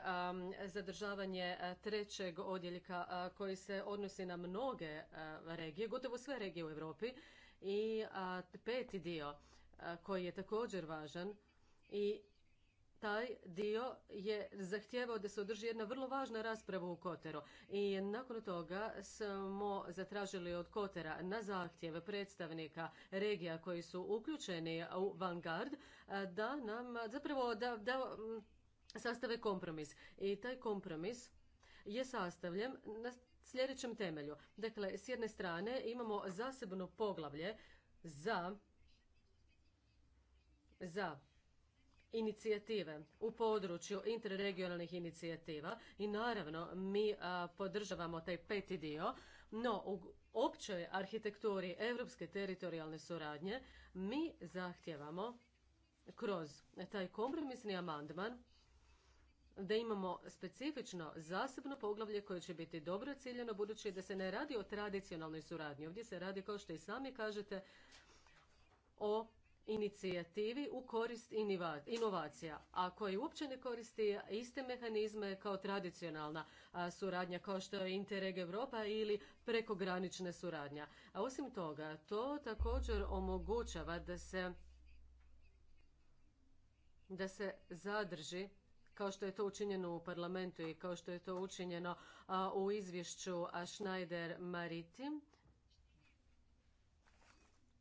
zadržavanje trećeg odjeljka koji se odnosi na mnoge regije, gotovo sve regije u Europi i peti dio koji je također važan i taj dio je zahtijevao da se održi jedna vrlo važna rasprava u Koteru. I nakon toga smo zatražili od Kotera na zahtjev predstavnika regija koji su uključeni u Vanguard da nam zapravo da, da sastave kompromis. I taj kompromis je sastavljen na sljedećem temelju. Dakle, s jedne strane imamo zasebno poglavlje za za inicijative u području interregionalnih inicijativa i naravno mi podržavamo taj peti dio, no u općoj arhitekturi europske teritorijalne suradnje mi zahtjevamo kroz taj kompromisni amandman da imamo specifično zasebno poglavlje koje će biti dobro ciljeno budući da se ne radi o tradicionalnoj suradnji. Ovdje se radi, kao što i sami kažete, o inicijativi u korist inovacija, a koji uopće ne koristi iste mehanizme kao tradicionalna suradnja kao što je Interreg Europa ili prekogranična suradnja. A osim toga, to također omogućava da se da se zadrži kao što je to učinjeno u parlamentu i kao što je to učinjeno u izvješću Schneider Maritim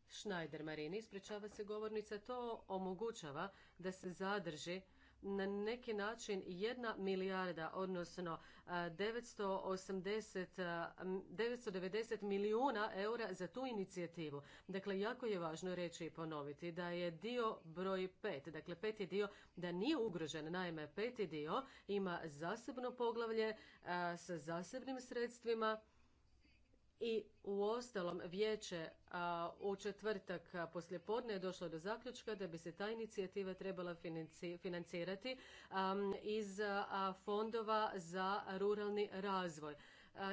Schneider Marini, ispričava se govornica, to omogućava da se zadrži na neki način jedna milijarda, odnosno 980, 990 milijuna eura za tu inicijativu. Dakle, jako je važno reći i ponoviti da je dio broj pet, dakle peti dio da nije ugrožen. Naime, peti dio ima zasebno poglavlje sa zasebnim sredstvima i u ostalom vijeće u četvrtak poslijepodne je došlo do zaključka da bi se ta inicijativa trebala financirati iz fondova za ruralni razvoj.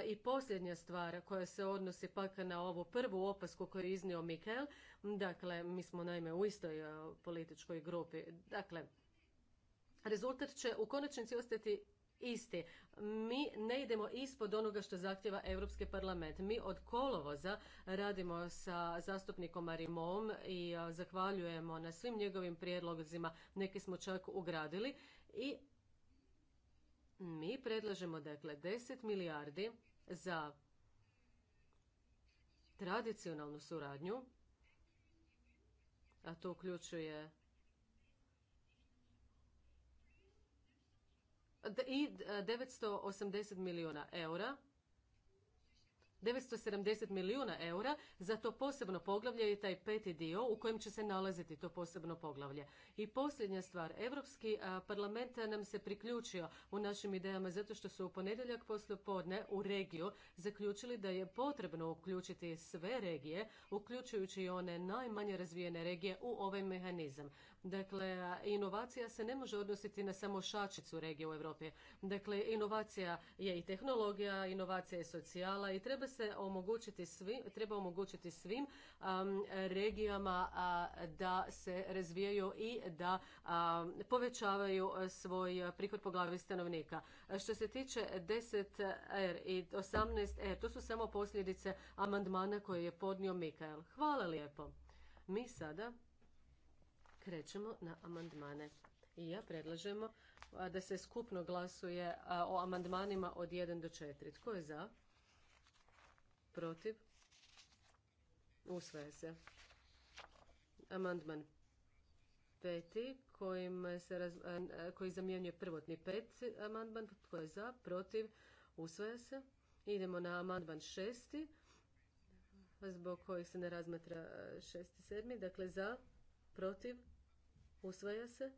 I posljednja stvar koja se odnosi pak na ovu prvu opasku koju je iznio Mikel, dakle mi smo naime u istoj političkoj grupi, dakle rezultat će u konačnici ostati isti. Mi ne idemo ispod onoga što zahtjeva Europski parlament. Mi od kolovoza radimo sa zastupnikom Marimom i zahvaljujemo na svim njegovim prijedlozima. Neki smo čak ugradili i mi predlažemo dakle 10 milijardi za tradicionalnu suradnju, a to uključuje i 980 e, milijuna eura 970 milijuna eura za to posebno poglavlje i taj peti dio u kojem će se nalaziti to posebno poglavlje. I posljednja stvar, Europski e, parlament nam se priključio u našim idejama zato što su u ponedjeljak podne u regiju zaključili da je potrebno uključiti sve regije, uključujući i one najmanje razvijene regije u ovaj mehanizam. Dakle, inovacija se ne može odnositi na samo šačicu regije u Europi. Dakle, inovacija je i tehnologija, inovacija je socijala i treba se omogućiti svim, treba omogućiti svim regijama a, da se razvijaju i da povećavaju svoj prihod po glavi stanovnika. Što se tiče 10R er i 18R, er, to su samo posljedice amandmana koje je podnio Mikael. Hvala lijepo. Mi sada Krećemo na amandmane. I ja predlažemo da se skupno glasuje o amandmanima od 1 do 4. Tko je za? Protiv? Usvaja se. Amandman peti koji zamjenjuje prvotni pet amandman. Tko je za? Protiv? Usvaja se. Idemo na amandman šesti zbog kojih se ne razmatra šesti sedmi. Dakle, za, protiv, Usvaja se.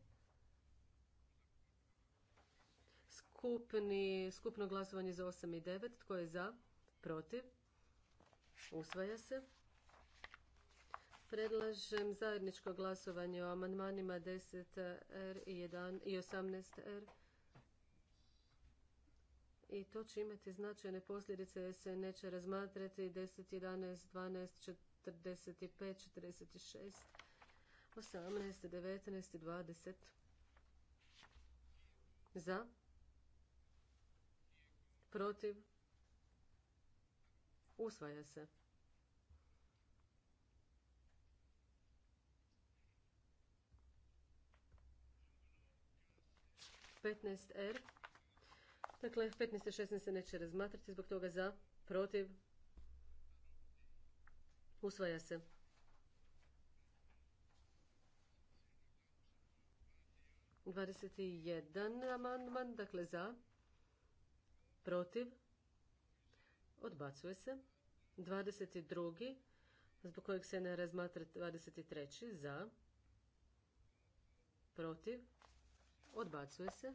Skupni, skupno glasovanje za 8 i 9. Tko je za? Protiv? Usvaja se. Predlažem zajedničko glasovanje o amandmanima 10R i 18R. I to će imati značajne posljedice jer se neće razmatrati 10, 11, 12, 45, 46. 18, 19 20 za, protiv, usvaja se. 15 R. Dakle, 15.16 i 16 se neće razmatrati, zbog toga za, protiv, usvaja se. 21 amandman, dakle za, protiv, odbacuje se. 22. zbog kojeg se ne razmatra 23. za, protiv, odbacuje se.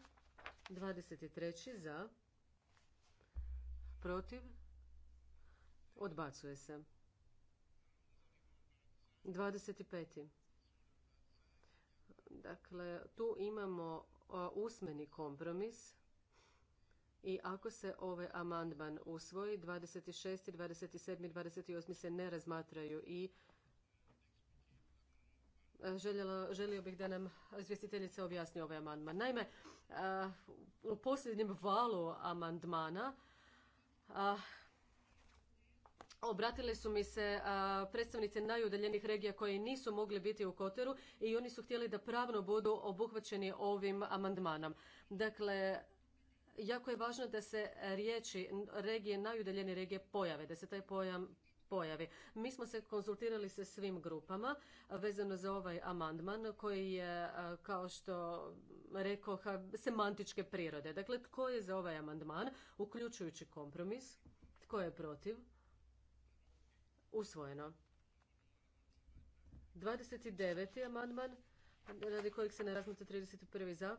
23. za, protiv, odbacuje se. 25. Dakle, tu imamo usmeni kompromis i ako se ovaj amandman usvoji, 26., 27. i 28. se ne razmatraju i Željela, želio bih da nam izvjestiteljica objasni ovaj amandman. Naime, u posljednjem valu amandmana Obratili su mi se predstavnice predstavnici najudaljenih regija koji nisu mogli biti u Koteru i oni su htjeli da pravno budu obuhvaćeni ovim amandmanom. Dakle, jako je važno da se riječi regije, najudaljenije regije pojave, da se taj pojam pojavi. Mi smo se konzultirali sa svim grupama vezano za ovaj amandman koji je, kao što rekao, semantičke prirode. Dakle, tko je za ovaj amandman, uključujući kompromis, tko je protiv, usvojeno. 29. amandman, radi kojeg se ne razmatra 31. za,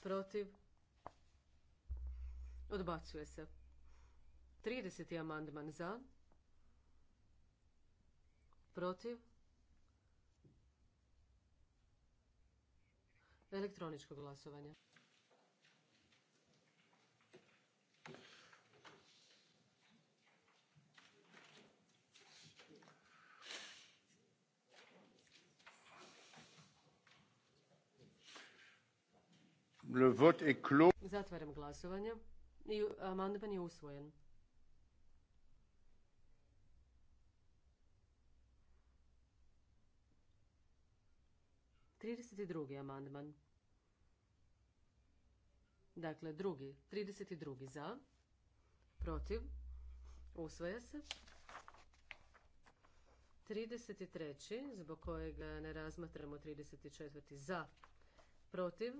protiv, odbacuje se. 30. amandman za, protiv, elektroničko glasovanje. Zatvaram glasovanje. I e, amandman je usvojen. Trideset drugi amandman. Dakle, drugi. Trideset drugi za. Protiv. Usvaja se. 33. zbog kojeg ne razmatramo 34. za. Protiv.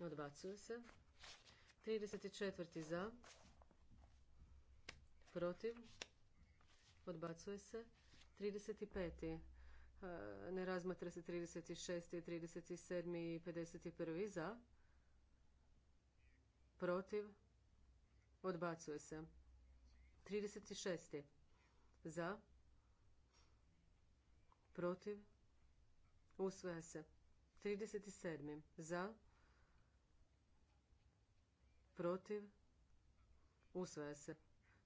Odbacuje se. 34. za. Protiv. Odbacuje se. 35. E, ne razmatra se 36. 37. i 51. za. Protiv. Odbacuje se. 36. za. Protiv. Usvaja se. 37. za protiv, usvaja se.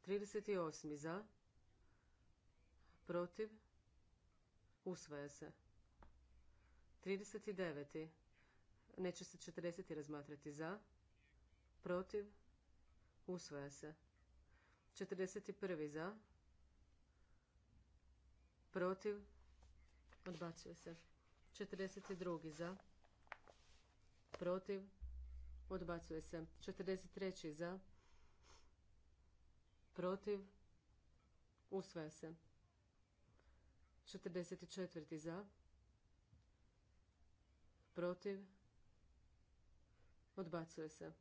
38. za, protiv, usvaja se. 39. Neće se 40. razmatrati za, protiv, usvaja se. 41. za, protiv, odbacuje se. 42. za, protiv, Odbacuje se. 43. za. Protiv. Usvaja se. 44. za. Protiv. Odbacuje se.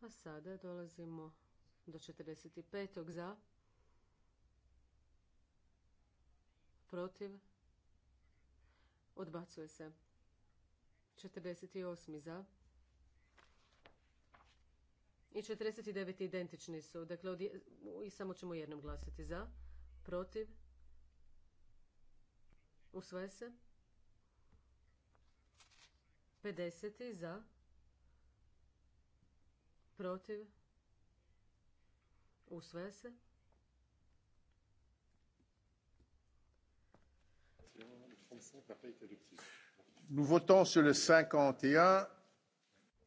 A sada dolazimo do 45. za. Protiv. Odbacuje se. 48. za. I 49. identični su. Dakle, i samo ćemo jednom glasati za, protiv, usvoje se. 50. za, protiv, usvoje se. Le 35 Nous votons sur le 51.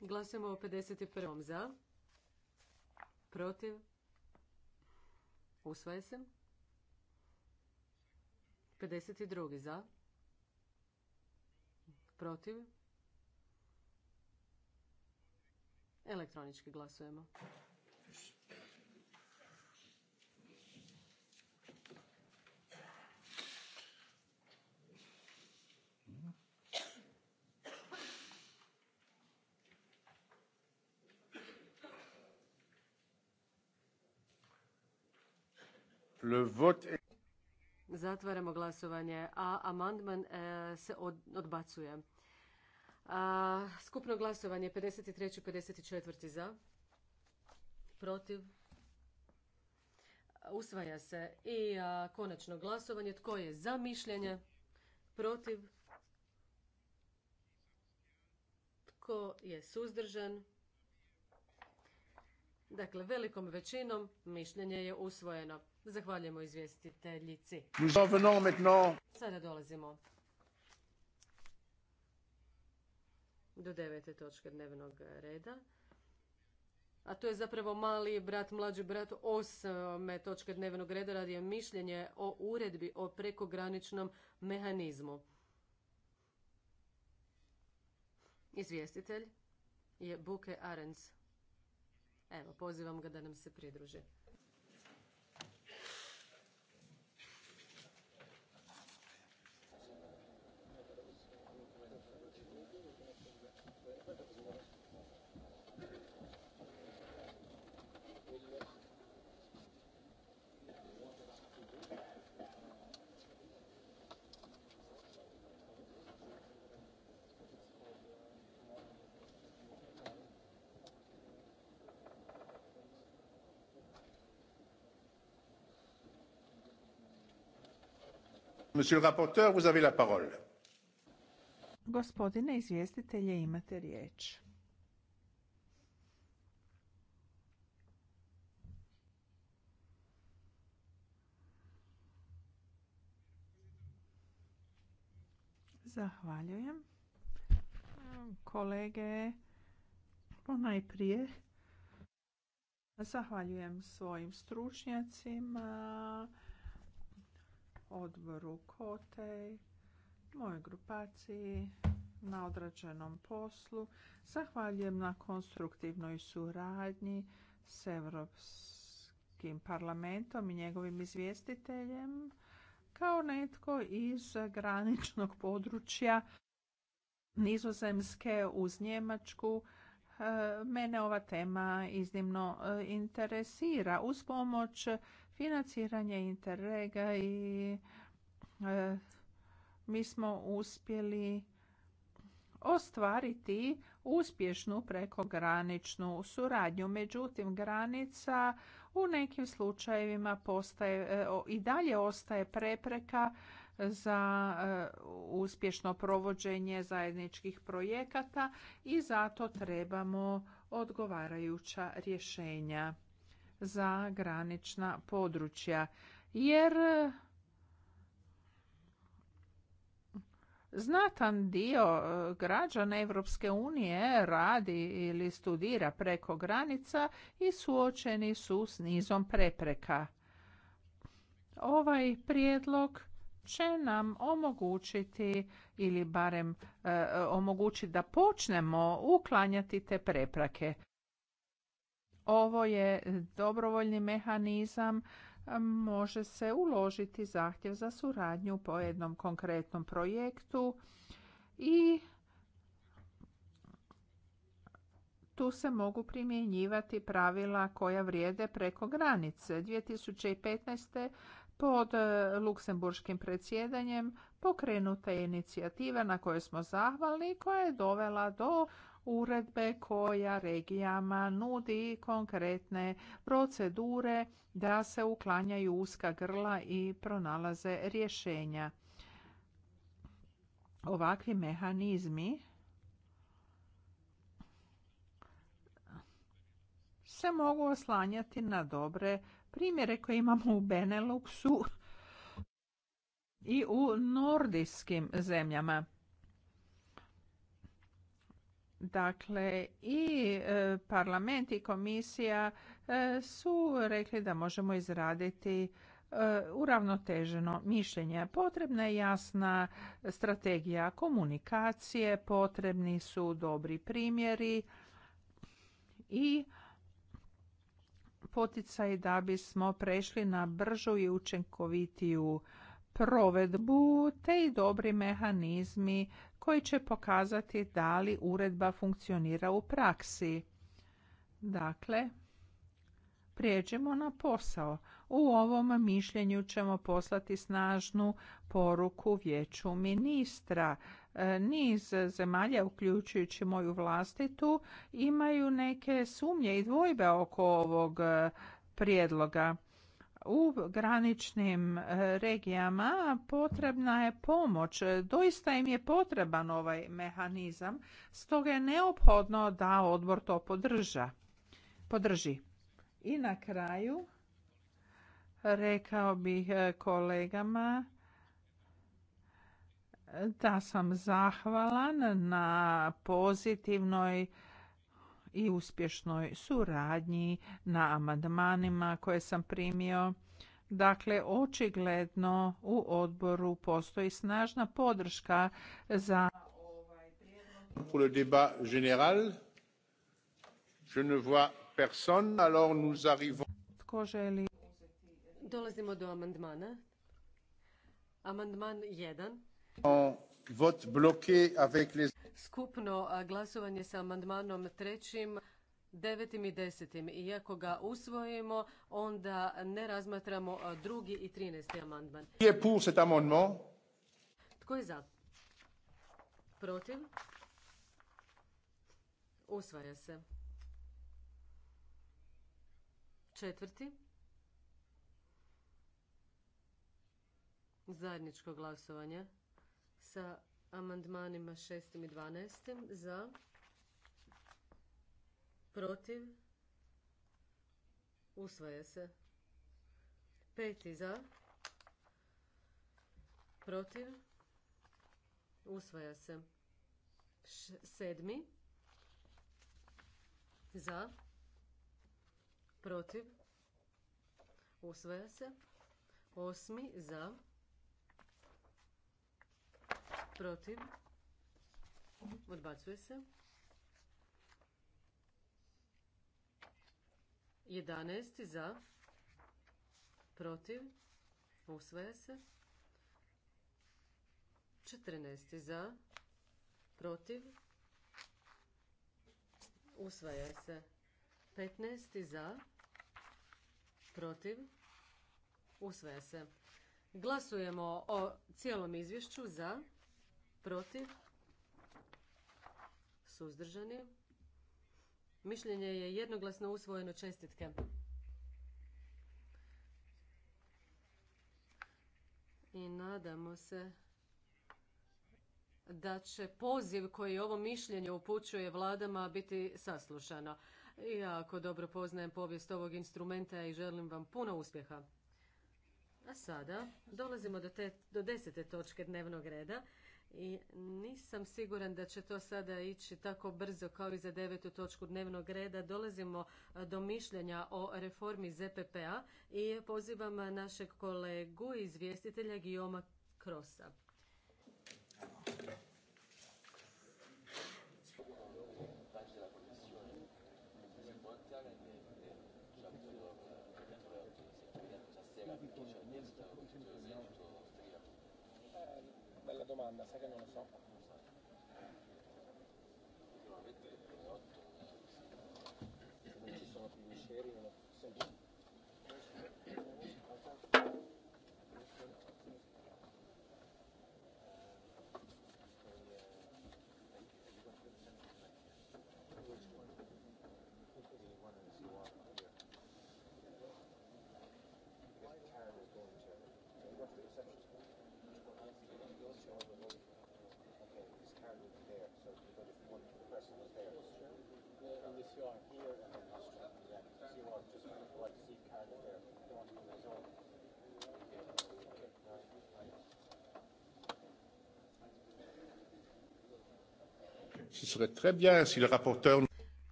Glasujemo o 51. za. Protiv. Usvaja se. 52. za. Protiv. Elektronički glasujemo. Zatvaramo glasovanje, a amandman e, se odbacuje. skupno glasovanje 53. i 54. za. Protiv. Usvaja se i konačno glasovanje. Tko je za mišljenje? Protiv. Tko je suzdržan? Dakle, velikom većinom mišljenje je usvojeno. Zahvaljujemo izvjestiteljici. Sada dolazimo do devete točke dnevnog reda. A to je zapravo mali brat, mlađi brat osme točke dnevnog reda radi je mišljenje o uredbi o prekograničnom mehanizmu. Izvjestitelj je Buke Arens. Evo, pozivam ga da nam se pridruži. Monsieur le rapporteur, Gospodine izvjestitelje, imate riječ. Zahvaljujem. Kolege, ponajprije zahvaljujem svojim stručnjacima, odboru Kotej, mojoj grupaciji na odrađenom poslu. Zahvaljujem na konstruktivnoj suradnji s Europskim parlamentom i njegovim izvjestiteljem kao netko iz graničnog područja Nizozemske uz Njemačku. E, mene ova tema iznimno e, interesira. Uz pomoć financiranje Interrega i e, mi smo uspjeli ostvariti uspješnu prekograničnu suradnju. Međutim, granica u nekim slučajevima postaje, e, i dalje ostaje prepreka za e, uspješno provođenje zajedničkih projekata i zato trebamo odgovarajuća rješenja za granična područja jer znatan dio e, građana Europske unije radi ili studira preko granica i suočeni su s nizom prepreka. Ovaj prijedlog će nam omogućiti ili barem e, omogućiti da počnemo uklanjati te prepreke. Ovo je dobrovoljni mehanizam, može se uložiti zahtjev za suradnju po jednom konkretnom projektu i tu se mogu primjenjivati pravila koja vrijede preko granice. 2015. pod e, luksemburškim predsjedanjem pokrenuta je inicijativa na kojoj smo zahvalni koja je dovela do uredbe koja regijama nudi konkretne procedure da se uklanjaju uska grla i pronalaze rješenja. Ovakvi mehanizmi se mogu oslanjati na dobre primjere koje imamo u Beneluxu i u nordijskim zemljama. Dakle, i e, parlament i komisija e, su rekli da možemo izraditi e, uravnoteženo mišljenje. Potrebna je jasna strategija komunikacije, potrebni su dobri primjeri i poticaj da bismo prešli na bržu i učinkovitiju provedbu te i dobri mehanizmi koji će pokazati da li uredba funkcionira u praksi. Dakle, prijeđemo na posao. U ovom mišljenju ćemo poslati snažnu poruku vijeću ministra. E, niz zemalja, uključujući moju vlastitu, imaju neke sumnje i dvojbe oko ovog e, prijedloga u graničnim e, regijama potrebna je pomoć. Doista im je potreban ovaj mehanizam, stoga je neophodno da odbor to podrža. podrži. I na kraju rekao bih e, kolegama da sam zahvalan na pozitivnoj i uspješnoj suradnji na amandmanima koje sam primio. Dakle, očigledno u odboru postoji snažna podrška za ovaj prijedlog. Pour le débat général, je ne vois personne, alors nous arrivons. Tko želi? Dolazimo do amandmana. Amandman 1. vote bloqué avec les skupno glasovanje sa amandmanom trećim, devetim i desetim. I ako ga usvojimo, onda ne razmatramo drugi i trinesti amandman. Tko je za? Protiv? Usvaja se. Četvrti. Zajedničko glasovanje sa amandmanima 6. i 12. za, protiv, usvaja se. Peti za, protiv, usvaja se. Š sedmi za, protiv, usvaja se. Osmi za, Protiv? Odbacuje se. 11. Za? Protiv? Usvaja se. 14. Za? Protiv? Usvaja se. 15. Za? Protiv? Usvaja se. Glasujemo o cijelom izvješću za, protiv, suzdržani. Mišljenje je jednoglasno usvojeno čestitke. I nadamo se da će poziv koji ovo mišljenje upućuje vladama biti saslušano. Jako dobro poznajem povijest ovog instrumenta i želim vam puno uspjeha. A sada dolazimo do, do desete točke dnevnog reda i nisam siguran da će to sada ići tako brzo kao i za devetu točku dnevnog reda. Dolazimo do mišljenja o reformi ZPP-a i pozivam našeg kolegu izvjestitelja Gijoma Krosa. commanda, sai che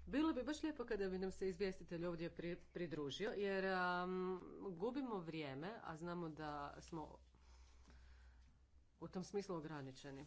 Bilo bi baš lijepo kada bi nam se izvjestitelj ovdje pridružio, jer gubimo vrijeme, a znamo da smo u tom smislu ograničeni.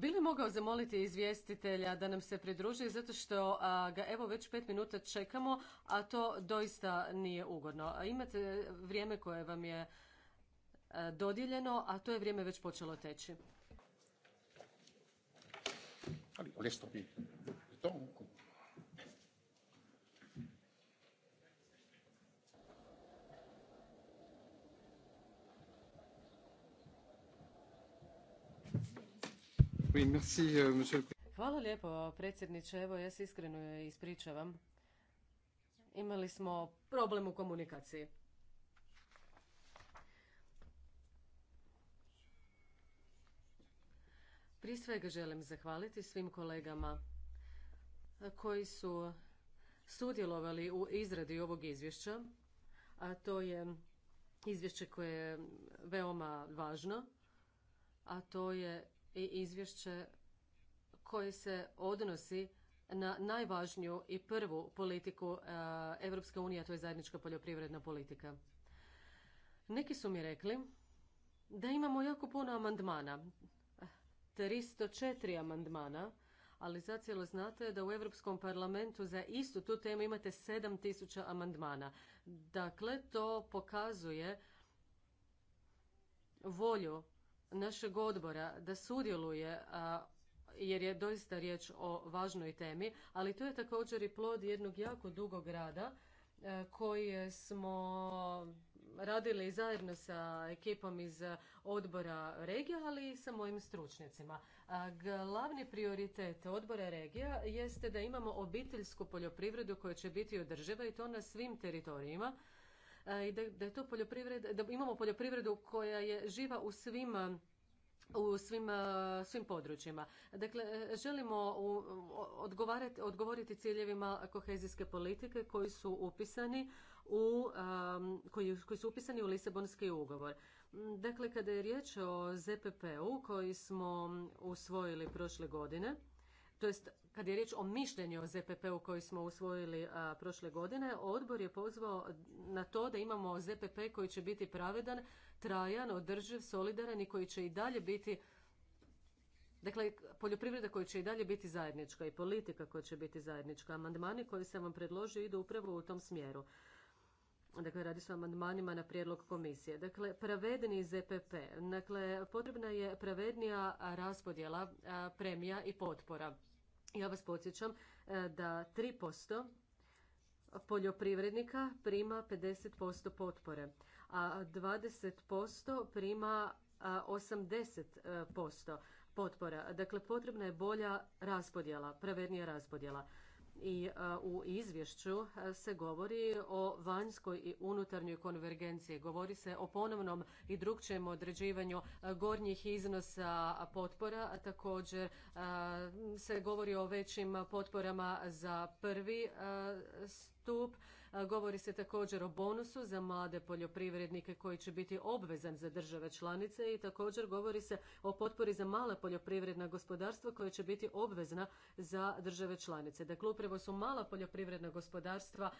Bi li mogao zamoliti izvjestitelja da nam se pridruži zato što ga evo već pet minuta čekamo, a to doista nije ugodno. A imate vrijeme koje vam je dodijeljeno, a to je vrijeme već počelo teći. Ali, Euh, Hvala lijepo, predsjedniče. Evo, ja se iskreno ispričavam. Imali smo problem u komunikaciji. Prije svega želim zahvaliti svim kolegama koji su sudjelovali u izradi ovog izvješća, a to je izvješće koje je veoma važno, a to je i izvješće koje se odnosi na najvažniju i prvu politiku Europske unije, a to je zajednička poljoprivredna politika. Neki su mi rekli da imamo jako puno amandmana, 304 amandmana, ali zacijelo znate da u Europskom parlamentu za istu tu temu imate 7000 amandmana. Dakle, to pokazuje volju našeg odbora da sudjeluje jer je doista riječ o važnoj temi, ali to je također i plod jednog jako dugog rada e, koji smo radili zajedno sa ekipom iz odbora regija, ali i sa mojim stručnjacima. glavni prioritet odbora regija jeste da imamo obiteljsku poljoprivredu koja će biti održiva i to na svim teritorijima E, i da, da je to poljoprivreda, da imamo poljoprivredu koja je živa u svim e, u svim, e, svim područjima. Dakle, želimo odgovoriti ciljevima kohezijske politike koji su upisani u, koji, koji su upisani u Lisabonski ugovor. Dakle, kada je riječ o ZPP-u koji smo usvojili prošle godine, to jest kad je riječ o mišljenju o ZPP-u koji smo usvojili prošle godine, odbor je pozvao na to da imamo ZPP koji će biti pravedan, trajan, održiv, solidaran i koji će i dalje biti Dakle, poljoprivreda koja će i dalje biti zajednička i politika koja će biti zajednička. Amandmani koji sam vam predložio idu upravo u tom smjeru. Dakle, radi se o amandmanima na prijedlog komisije. Dakle, pravedni ZPP. Dakle, potrebna je pravednija raspodjela premija i potpora. Ja vas podsjećam e, da 3% poljoprivrednika prima 50% potpore, a 20% prima 80% potpora. Dakle, potrebna je bolja raspodjela, pravednija raspodjela i e, u izvješću e, se govori o vanjskoj i unutarnjoj konvergenciji. Govori se o ponovnom i drugčijem određivanju e, gornjih iznosa potpora, a također se govori o većim potporama za prvi stup Govori se također o bonusu za mlade poljoprivrednike koji će biti obvezan za države članice i također govori se o potpori za mala poljoprivredna gospodarstva koja će biti obvezna za države članice. Dakle, upravo su mala poljoprivredna gospodarstva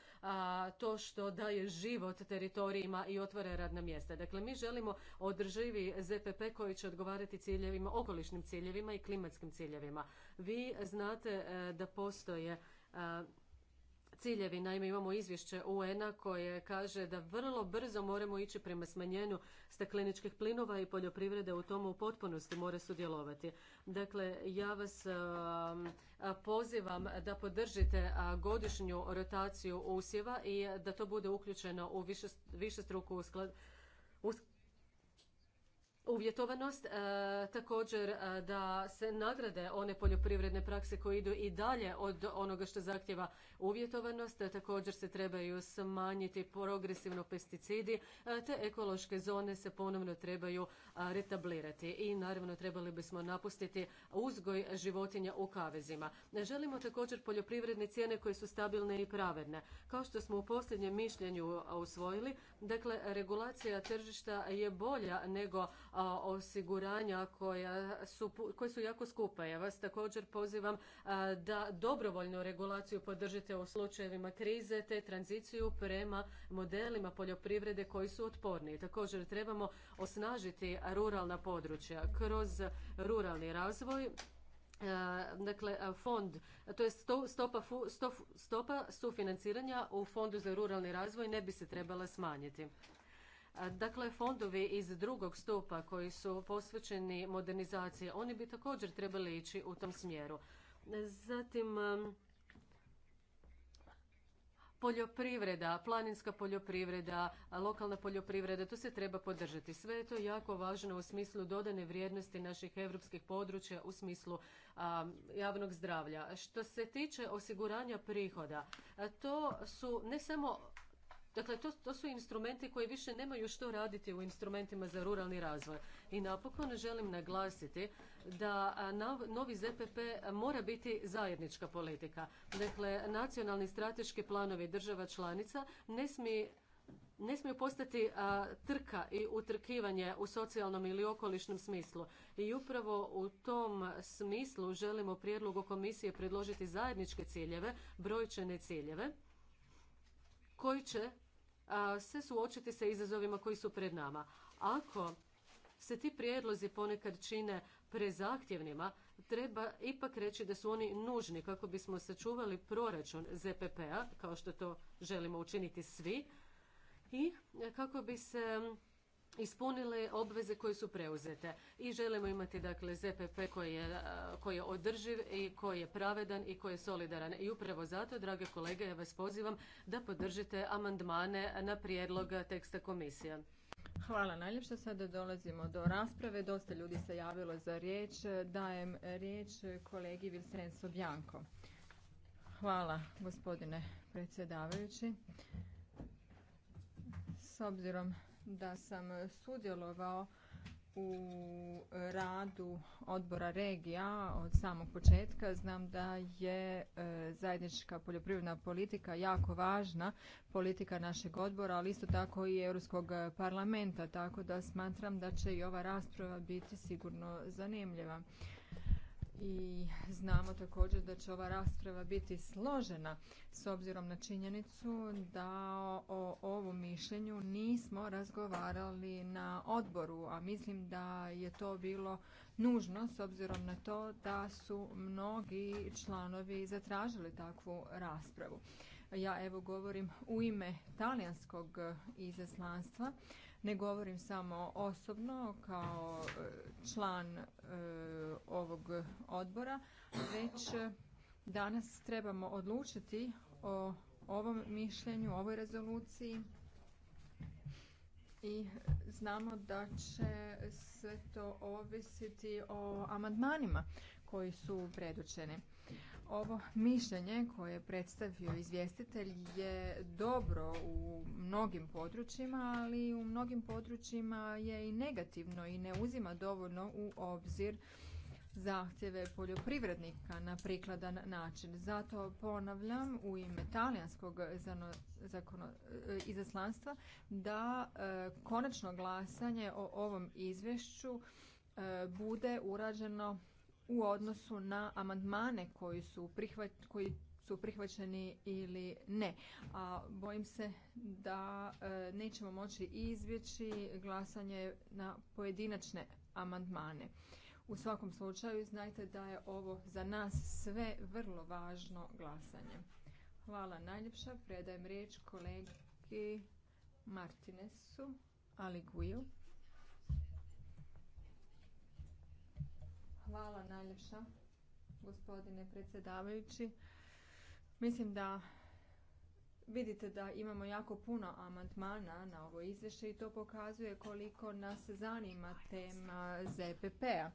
to što daje život teritorijima i otvara radna mjesta. Dakle, mi želimo održivi ZPP koji će odgovarati ciljevima, okolišnim ciljevima i klimatskim ciljevima. Vi znate e, da postoje e, ciljevi. Naime, imamo izvješće UN-a koje kaže da vrlo brzo moramo ići prema smanjenju stakleničkih plinova i poljoprivrede u tomu u potpunosti mora sudjelovati. Dakle, ja vas um, pozivam da podržite godišnju rotaciju usjeva i da to bude uključeno u struku usklad, uvjetovanost, e, također e, da se nagrade one poljoprivredne prakse koje idu i dalje od onoga što zahtjeva uvjetovanost, e, također se trebaju smanjiti progresivno pesticidi, te ekološke zone se ponovno trebaju retablirati i naravno trebali bismo napustiti uzgoj životinja u kavezima. Želimo također poljoprivredne cijene koje su stabilne i pravedne. Kao što smo u posljednjem mišljenju usvojili, dakle regulacija tržišta je bolja nego osiguranja koja su, koje su jako skupa. Ja vas također pozivam da dobrovoljnu regulaciju podržite u slučajevima krize te tranziciju prema modelima poljoprivrede koji su otporni. Također trebamo osnažiti ruralna područja kroz ruralni razvoj dakle fond, to je stopa, stopa sufinanciranja u Fondu za ruralni razvoj ne bi se trebala smanjiti. Dakle, fondovi iz drugog stupa koji su posvećeni modernizaciji, oni bi također trebali ići u tom smjeru. Zatim, um, poljoprivreda, planinska poljoprivreda, lokalna poljoprivreda, to se treba podržati. Sve je to jako važno u smislu dodane vrijednosti naših europskih područja u smislu um, javnog zdravlja. Što se tiče osiguranja prihoda, to su ne samo Dakle, to, to su instrumenti koji više nemaju što raditi u instrumentima za ruralni razvoj. I napokon želim naglasiti da novi ZPP mora biti zajednička politika. Dakle, nacionalni strateški planovi država članica ne smiju ne smiju postati trka i utrkivanje u socijalnom ili okolišnom smislu. I upravo u tom smislu želimo prijedlogu komisije predložiti zajedničke ciljeve, brojčane ciljeve, koji će se suočiti sa izazovima koji su pred nama. Ako se ti prijedlozi ponekad čine prezahtjevnima, treba ipak reći da su oni nužni kako bismo sačuvali proračun ZPP-a, kao što to želimo učiniti svi, i kako bi se ispunile obveze koje su preuzete i želimo imati dakle ZPP koji je, koji je održiv i koji je pravedan i koji je solidaran. I upravo zato, drage kolege, ja vas pozivam da podržite amandmane na prijedlog teksta komisije. Hvala najljepša. Sada dolazimo do rasprave. Dosta ljudi se javilo za riječ. Dajem riječ kolegi Vilsenso Bjanko. Hvala gospodine predsjedavajući. S obzirom da sam sudjelovao u radu odbora regija od samog početka. Znam da je e, zajednička poljoprivredna politika jako važna politika našeg odbora, ali isto tako i Europskog parlamenta, tako da smatram da će i ova rasprava biti sigurno zanimljiva i znamo također da će ova rasprava biti složena s obzirom na činjenicu da o ovom mišljenju nismo razgovarali na odboru, a mislim da je to bilo nužno s obzirom na to da su mnogi članovi zatražili takvu raspravu. Ja evo govorim u ime talijanskog izaslanstva, ne govorim samo osobno kao e, član Eh, ovog odbora, već danas trebamo odlučiti o ovom mišljenju, ovoj rezoluciji i znamo da će sve to ovisiti o amandmanima koji su predočeni. Ovo mišljenje koje je predstavio izvjestitelj je dobro u mnogim područjima, ali u mnogim područjima je i negativno i ne uzima dovoljno u obzir zahtjeve poljoprivrednika na prikladan način. Zato ponavljam u ime talijanskog e, izaslanstva da e, konačno glasanje o ovom izvješću e, bude urađeno u odnosu na amandmane koji su, koji su prihvaćeni ili ne. A bojim se da e, nećemo moći izbjeći glasanje na pojedinačne amandmane. U svakom slučaju znajte da je ovo za nas sve vrlo važno glasanje. Hvala najljepša. Predajem riječ kolegi Martinesu, ali Hvala najljepša, gospodine predsjedavajući. Mislim da vidite da imamo jako puno amandmana na ovo izvješće i to pokazuje koliko nas zanima tema ZPP-a.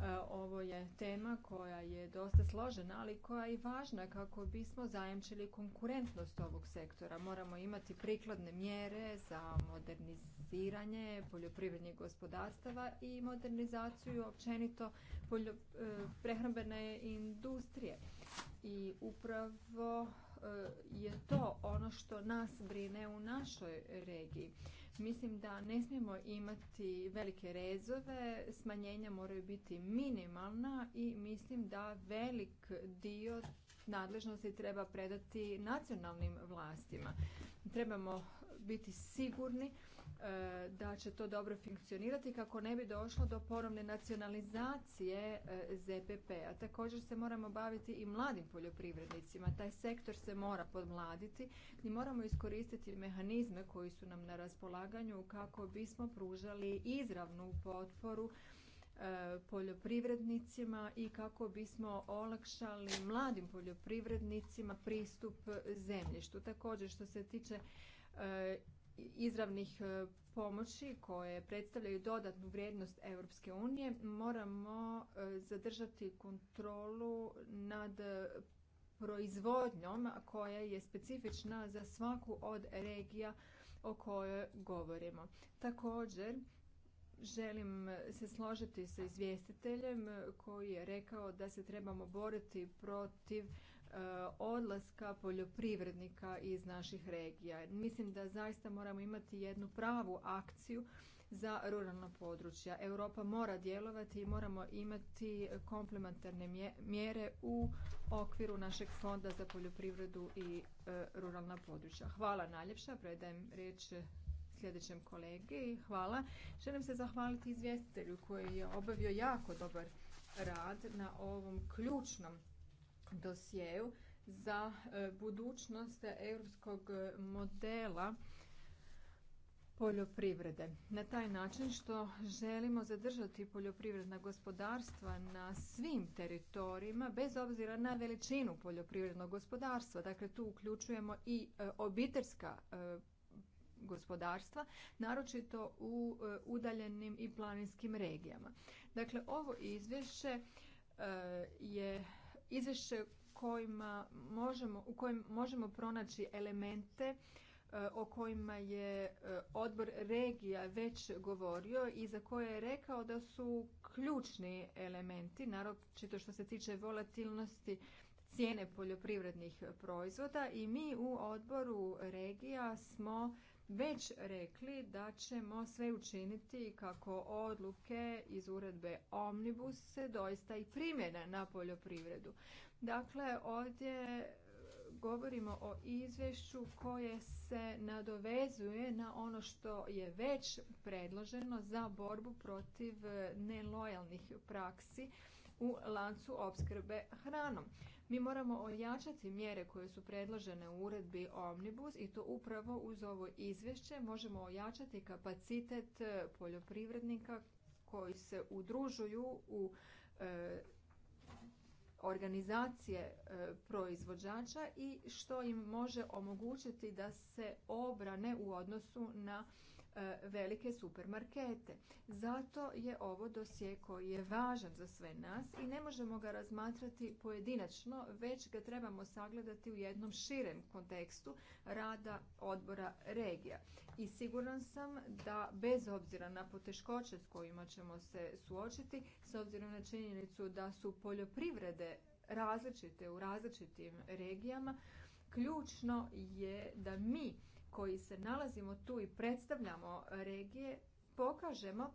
E, ovo je tema koja je dosta složena, ali koja je i važna kako bismo zajemčili konkurentnost ovog sektora. Moramo imati prikladne mjere za moderniziranje poljoprivrednih gospodarstava i modernizaciju općenito e, prehrambene industrije. I upravo e, je to ono što nas brine u našoj regiji. Mislim da ne smijemo imati velike rezove, smanjenja moraju biti minimalna i mislim da velik dio nadležnosti treba predati nacionalnim vlastima. Trebamo biti sigurni E, da će to dobro funkcionirati kako ne bi došlo do ponovne nacionalizacije e, ZPP-a. Također se moramo baviti i mladim poljoprivrednicima. Taj sektor se mora podmladiti i moramo iskoristiti mehanizme koji su nam na raspolaganju kako bismo pružali izravnu potporu e, poljoprivrednicima i kako bismo olakšali mladim poljoprivrednicima pristup zemljištu. Također što se tiče izravnih e, pomoći koje predstavljaju dodatnu vrijednost Europske unije moramo e, zadržati kontrolu nad proizvodnjom koja je specifična za svaku od regija o kojoj govorimo. Također želim se složiti sa izvjestiteljem e, koji je rekao da se trebamo boriti protiv E, odlaska poljoprivrednika iz naših regija. Mislim da zaista moramo imati jednu pravu akciju za ruralna područja. Europa mora djelovati i moramo imati komplementarne mjere u okviru našeg fonda za poljoprivredu i e, ruralna područja. Hvala najljepša, predajem riječ sljedećem kolegi. Hvala. Želim se zahvaliti izvjestitelju koji je obavio jako dobar rad na ovom ključnom dosjeu za e, budućnost europskog modela poljoprivrede. Na taj način što želimo zadržati poljoprivredna gospodarstva na svim teritorijima bez obzira na veličinu poljoprivrednog gospodarstva. Dakle, tu uključujemo i e, obiteljska e, gospodarstva, naročito u udaljenim i planinskim regijama. Dakle, ovo izvješće je izvješće možemo, u kojem možemo pronaći elemente e, o kojima je e, odbor regija već govorio i za koje je rekao da su ključni elementi, naročito što se tiče volatilnosti cijene poljoprivrednih proizvoda i mi u odboru regija smo već rekli da ćemo sve učiniti kako odluke iz uredbe Omnibus se doista i primjene na poljoprivredu. Dakle, ovdje e, govorimo o izvješću koje se nadovezuje na ono što je već predloženo za borbu protiv nelojalnih praksi u lancu opskrbe hranom. Mi moramo ojačati mjere koje su predložene u uredbi Omnibus i to upravo uz ovo izvješće možemo ojačati kapacitet e, poljoprivrednika koji se udružuju u e, organizacije e, proizvođača i što im može omogućiti da se obrane u odnosu na E, velike supermarkete. Zato je ovo dosje koji je važan za sve nas i ne možemo ga razmatrati pojedinačno, već ga trebamo sagledati u jednom širem kontekstu rada odbora regija. I siguran sam da bez obzira na poteškoće s kojima ćemo se suočiti, s obzirom na činjenicu da su poljoprivrede različite u različitim regijama, ključno je da mi koji se nalazimo tu i predstavljamo regije pokažemo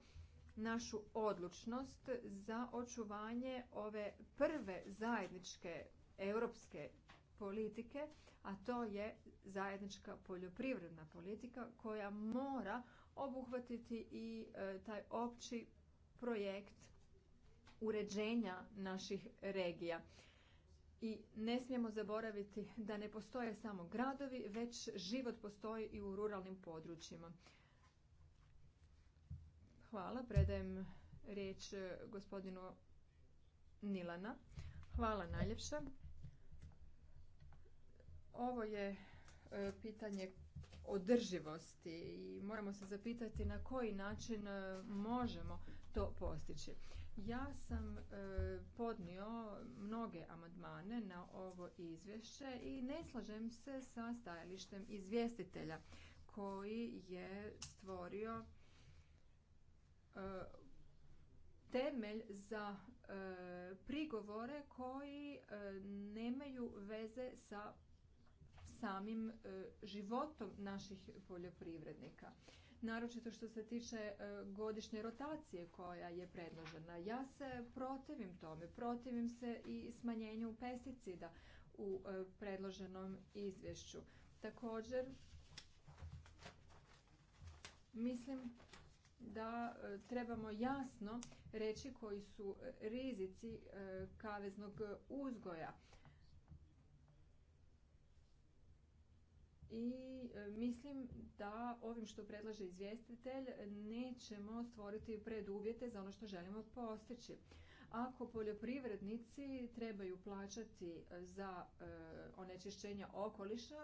našu odlučnost za očuvanje ove prve zajedničke europske politike, a to je zajednička poljoprivredna politika koja mora obuhvatiti i e, taj opći projekt uređenja naših regija i ne smijemo zaboraviti da ne postoje samo gradovi, već život postoji i u ruralnim područjima. Hvala, predajem riječ e, gospodinu Nilana. Hvala najljepša. Ovo je e, pitanje održivosti i moramo se zapitati na koji način e, možemo to postići. Ja sam e, podnio mnoge amandmane na ovo izvješće i ne slažem se sa stajalištem izvjestitelja koji je stvorio e, temelj za e, prigovore koji nemaju veze sa samim životom naših poljoprivrednika naročito što se tiče e, godišnje rotacije koja je predložena. Ja se protivim tome, protivim se i smanjenju pesticida u e, predloženom izvješću. Također, mislim da e, trebamo jasno reći koji su rizici kaveznog uzgoja i e, mislim da ovim što predlaže izvjestitelj nećemo stvoriti preduvjete za ono što želimo postići. Ako poljoprivrednici trebaju plaćati e, za e, onečišćenja okoliša,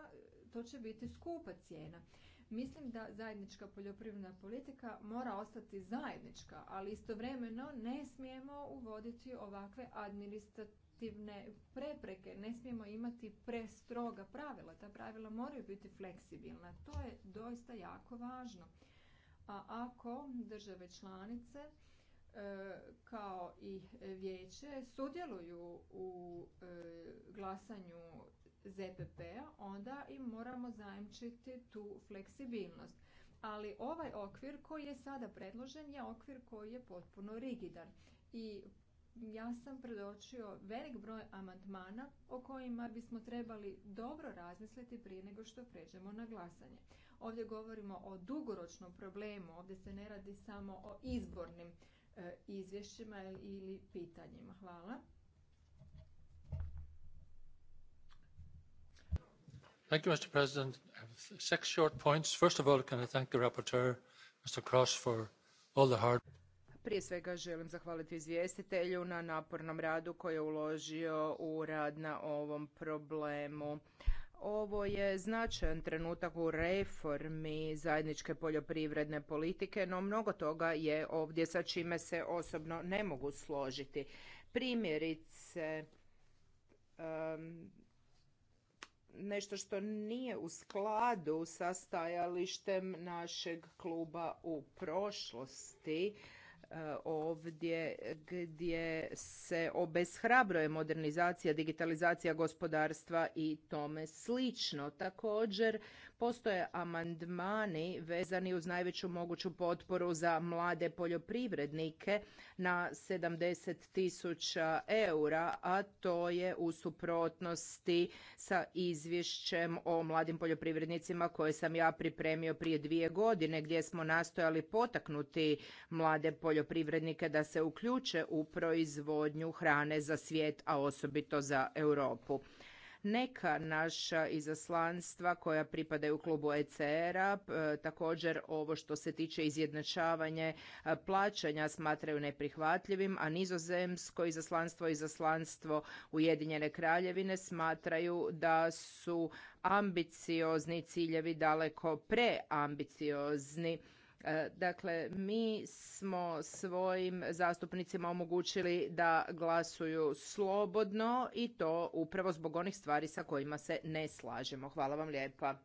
to će biti skupa cijena. Mislim da zajednička poljoprivredna politika mora ostati zajednička, ali istovremeno ne smijemo uvoditi ovakve administrativne prepreke, ne smijemo imati prestroga pravila. Ta pravila moraju biti fleksibilna. To je doista jako važno. A ako države članice e, kao i vijeće sudjeluju u e, glasanju ZPP-a, onda im moramo zajamčiti tu fleksibilnost. Ali ovaj okvir koji je sada predložen je okvir koji je potpuno rigidan i ja sam predočio velik broj amandmana o kojima bismo trebali dobro razmisliti prije nego što pređemo na glasanje. Ovdje govorimo o dugoročnom problemu, ovdje se ne radi samo o izbornim e, izvješćima ili pitanjima. Hvala. Thank Mr. President. Six short points. First of all, can thank the Mr. Cross, for all the hard prije svega želim zahvaliti izvjestitelju na napornom radu koji je uložio u rad na ovom problemu. Ovo je značajan trenutak u reformi zajedničke poljoprivredne politike, no mnogo toga je ovdje sa čime se osobno ne mogu složiti. Primjerice, nešto što nije u skladu sa stajalištem našeg kluba u prošlosti ovdje gdje se obeshrabruje modernizacija, digitalizacija gospodarstva i tome slično. Također postoje amandmani vezani uz najveću moguću potporu za mlade poljoprivrednike na sedamdeset tisuća eura, a to je u suprotnosti sa izvješćem o mladim poljoprivrednicima koje sam ja pripremio prije dvije godine gdje smo nastojali potaknuti mlade poljoprivrednike da se uključe u proizvodnju hrane za svijet, a osobito za Europu. Neka naša izaslanstva koja pripadaju klubu ECR-a, također ovo što se tiče izjednačavanje plaćanja smatraju neprihvatljivim, a nizozemsko izaslanstvo i izaslanstvo Ujedinjene kraljevine smatraju da su ambiciozni ciljevi daleko preambiciozni E, dakle, mi smo svojim zastupnicima omogućili da glasuju slobodno i to upravo zbog onih stvari sa kojima se ne slažemo. Hvala vam lijepa.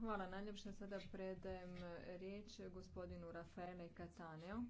Hvala najljepše. Sada predajem riječ gospodinu Rafaele Cataneo.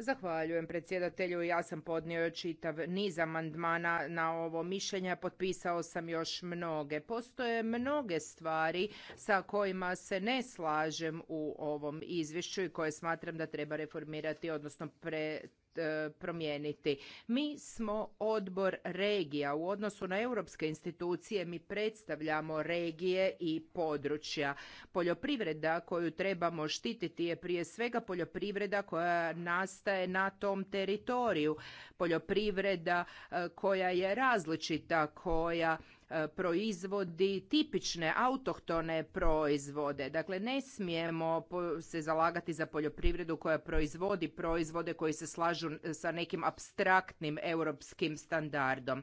Zahvaljujem predsjedatelju. Ja sam podnio čitav niz amandmana na ovo mišljenje, potpisao sam još mnoge. Postoje mnoge stvari sa kojima se ne slažem u ovom izvješću i koje smatram da treba reformirati, odnosno pre, E, promijeniti. Mi smo odbor regija. U odnosu na europske institucije mi predstavljamo regije i područja. Poljoprivreda koju trebamo štititi je prije svega poljoprivreda koja nastaje na tom teritoriju. Poljoprivreda e, koja je različita, koja E, proizvodi tipične autohtone proizvode. Dakle, ne smijemo se zalagati za poljoprivredu koja proizvodi proizvode koji se slažu e, sa nekim abstraktnim europskim standardom. E,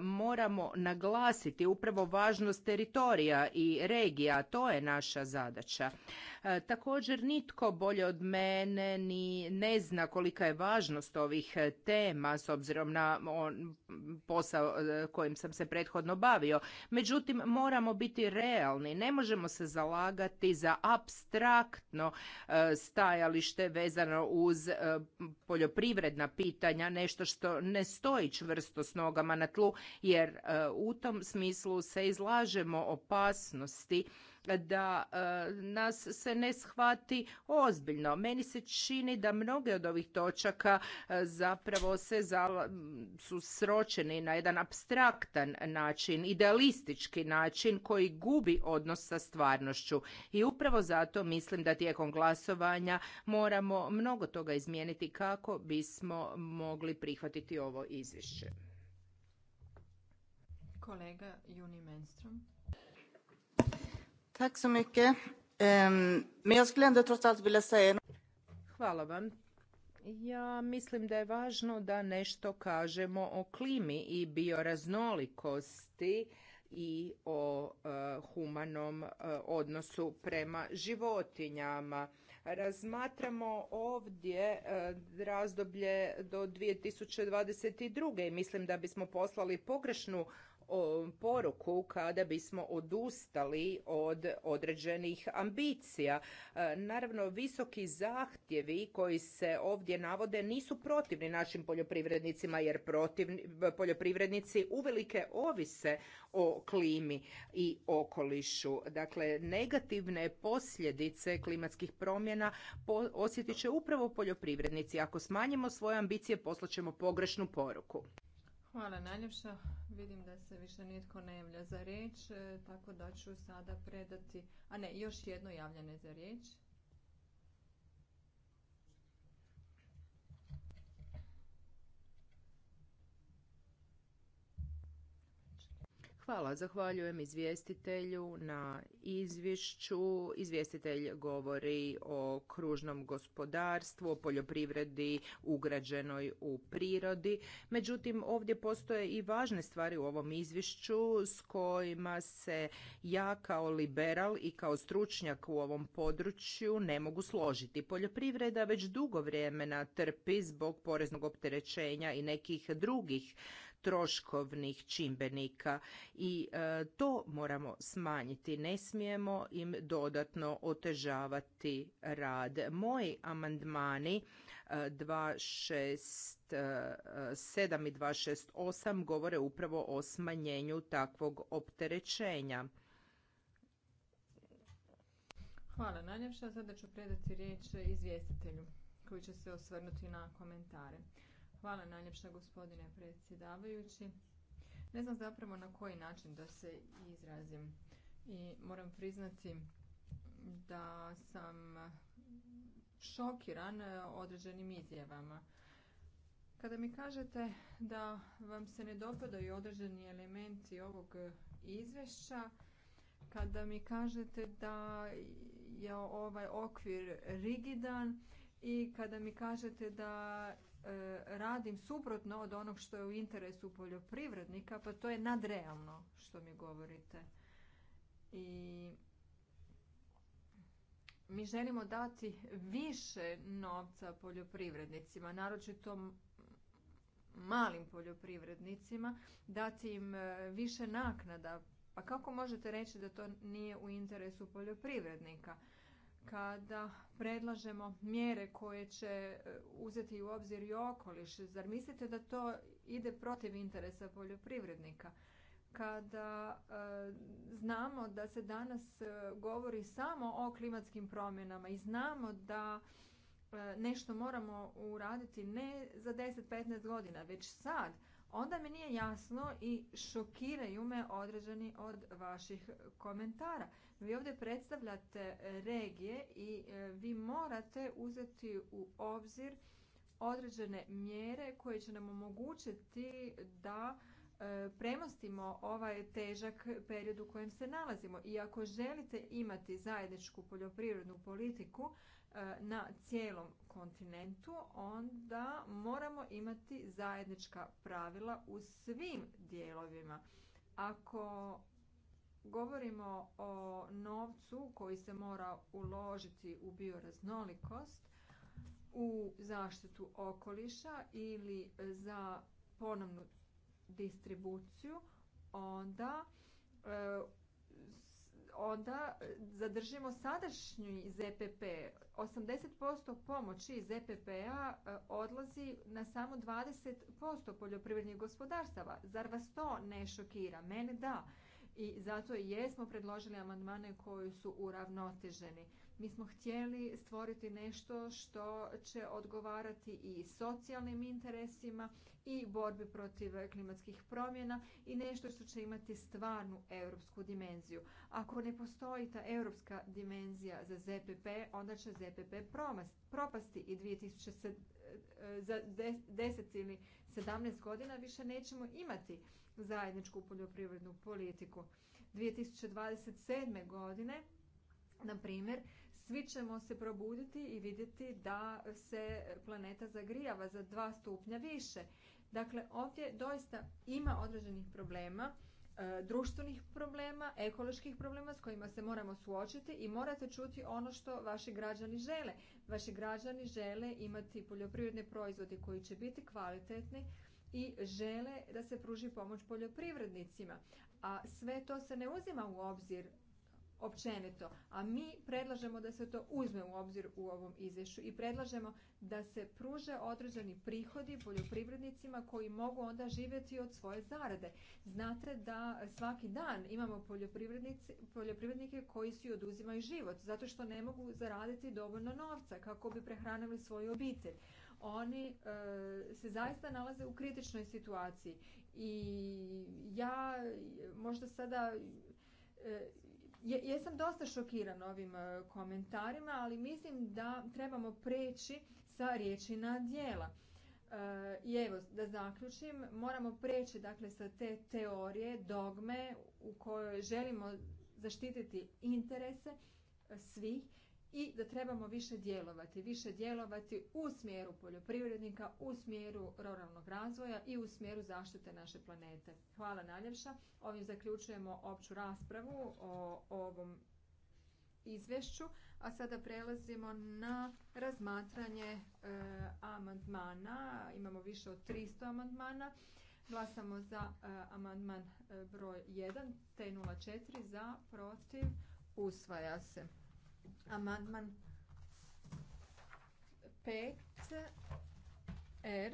moramo naglasiti upravo važnost teritorija i regija, to je naša zadaća. Također nitko bolje od mene ni ne zna kolika je važnost ovih tema s obzirom na posao kojim sam se prethodno bavio. Međutim, moramo biti realni. Ne možemo se zalagati za abstraktno e, stajalište vezano uz e, poljoprivredna pitanja, nešto što ne stoji čvrsto s nogama na tlu, jer e, u tom smislu se izlažemo opasnosti da e, nas se ne shvati ozbiljno. Meni se čini da mnoge od ovih točaka e, zapravo se su sročeni na jedan abstraktan način, idealistički način koji gubi odnos sa stvarnošću. I upravo zato mislim da tijekom glasovanja moramo mnogo toga izmijeniti kako bismo mogli prihvatiti ovo izvješće. Kolega Juni Hvala vam. Ja mislim da je važno da nešto kažemo o klimi i bioraznolikosti i o e, humanom e, odnosu prema životinjama. Razmatramo ovdje e, razdoblje do 2022. i mislim da bismo poslali pogrešnu poruku kada bismo odustali od određenih ambicija. E, naravno, visoki zahtjevi koji se ovdje navode nisu protivni našim poljoprivrednicima jer poljoprivrednici uvelike ovise o klimi i okolišu. Dakle, negativne posljedice klimatskih promjena osjetit će upravo poljoprivrednici. Ako smanjimo svoje ambicije, poslaćemo pogrešnu poruku. Hvala najljepša. Vidim da se više nitko ne javlja za riječ, e, tako da ću sada predati... A ne, još jedno javljanje za riječ. Hvala, zahvaljujem izvjestitelju na izvješću. Izvjestitelj govori o kružnom gospodarstvu, o poljoprivredi ugrađenoj u prirodi. Međutim, ovdje postoje i važne stvari u ovom izvješću s kojima se ja kao liberal i kao stručnjak u ovom području ne mogu složiti. Poljoprivreda već dugo vremena trpi zbog poreznog opterećenja i nekih drugih troškovnih čimbenika i e, to moramo smanjiti. Ne smijemo im dodatno otežavati rad. Moji amandmani 26 e, 7 e, i 268 govore upravo o smanjenju takvog opterećenja. Hvala najljepša. Sada ću predati riječ izvjestitelju koji će se osvrnuti na komentare. Hvala najljepša gospodine predsjedavajući. Ne znam zapravo na koji način da se izrazim i moram priznati da sam šokiran određenim izjavama. Kada mi kažete da vam se ne dopadaju određeni elementi ovog izvješća, kada mi kažete da je ovaj okvir rigidan i kada mi kažete da E, radim suprotno od onog što je u interesu poljoprivrednika, pa to je nadrealno što mi govorite. I mi želimo dati više novca poljoprivrednicima, naročito malim poljoprivrednicima, dati im e, više naknada. Pa kako možete reći da to nije u interesu poljoprivrednika? kada predlažemo mjere koje će e, uzeti u obzir i okoliš? Zar mislite da to ide protiv interesa poljoprivrednika? Kada e, znamo da se danas e, govori samo o klimatskim promjenama i znamo da nešto moramo uraditi ne za 10-15 godina, već sad, onda mi nije jasno i šokiraju me određeni od vaših komentara. Vi ovdje predstavljate e, regije i e, vi morate uzeti u obzir određene mjere koje će nam omogućiti da e, premostimo ovaj težak period u kojem se nalazimo. I ako želite imati zajedničku poljoprivrednu politiku na cijelom kontinentu, onda moramo imati zajednička pravila u svim dijelovima. Ako Govorimo o novcu koji se mora uložiti u bioraznolikost, u zaštitu okoliša ili za ponovnu distribuciju, onda e, zadržimo sadašnji ZPP. 80% pomoći ZPP-a e, odlazi na samo 20% poljoprivrednih gospodarstava. Zar vas to ne šokira? Mene da i zato i jesmo predložili amandmane koji su uravnoteženi. Mi smo htjeli stvoriti nešto što će odgovarati i socijalnim interesima i borbi protiv klimatskih promjena i nešto što će imati stvarnu europsku dimenziju. Ako ne postoji ta europska dimenzija za ZPP, onda će ZPP propasti i 2000 e, za 10 ili 17 godina više nećemo imati zajedničku poljoprivrednu politiku. 2027. godine, na primjer, svi ćemo se probuditi i vidjeti da se planeta zagrijava za dva stupnja više. Dakle, ovdje doista ima određenih problema, e, društvenih problema, ekoloških problema s kojima se moramo suočiti i morate čuti ono što vaši građani žele. Vaši građani žele imati poljoprivredne proizvode koji će biti kvalitetni, i žele da se pruži pomoć poljoprivrednicima. A sve to se ne uzima u obzir općenito, a mi predlažemo da se to uzme u obzir u ovom izvješću i predlažemo da se pruže određeni prihodi poljoprivrednicima koji mogu onda živjeti od svoje zarade. Znate da svaki dan imamo poljoprivrednike koji si oduzimaju život zato što ne mogu zaraditi dovoljno novca kako bi prehranili svoju obitelj. Oni e, se zaista nalaze u kritičnoj situaciji i ja možda sada e, jesam dosta šokiran ovim e, komentarima, ali mislim da trebamo preći sa riječi na djela. I evo, da zaključim, moramo preći dakle, sa te teorije, dogme u kojoj želimo zaštititi interese svih i da trebamo više djelovati. Više djelovati u smjeru poljoprivrednika, u smjeru ruralnog razvoja i u smjeru zaštite naše planete. Hvala najljepša. Ovim zaključujemo opću raspravu o ovom izvješću, a sada prelazimo na razmatranje e, amandmana. Imamo više od 300 amandmana. Glasamo za e, amandman e, broj 1, T04 za, protiv, usvaja se. Amandman 5R.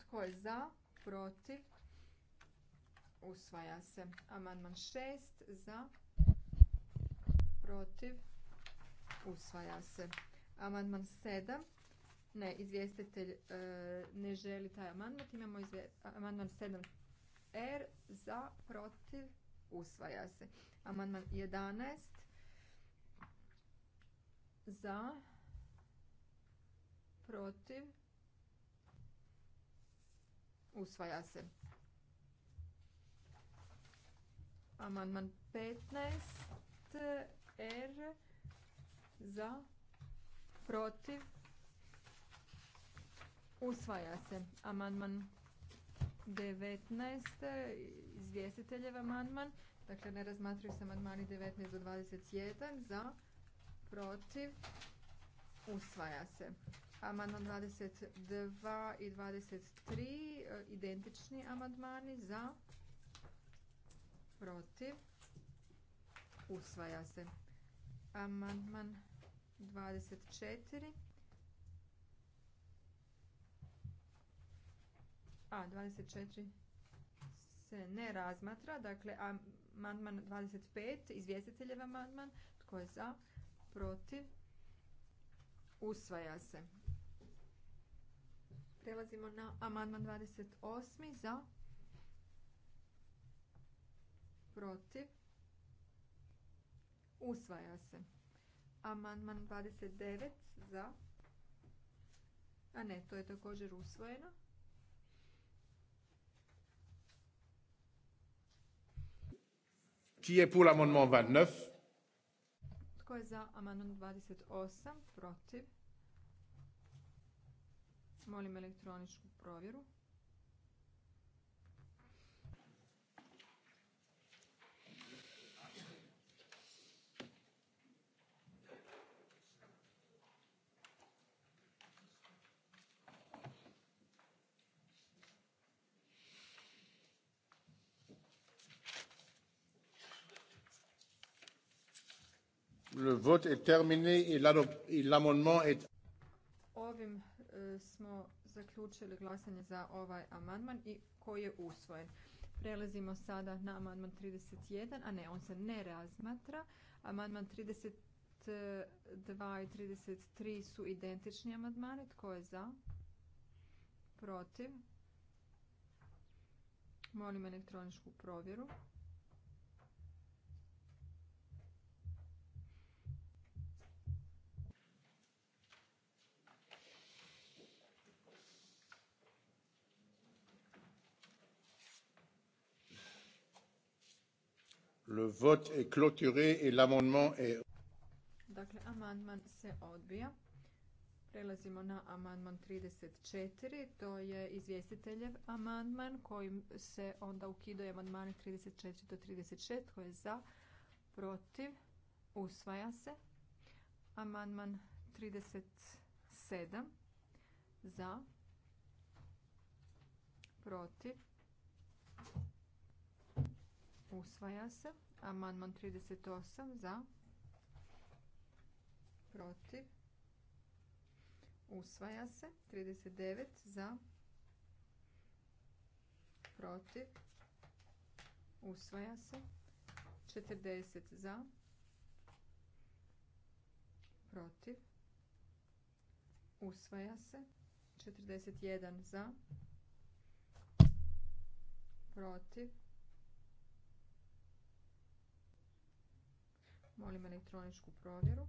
Tko je za? Protiv? Usvaja se. Amandman 6 za? Protiv? Usvaja se. Amandman 7. Ne, izvjestitelj e, ne želi taj amandman. Imamo amandman 7R za, protiv, usvaja se. Amandman 11 za protiv usvaja se amandman 15 r za protiv usvaja se amandman 19 izvjestiteljev amandman dakle ne razmatraju se amandmani 19 do 21 za protiv, usvaja se. Amandman 22 i 23, e, identični amandmani za, protiv, usvaja se. Amandman 24, a 24 se ne razmatra, dakle amandman 25, izvjestiteljev amandman, tko je za, protiv, usvaja se. Prelazimo na amandman 28. za, protiv, usvaja se. Amandman 29 za, a ne, to je također usvojeno. Qui est pour l'amendement 29 tko je za amandman 28? Protiv? Molim elektroničku provjeru. Ovim e, smo zaključili glasanje za ovaj amandman i koji je usvojen. Prelazimo sada na amandman 31, a ne, on se ne razmatra. Amandman 32 i 33 su identični amandmani. Tko je za? Protiv? Molim elektroničku provjeru. Le vote est clôturé et l'amendement est... Dakle, amandman se odbija. Prelazimo na amandman 34. To je izvjestiteljev amandman kojim se onda ukidaju amandmani 34 do 36. Koji je za? Protiv? Usvaja se. Amandman 37. Za? Protiv? Usvaja se. Amandman 38 za. Protiv. Usvaja se. 39 za. Protiv. Usvaja se. 40 za. Protiv. Usvaja se. 41 za. Protiv. Molim elektroničku provjeru.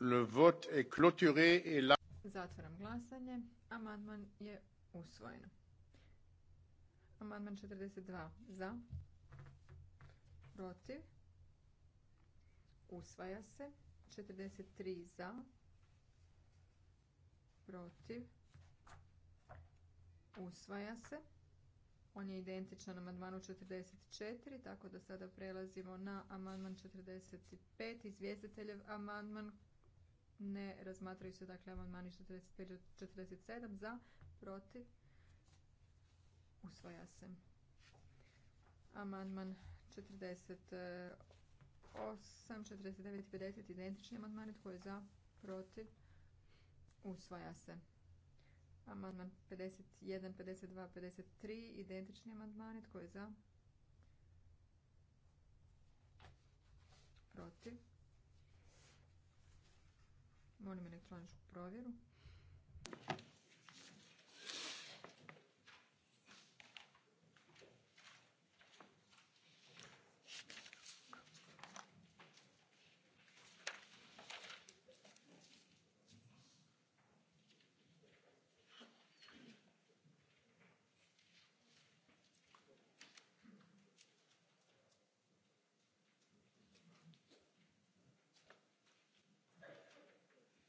Le vote est clôturé et la... Zatvaram glasanje. Amandman je usvojen. Amandman 42. Za. Protiv. Usvaja se. 43 za. Protiv. Usvaja se. On je identičan amandmanu 44, tako da sada prelazimo na amandman 45. Izvjestiteljev amandman ne razmatraju se dakle amandmani 45 47 za, protiv, Usvaja se. Amandman 48, 49 e, i 50 identični amandmani. Tko je za? Protiv? Usvaja se. Amandman 51, 52, 53 identični amandmani. Tko je za? Protiv? Molim elektroničku provjeru.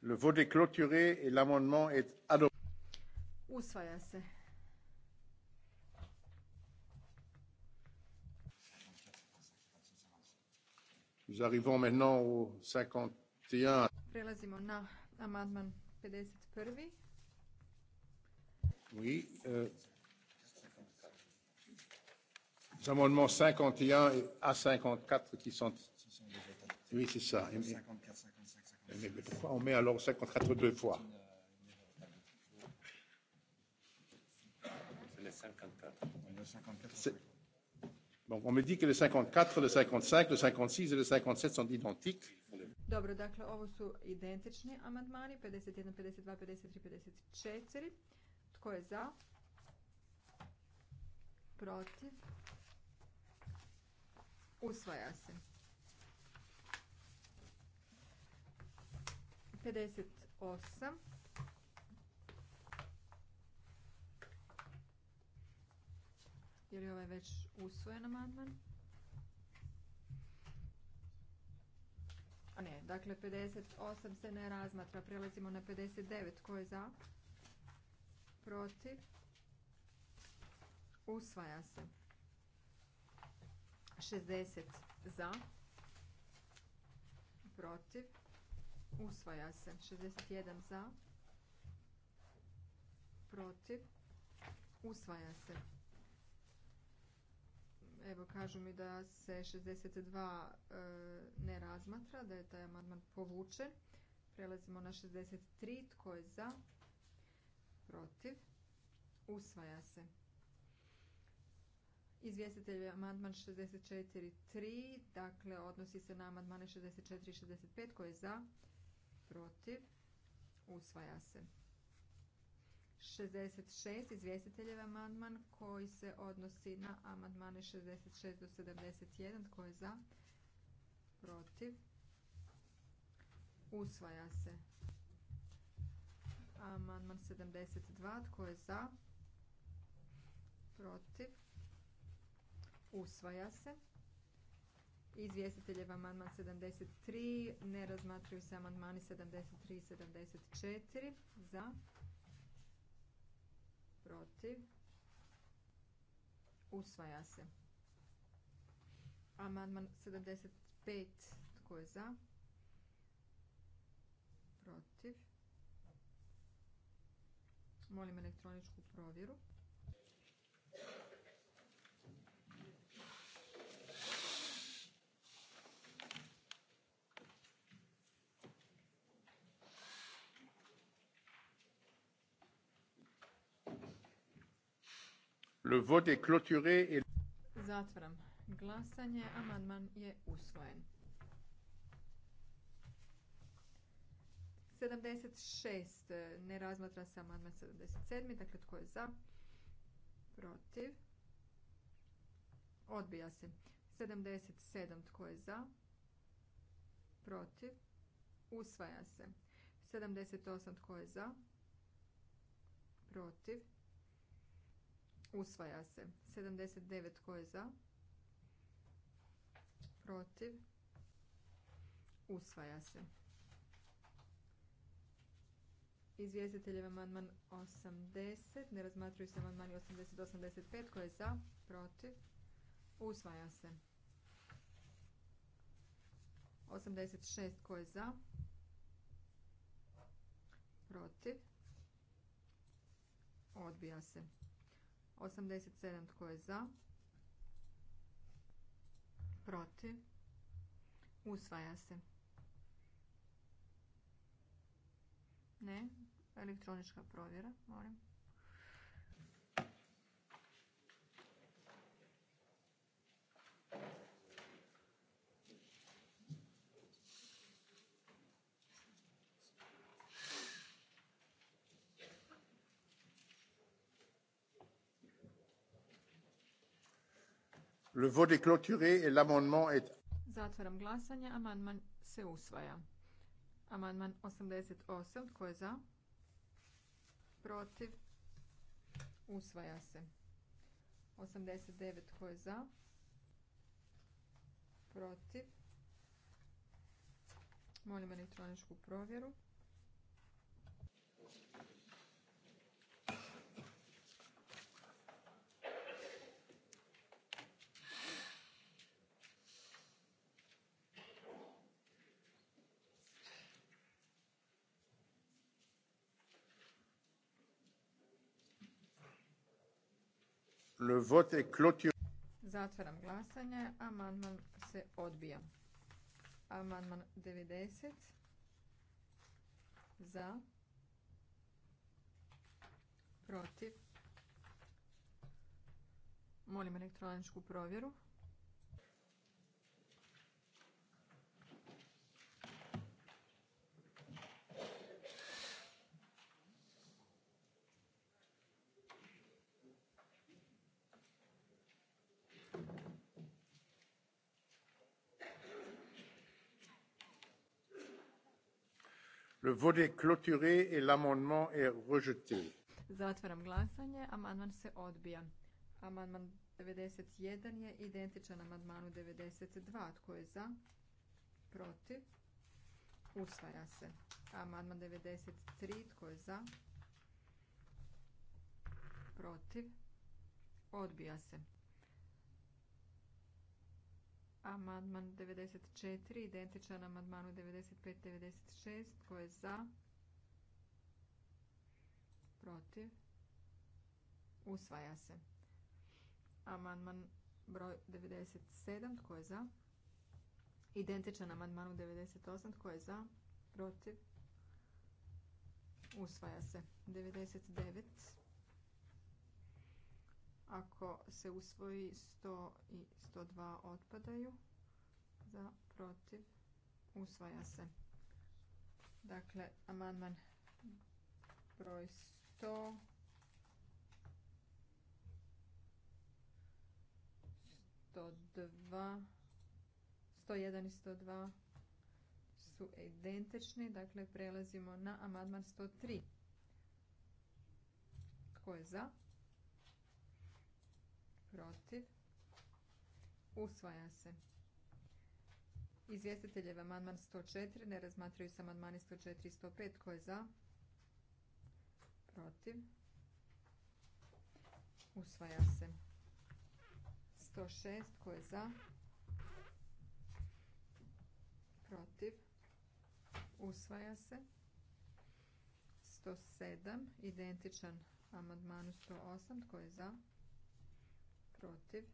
Le vote est clôturé et l'amendement est adopté. Usvaja se. Nous arrivons maintenant au 51. Prelazimo na amandman 51. Oui. Euh, les amendements 51 a 54 qui sont... Oui, c'est ça. 54, 54. Mais pourquoi on met alors 54 deux fois Donc on me dit que le 54, le 55, le 56 et le 57 sont identiques. Dobro, dakle ovo su identični amandmani 51, 52, 53, 54. Tko je za? Protiv? Usvaja se. 58. Je ovaj već usvojen amandman? A ne, dakle 58 se ne razmatra. Prelazimo na 59. Ko je za? Protiv? Usvaja se. 60 za. Protiv? Usvaja se. 61 za. Protiv. Usvaja se. Evo, kažu mi da se 62 e, ne razmatra, da je taj amandman povučen. Prelazimo na 63. Tko je za? Protiv. Usvaja se. Izvjestitelj je amandman 64.3, dakle odnosi se na amandmane 64 i 65 koji je za, protiv, usvaja se. 66 izvjestiteljev amandman koji se odnosi na amandmane 66 do 71 tko je za protiv usvaja se amandman 72 tko je za protiv usvaja se vam amandman 73. Ne razmatraju se amandmani 73 i 74. Za. Protiv. Usvaja se. Amandman 75. Tko je za? Protiv. Molim elektroničku provjeru. Le Zatvaram glasanje. Amandman je usvojen. 76. Eh, ne razmatra se amandman 77. Dakle, tko je za? Protiv. Odbija se. 77. Tko je za? Protiv. Usvaja se. 78. Tko je za? Protiv. Usvaja se. 79 tko je za? Protiv? Usvaja se. Izvjestiteljev amandman 80. Ne razmatruju se amandmani 80-85. Tko je za? Protiv? Usvaja se. 86. Tko je za? Protiv? Odbija se. 87 tko je za? Protiv? Usvaja se. Ne, elektronička provjera, molim. Le vote est clôturé et l'amendement est... Zatvaram glasanje, amandman se usvaja. Amandman 88, tko je za? Protiv? Usvaja se. 89, tko je za? Protiv? Molim elektroničku provjeru. Le vote est clôturé. Zatvaram glasanje. Amandman se odbija. Amandman 90. Za. Protiv. Molim elektroničku provjeru. Le vote est clôturé et l'amendement est rejeté. Zatvaram glasanje, amandman se odbija. Amandman 91 je identičan amandmanu 92. Tko je za? Protiv? Usvaja se. Amandman 93. Tko je za? Protiv? Odbija se. Amandman 94, identičan amandmanu 95-96. Tko je za? Protiv? Usvaja se. Amandman broj 97. Tko je za? Identičan amandmanu 98. Tko je za? Protiv? Usvaja se. 99. Ako se usvoji 100 i 102 otpadaju. Za, protiv, usvaja se. Dakle, amandman broj 100. 102, 101 i 102 su identični, dakle prelazimo na amandman 103. Tko je za? protiv, usvaja se. Izvjestiteljev amandman 104, ne razmatraju se amandmani 104 i 105, tko je za, protiv, usvaja se. 106, tko je za, protiv, usvaja se. 107, identičan amandmanu 108, tko je za, protiv,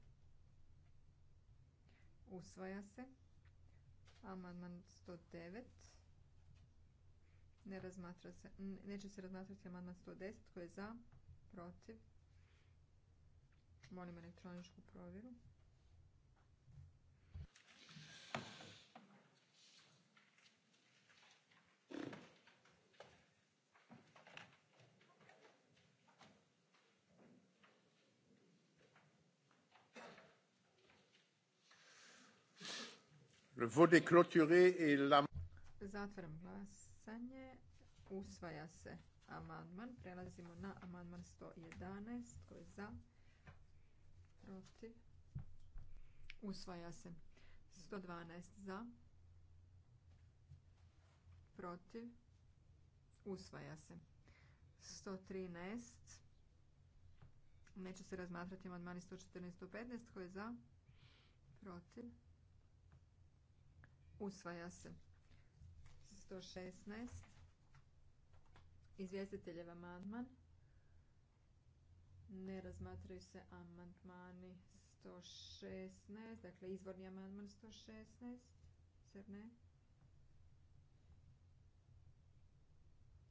usvaja se. Amandman 109. Ne neće se razmatrati amandman 110 Tko je za, protiv. Molim elektroničku provjeru. Zatvaram glasanje. Usvaja se amandman. Prelazimo na amandman 111. Tko je za? Protiv? Usvaja se. 112 za. Protiv? Usvaja se. 113. Neće se razmatrati amandmani 114 115. Tko je za? Protiv? Usvaja se. 116. Izvjestiteljev amandman. Ne razmatraju se amandmani 116. Dakle, izvorni amandman 116. Zar ne?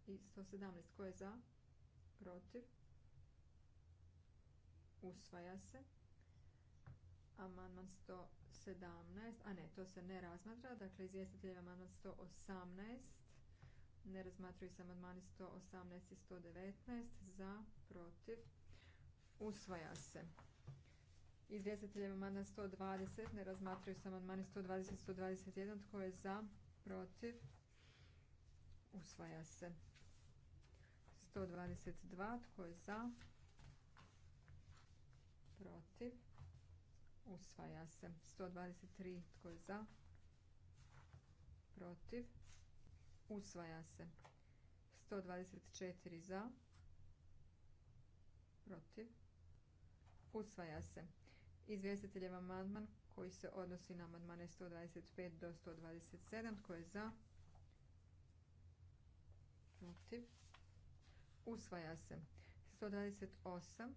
I 117. Ko je za? Protiv? Usvaja se. Amandman 118 a ne, to se ne razmatra, dakle izvjestitelj amandman 118, ne razmatruju se amandmani 118 i 119, za, protiv, usvaja se. Izvjestitelj amandman 120, ne razmatruju se amandmani 120 i 121, tko je za, protiv, usvaja se. 122, tko je za, protiv, Usvaja se. 123. Tko je za? Protiv. Usvaja se. 124 za. Protiv. Usvaja se. je amandman koji se odnosi na amandmane 125 do 127. Tko je za? Protiv. Usvaja se. 128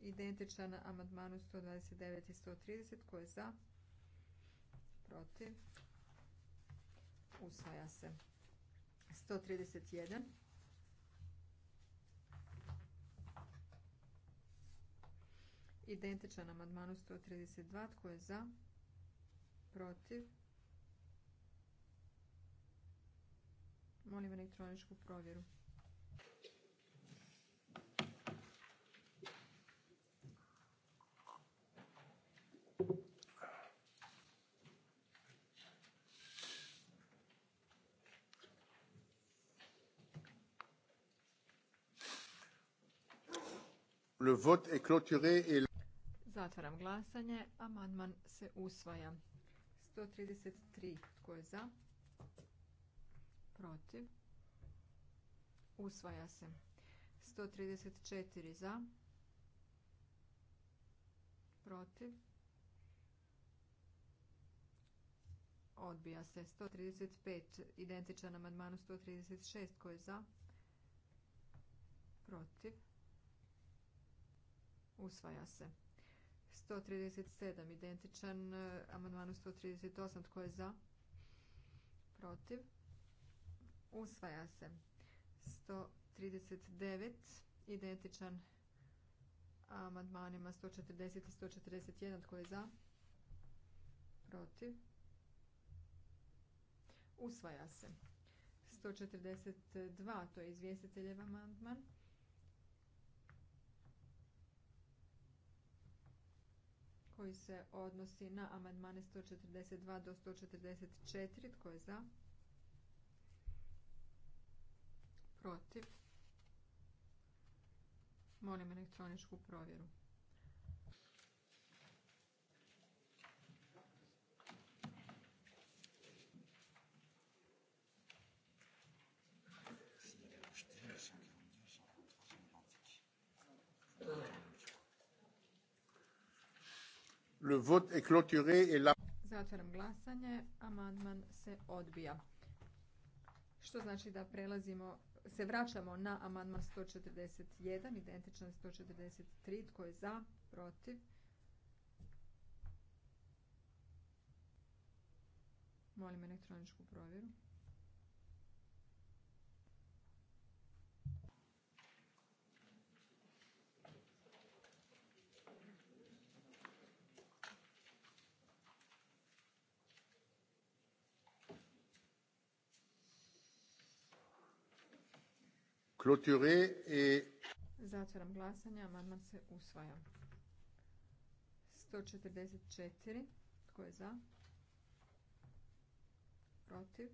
identičan amandmanu 129 i 130 koji je za protiv usvaja se 131 identičan amandmanu 132 tko je za protiv molim elektroničku provjeru Le vote est clôturé et... Zatvaram glasanje. Amandman se usvaja. 133. Tko je za? Protiv. Usvaja se. 134 za. Protiv. Odbija se. 135. Identičan amandmanu 136. Tko je za? Protiv. Usvaja se. 137. Identičan e, amandmanu 138. Tko je za? Protiv. Usvaja se. 139. Identičan amandmanima 140 i 141. Tko je za? Protiv. Usvaja se. 142. To je izvjestiteljev amandman. se odnosi na amandmane 142 do 144. Tko je za? Protiv. Molim elektroničku provjeru. Le vote clôturé et la... Zatvaram glasanje. Amandman se odbija. Što znači da prelazimo, se vraćamo na amandman 141, identičan 143. Tko je za? Protiv? Molim elektroničku provjeru. Zatvaram glasanje, amandman se usvaja. 144. Tko je za? Protiv?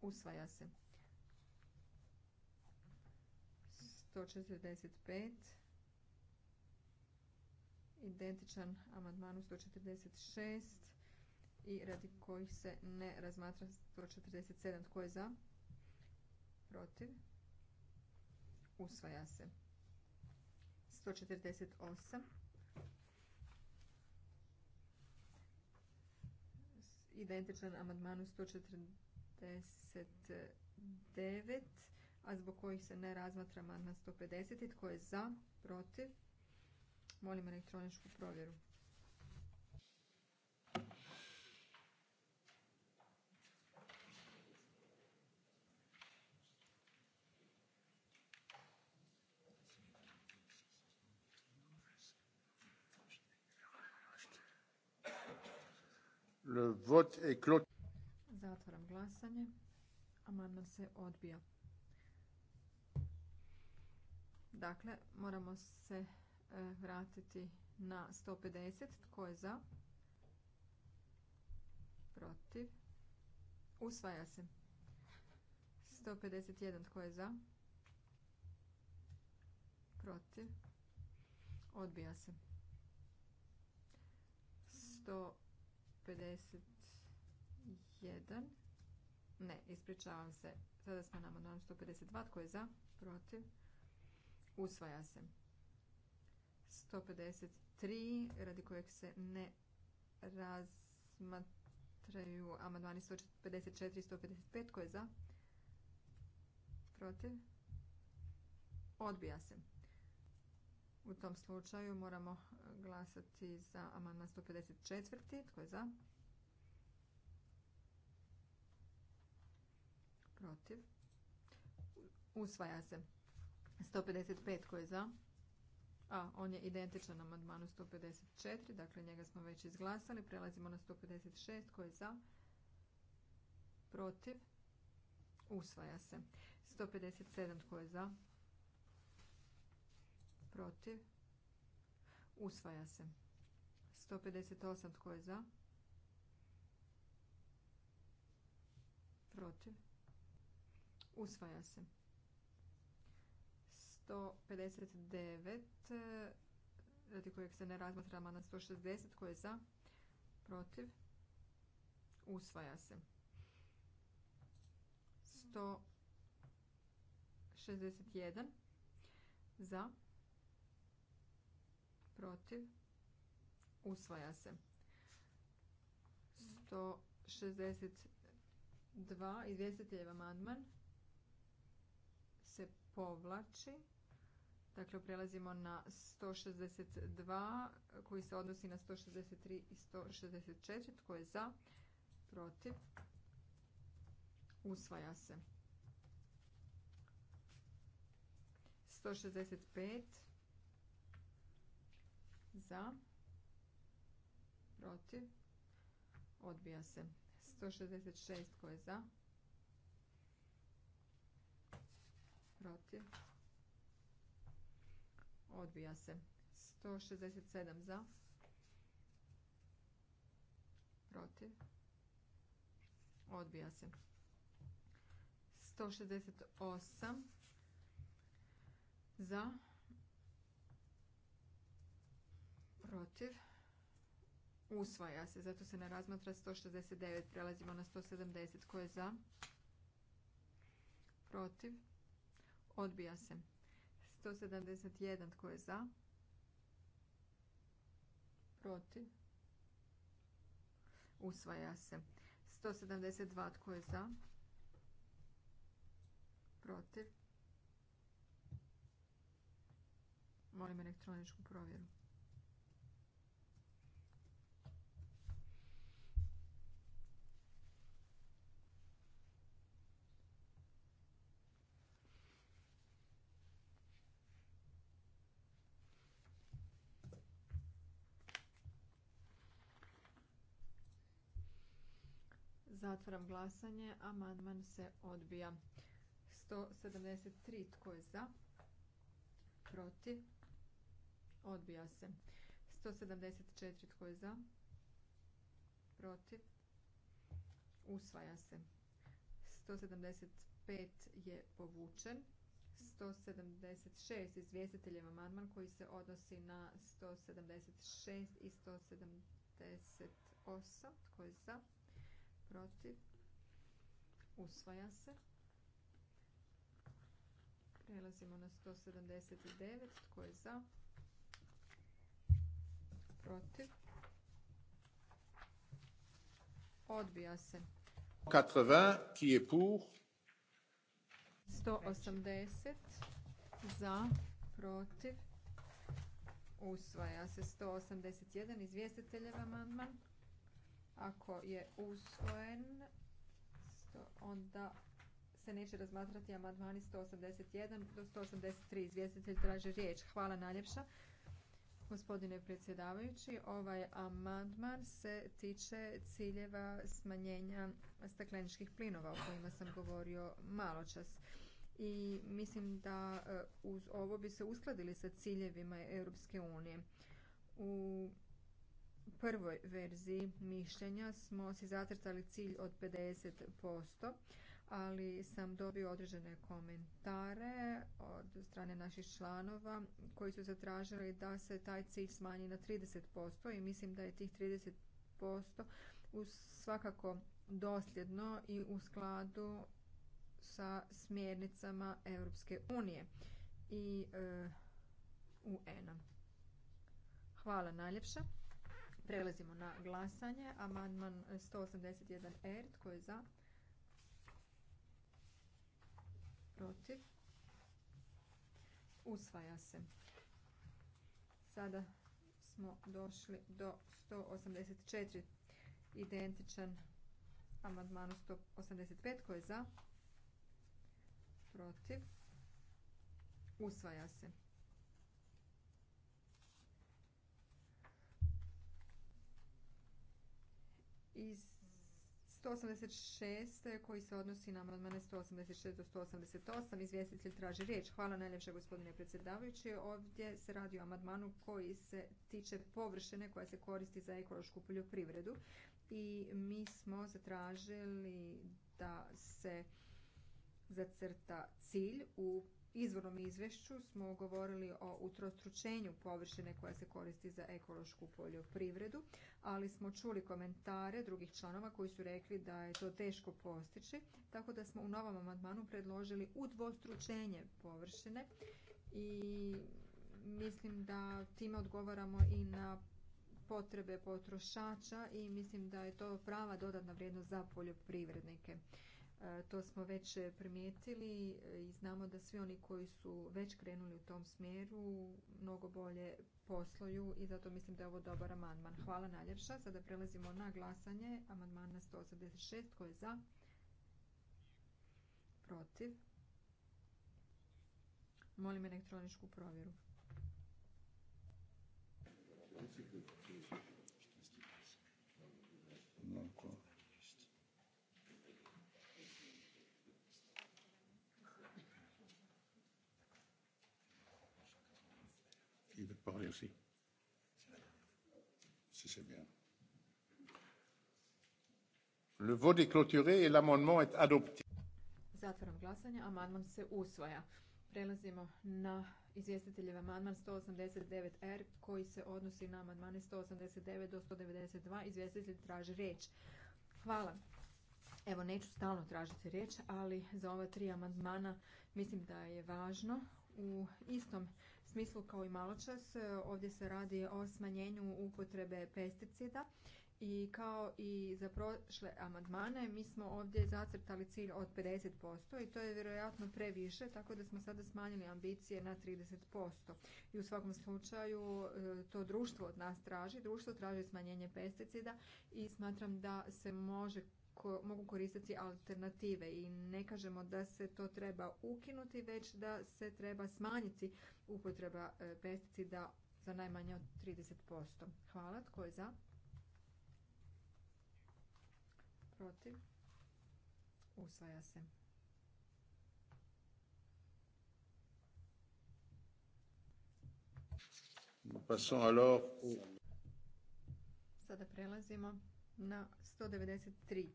Usvaja se. 145. Identičan amandmanu 146 i radi kojih se ne razmatra 147. Tko je za? Protiv? usvaja se. 148 identičan amandmanu 149, a zbog kojih se ne razmatra amandman 150. Tko je za, protiv? Molim elektroničku provjeru. Vot Zatvaram glasanje. Amandman se odbija. Dakle, moramo se e, vratiti na 150. Tko je za? Protiv. Usvaja se. 151. Tko je za? Protiv. Odbija se. 150. 1. Ne, ispričavam se. Sada smo na amandmanu 152. Tko je za? Protiv? Usvaja se. 153. Radi kojeg se ne razmatraju amandmani 154 i 155. Tko je za? Protiv? Odbija se. U tom slučaju moramo glasati za amandman 154. Tko je za? protiv, usvaja se. 155 koji je za, a on je identičan amandmanu 154, dakle njega smo već izglasali. Prelazimo na 156 koji je za, protiv, usvaja se. 157 tko je za, protiv, usvaja se. 158 tko je za, protiv, Usvaja se. 159, radi kojeg se ne razmatra amandman 160, Koje je za, protiv, usvaja se. 161, za, protiv, usvaja se. 162, izvjestiteljev amandman, povlači. Dakle, prelazimo na 162 koji se odnosi na 163 i 164. Tko je za? Protiv? Usvaja se. 165 za protiv odbija se 166 tko je za protiv odbija se 167 za protiv odbija se 168 za protiv usvaja se zato se ne razmatra 169 prelazimo na 170 koje je za protiv Odbija se. 171 tko je za? Protiv? Usvaja se. 172 tko je za? Protiv? Molim elektroničku provjeru. Zatvaram glasanje. Amandman se odbija. 173. Tko je za? Protiv? Odbija se. 174. Tko je za? Protiv? Usvaja se. 175 je povučen. 176 izvjestiteljem amandman koji se odnosi na 176 i 178. Tko je za? protiv, usvaja se. Prelazimo na 179, tko je za, protiv, odbija se. 80, qui je pour? 180, za, protiv, usvaja se. 181, izvjestiteljev amandman, ako je usvojen, onda se neće razmatrati amandmani 181 do 183. Izvjestitelj traži riječ. Hvala najljepša. Gospodine predsjedavajući, ovaj amandman se tiče ciljeva smanjenja stakleničkih plinova o kojima sam govorio malo čas. I mislim da e, uz ovo bi se uskladili sa ciljevima Europske unije. U prvoj verziji mišljenja smo si zacrtali cilj od 50%, ali sam dobio određene komentare od strane naših članova koji su zatražili da se taj cilj smanji na 30% i mislim da je tih 30% svakako dosljedno i u skladu sa smjernicama Europske unije i e, UN-a. Hvala najljepša. Prelazimo na glasanje. Amandman 181R. Tko je za? Protiv? Usvaja se. Sada smo došli do 184. Identičan amandmanu 185. Tko je za? Protiv? Usvaja se. iz 186 koji se odnosi na amandmane 186 do 188. Izvjestitelj traži riječ. Hvala najljepše gospodine predsjedavajući. Ovdje se radi o amandmanu koji se tiče površine koja se koristi za ekološku poljoprivredu i mi smo zatražili da se zacrta cilj u izvornom izvješću smo govorili o utrostručenju površine koja se koristi za ekološku poljoprivredu, ali smo čuli komentare drugih članova koji su rekli da je to teško postići, tako da smo u novom amandmanu predložili udvostručenje površine i mislim da time odgovaramo i na potrebe potrošača i mislim da je to prava dodatna vrijednost za poljoprivrednike. To smo već primijetili i znamo da svi oni koji su već krenuli u tom smjeru mnogo bolje posluju i zato mislim da je ovo dobar amandman. Hvala najljepša. Sada prelazimo na glasanje amandmana 186. Tko je za? Protiv? Molim elektroničku provjeru. parler aussi. Si c'est bien. Le vote est clôturé et l'amendement est adopté. Zatvaram glasanje, amandman se usvaja. Prelazimo na izvjestiteljev amandman 189R er koji se odnosi na amandmane 189 do 192. Izvjestitelj traži riječ. Hvala. Evo, neću stalno tražiti riječ, ali za ova tri amandmana mislim da je važno u istom smislu kao i maločas. E, ovdje se radi o smanjenju upotrebe pesticida i kao i za prošle amandmane mi smo ovdje zacrtali cilj od 50% i to je vjerojatno previše tako da smo sada smanjili ambicije na 30%. I u svakom slučaju e, to društvo od nas traži, društvo traži smanjenje pesticida i smatram da se može mogu koristiti alternative i ne kažemo da se to treba ukinuti, već da se treba smanjiti upotreba e, pesticida za najmanje od 30%. Hvala. Tko je za? Protiv? Usvaja se. Sada prelazimo na 193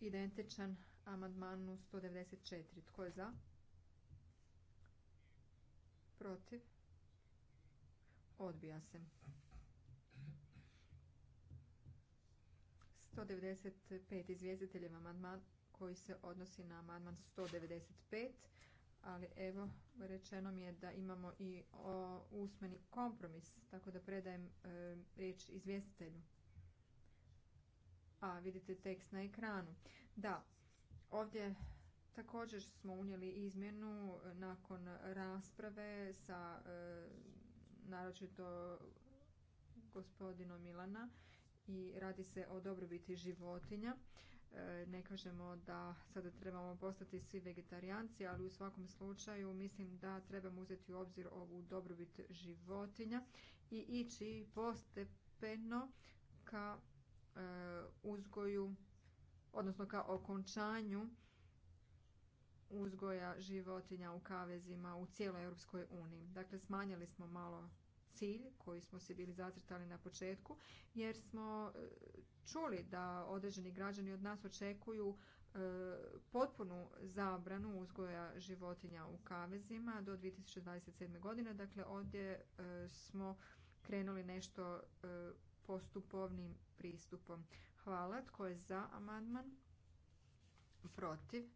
identičan amandmanu 194. Tko je za? Protiv? Odbija se. 195. Izvjestiteljem amandman koji se odnosi na amandman 195. Ali evo, rečeno mi je da imamo i usmeni kompromis, tako da predajem e, riječ izvjestitelju a vidite tekst na ekranu. Da, ovdje također smo unijeli izmjenu nakon rasprave sa e, naročito gospodinom Milana i radi se o dobrobiti životinja. E, ne kažemo da sada trebamo postati svi vegetarijanci, ali u svakom slučaju mislim da trebamo uzeti u obzir ovu dobrobit životinja i ići postepeno ka E, uzgoju, odnosno ka okončanju uzgoja životinja u kavezima u cijeloj Europskoj uniji. Dakle, smanjili smo malo cilj koji smo si bili zacrtali na početku, jer smo e, čuli da određeni građani od nas očekuju e, potpunu zabranu uzgoja životinja u kavezima do 2027. godine. Dakle, ovdje smo krenuli nešto postupovnim pristupom. Hvala. Tko je za amandman? Protiv?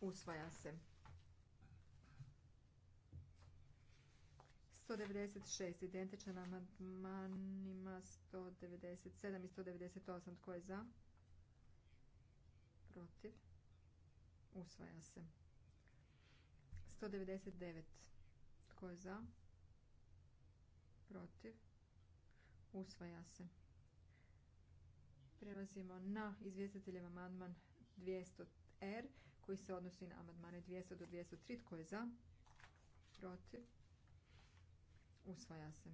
Usvaja se. 196. Identičan amandmanima 197 i 198. Tko je za? Protiv? Usvaja se. 199. Tko je za? Protiv? Usvaja se. Prelazimo na izvjestiteljev amandman 200R koji se odnosi na amandmane 200 do 203. Tko je za? Protiv? Usvaja se.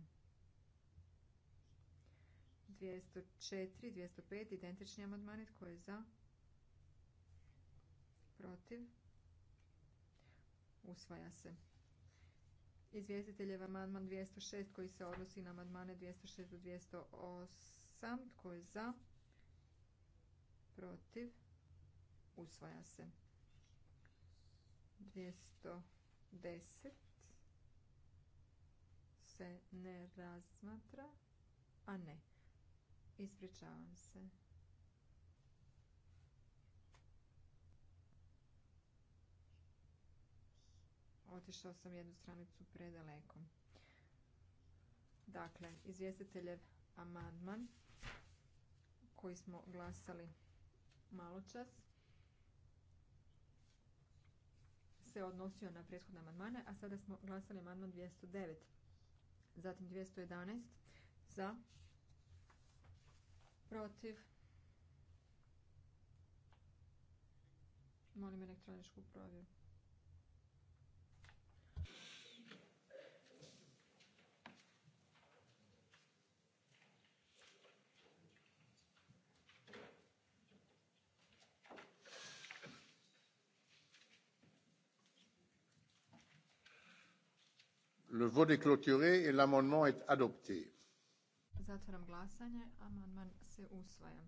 204, 205, identični amandmani. Tko je za? Protiv? Usvaja se. Izvjestitelj je amandman 206 koji se odnosi na amandmane 206 do 208. Tko je za? Protiv? Usvaja se. 210 se ne razmatra. A ne. Ispričavam se. otišao sam jednu stranicu predaleko. Dakle, izvjestiteljev amandman koji smo glasali malo čas se odnosio na prethodne amandmane, a sada smo glasali amandman 209. Zatim 211 za, protiv, molim elektroničku provjeru. vote est et l'amendement est adopté. Zatvaram glasanje. Amandman se usvaja.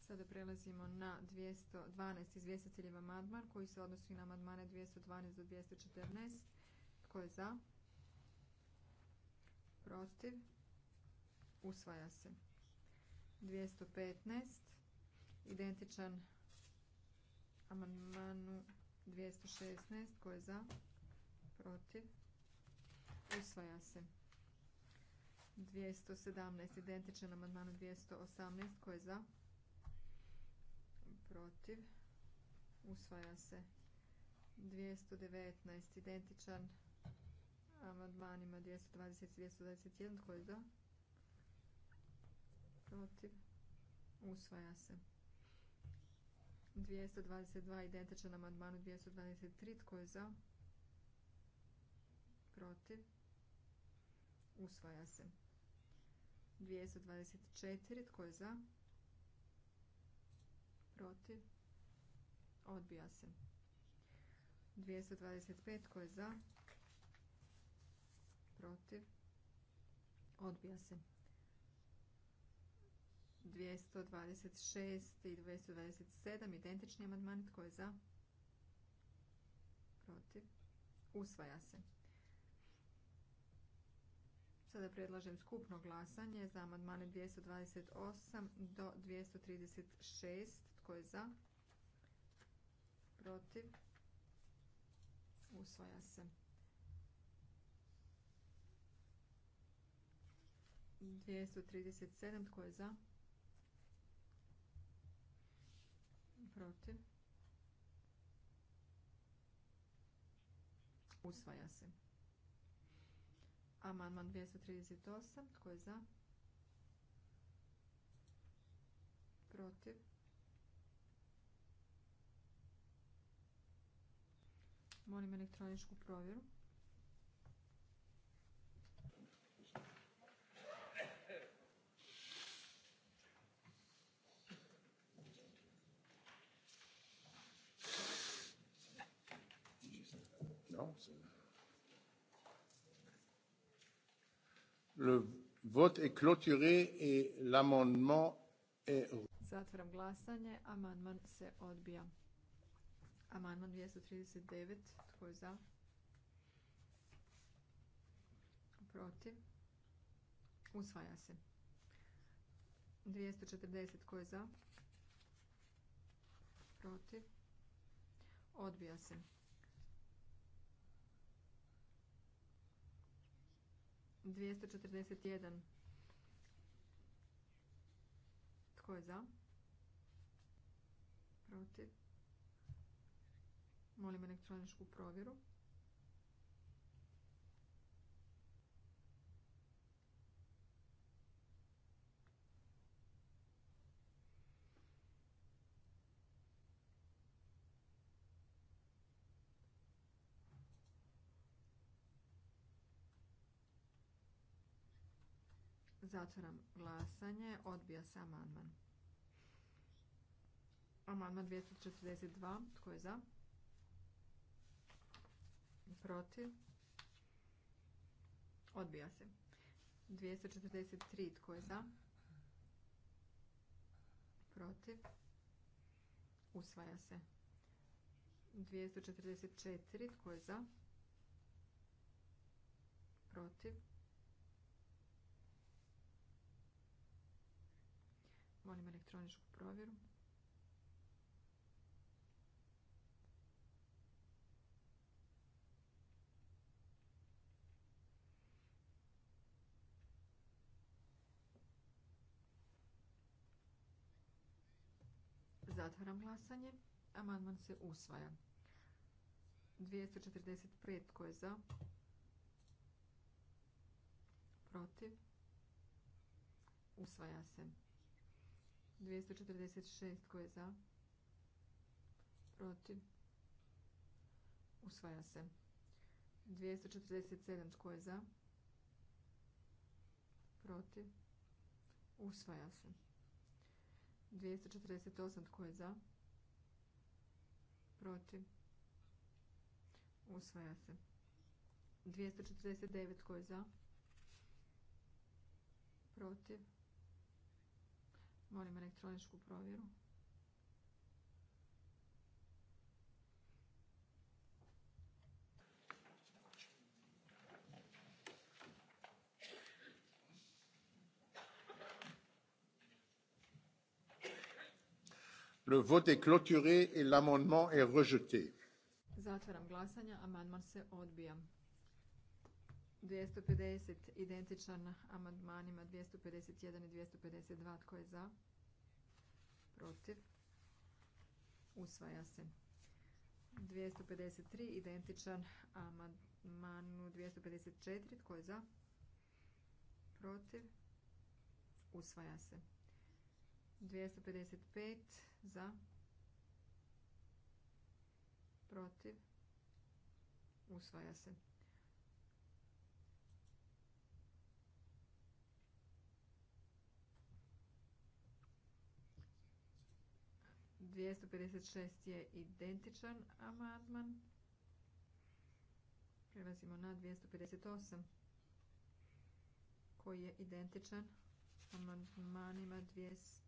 Sada prelazimo na 212 izvjestiteljev amandman koji se odnosi na amandmane 212 do 214. koje je za? Protiv? Usvaja se. 215. Identičan amandmanu 216. Tko je za? Protiv? Usvaja se. 217. Identičan amandmanu 218. koji je za? Protiv. Usvaja se. 219. Identičan amandmanima 220 i 221. Tko je za? Protiv. Usvaja se. 222. Identičan amandmanu 223. Tko je za? Protiv usvaja se. 224 tko je za? Protiv? Odbija se. 225 tko je za? Protiv? Odbija se. 226 i 227 identični amandman tko je za? Protiv? Usvaja se. Sada predlažem skupno glasanje za amandmane 228 do 236. Tko je za? Protiv? Usvaja se. 237. Tko je za? Protiv? Usvaja se. Amandman 238. Tko je za? Protiv? Molim elektroničku provjeru. Le glasanje. Amandman se odbija. Amandman 239. Tko je za? Protiv? Usvaja se. 240. Tko je za? Protiv? Odbija se. 241. Tko je za? Protiv? Molim elektroničku provjeru. Zatvaram glasanje. Odbija se amandman. Amandman 242. Tko je za? Protiv? Odbija se. 243. Tko je za? Protiv? Usvaja se. 244. Tko je za? Protiv? Molim elektroničku provjeru. Zatvaram glasanje. Amandman se usvaja. 245 tko je za? Protiv? Usvaja se. 246 tko je za? Protiv? Usvaja se. 247 tko je za? Protiv? Usvaja se. 248 tko je za? Protiv? Usvaja se. 249 tko je za? Protiv? Molim elektroničku provjeru. Le vote est clôturé et l'amendement est rejeté. Zatvaram glasanje, amandman se odbija. 250 identičan amandmanima 251 i 252. Tko je za? Protiv? Usvaja se. 253 identičan amandmanu 254. Tko je za? Protiv? Usvaja se. 255 za? Protiv? Usvaja se. 256 je identičan amandman. Prelazimo na 258 koji je identičan amandmanima 259,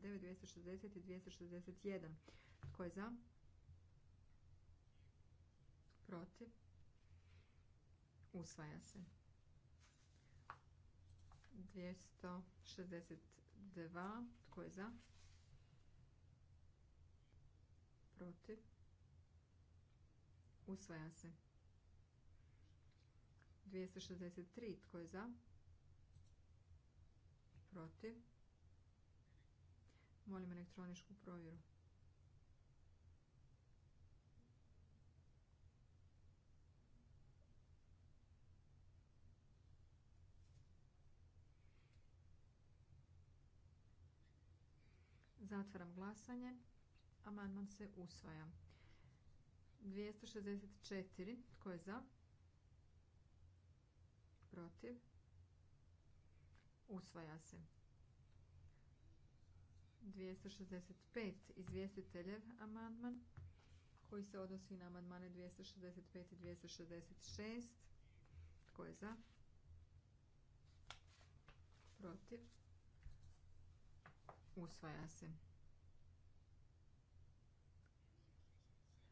260 i 261. Tko je za? Protiv? Usvaja se. 262. Tko je za? protiv, usvaja se. 263 tko je za, protiv, molim elektroničku provjeru. Zatvaram glasanje. Amandman se usvaja. 264. Tko je za? Protiv? Usvaja se. 265. Izvjestiteljev amandman koji se odnosi na amandmane 265 i 266. Tko je za? Protiv? Usvaja se.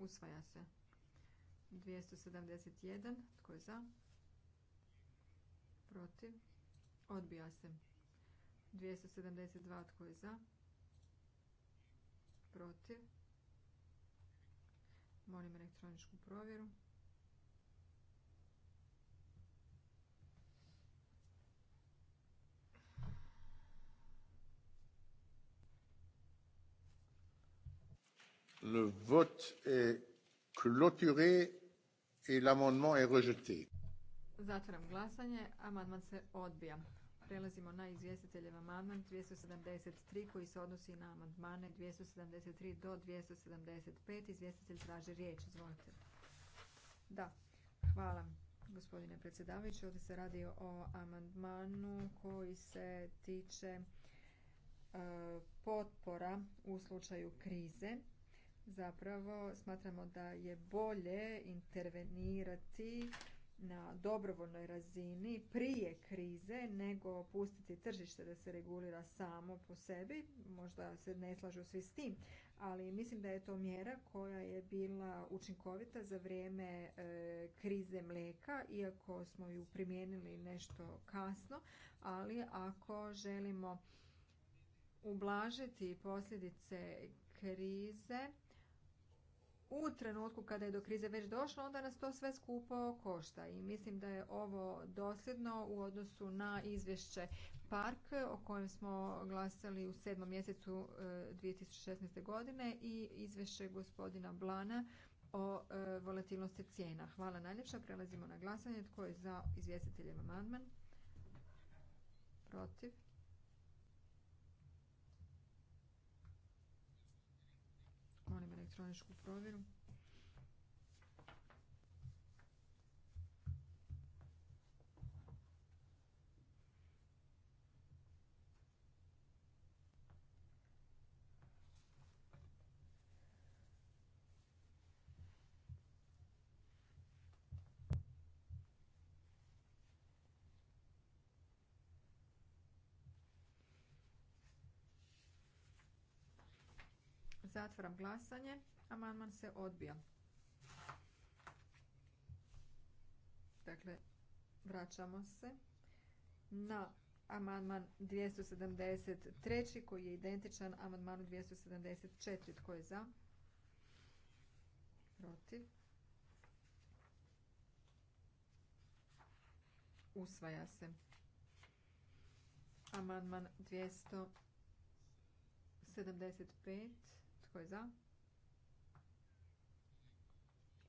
Usvaja se. 271. Tko je za? Protiv. Odbija se. 272. Tko je za? Protiv. Molim elektroničku provjeru. Le vote est clôturé et l'amendement est rejeté. Zatvaram glasanje, amandman se odbija. Prelazimo na izvjestiteljev amandman 273 koji se odnosi na amandmane 273 do 275. Izvjestitelj traži riječ, izvolite. Da, hvala gospodine predsjedavajući. Ovdje se radi o amandmanu koji se tiče e, potpora u slučaju krize zapravo smatramo da je bolje intervenirati na dobrovoljnoj razini prije krize nego pustiti tržište da se regulira samo po sebi. Možda se ne slažu svi s tim, ali mislim da je to mjera koja je bila učinkovita za vrijeme e, krize mlijeka, iako smo ju primijenili nešto kasno, ali ako želimo ublažiti posljedice krize, u trenutku kada je do krize već došlo, onda nas to sve skupo košta. I mislim da je ovo dosljedno u odnosu na izvješće Park o kojem smo glasali u sedmom mjesecu 2016. E, godine i izvješće gospodina Blana o e, volatilnosti cijena. Hvala najljepša. Prelazimo na glasanje. Tko je za izvjestiteljem amandman? Protiv? elektroničku provjeru. Zatvaram glasanje. Amandman se odbija. Dakle, vraćamo se na amandman 273. koji je identičan amandmanu 274. Tko je za? Protiv. Usvaja se. Amandman 275. Tko je za?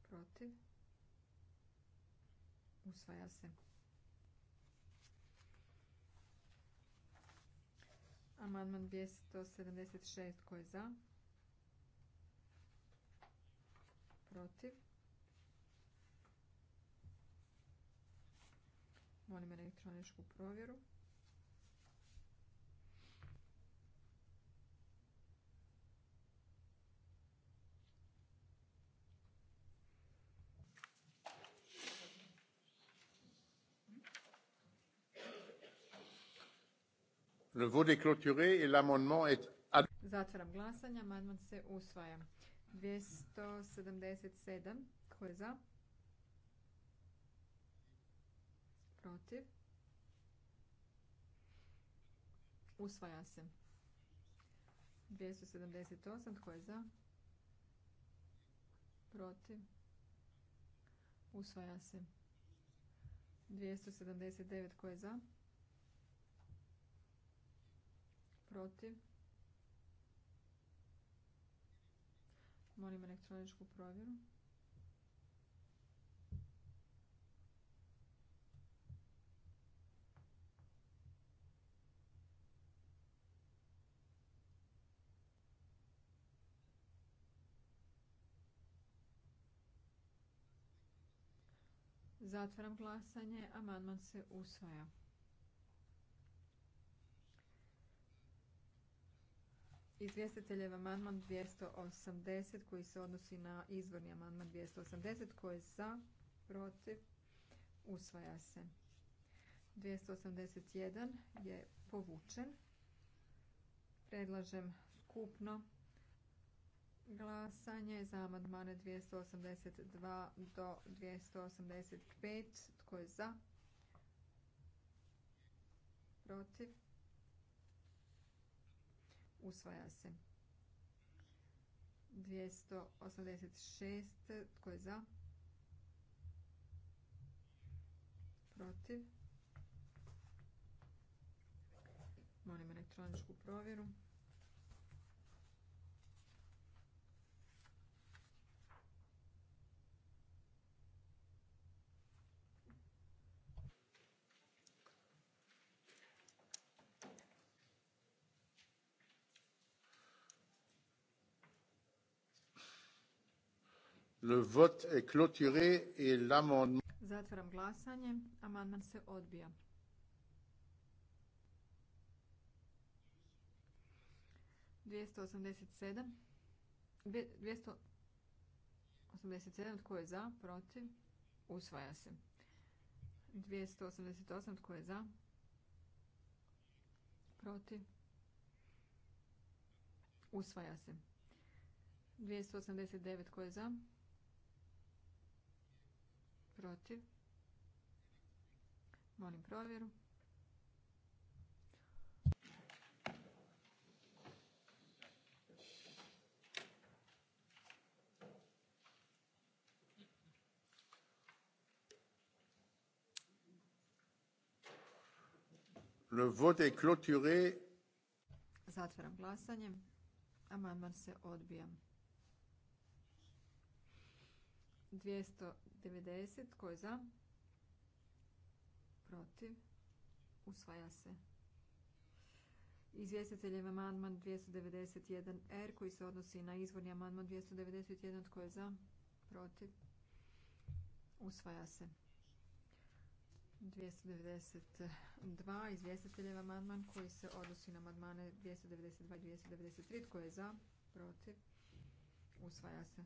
Protiv? Usvaja se. Amandman 276. Tko je za? Protiv? Molim elektroničku provjeru. Le vote est clôturé et l'amendement est Zatvaram glasanje, amandman se usvaja. 277, ko je za? Protiv? Usvaja se. 278, koje je za? Protiv? Usvaja se. 279, koje je za? protiv molim elektroničku provjeru Zatvaram glasanje. Amandman se usvaja. Izvjestiteljev amandman 280 koji se odnosi na izvorni amandman 280 koji je za, protiv, usvaja se. 281 je povučen. Predlažem skupno glasanje za amandmane 282 do 285. Tko je za? Protiv? Usvaja se. 286. Tko je za? Protiv. Molim elektroničku provjeru. Le vote est clôturé et l'amendement... Zatvaram glasanje. Amandman se odbija. Dvijesto osamdeset sedam. Tko je za? Protiv? Usvaja se. 288. Tko je za? Protiv? Usvaja se. 289. Tko je za? protiv molim provjeru Le vote est clôturé. Zatvaram glasanje. Amandman se odbija. 290. Tko je za? Protiv. Usvaja se. Izvjestitelj je amandman 291R koji se odnosi na izvorni amandman 291. Tko je za? Protiv. Usvaja se. 292. Izvjestiteljev amandman koji se odnosi na amandmane 292 i 293. Tko je za? Protiv? Usvaja se.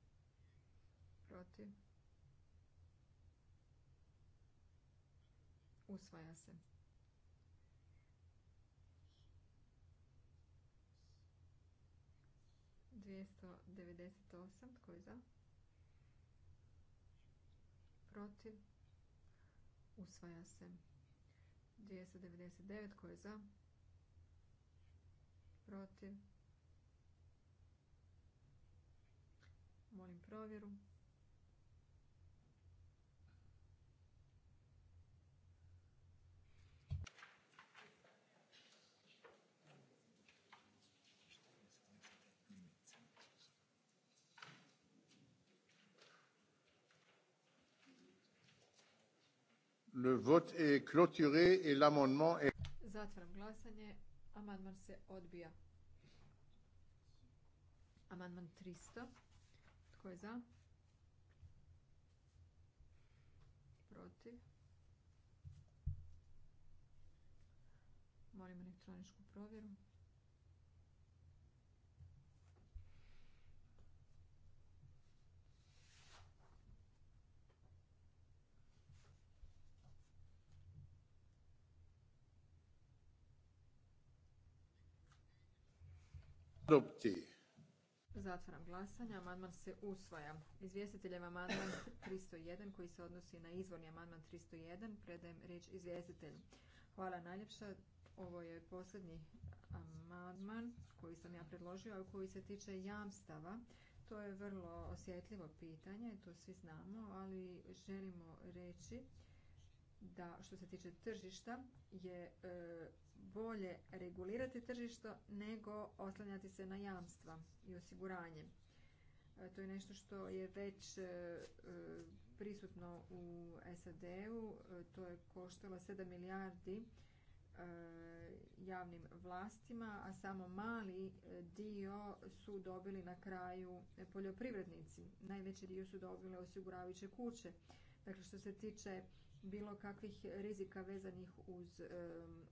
protiv usvaja se 298 devedeset je za protiv usvaja se 299 koji je za protiv molim provjeru Le vote est clôturé et l'amendement est... Zatvaram glasanje. Amandman se odbija. Amandman 300. Tko je za? Protiv. Molim elektroničku provjeru. Adopti. Zatvaram glasanje. Amandman se usvaja. Izvjestiteljem amandman 301 koji se odnosi na izvorni amandman 301. Predajem riječ izvjestitelju. Hvala najljepša. Ovo je posljednji amandman koji sam ja predložio, a koji se tiče jamstava. To je vrlo osjetljivo pitanje, to svi znamo, ali želimo reći da što se tiče tržišta je e, bolje regulirati tržišto nego oslanjati se na jamstva i osiguranje. E, to je nešto što je već e, prisutno u SAD-u, to je koštalo 7 milijardi javnim vlastima, a samo mali dio su dobili na kraju poljoprivrednici. Najveći dio su dobile osiguravajuće kuće. Dakle, što se tiče bilo kakvih rizika vezanih uz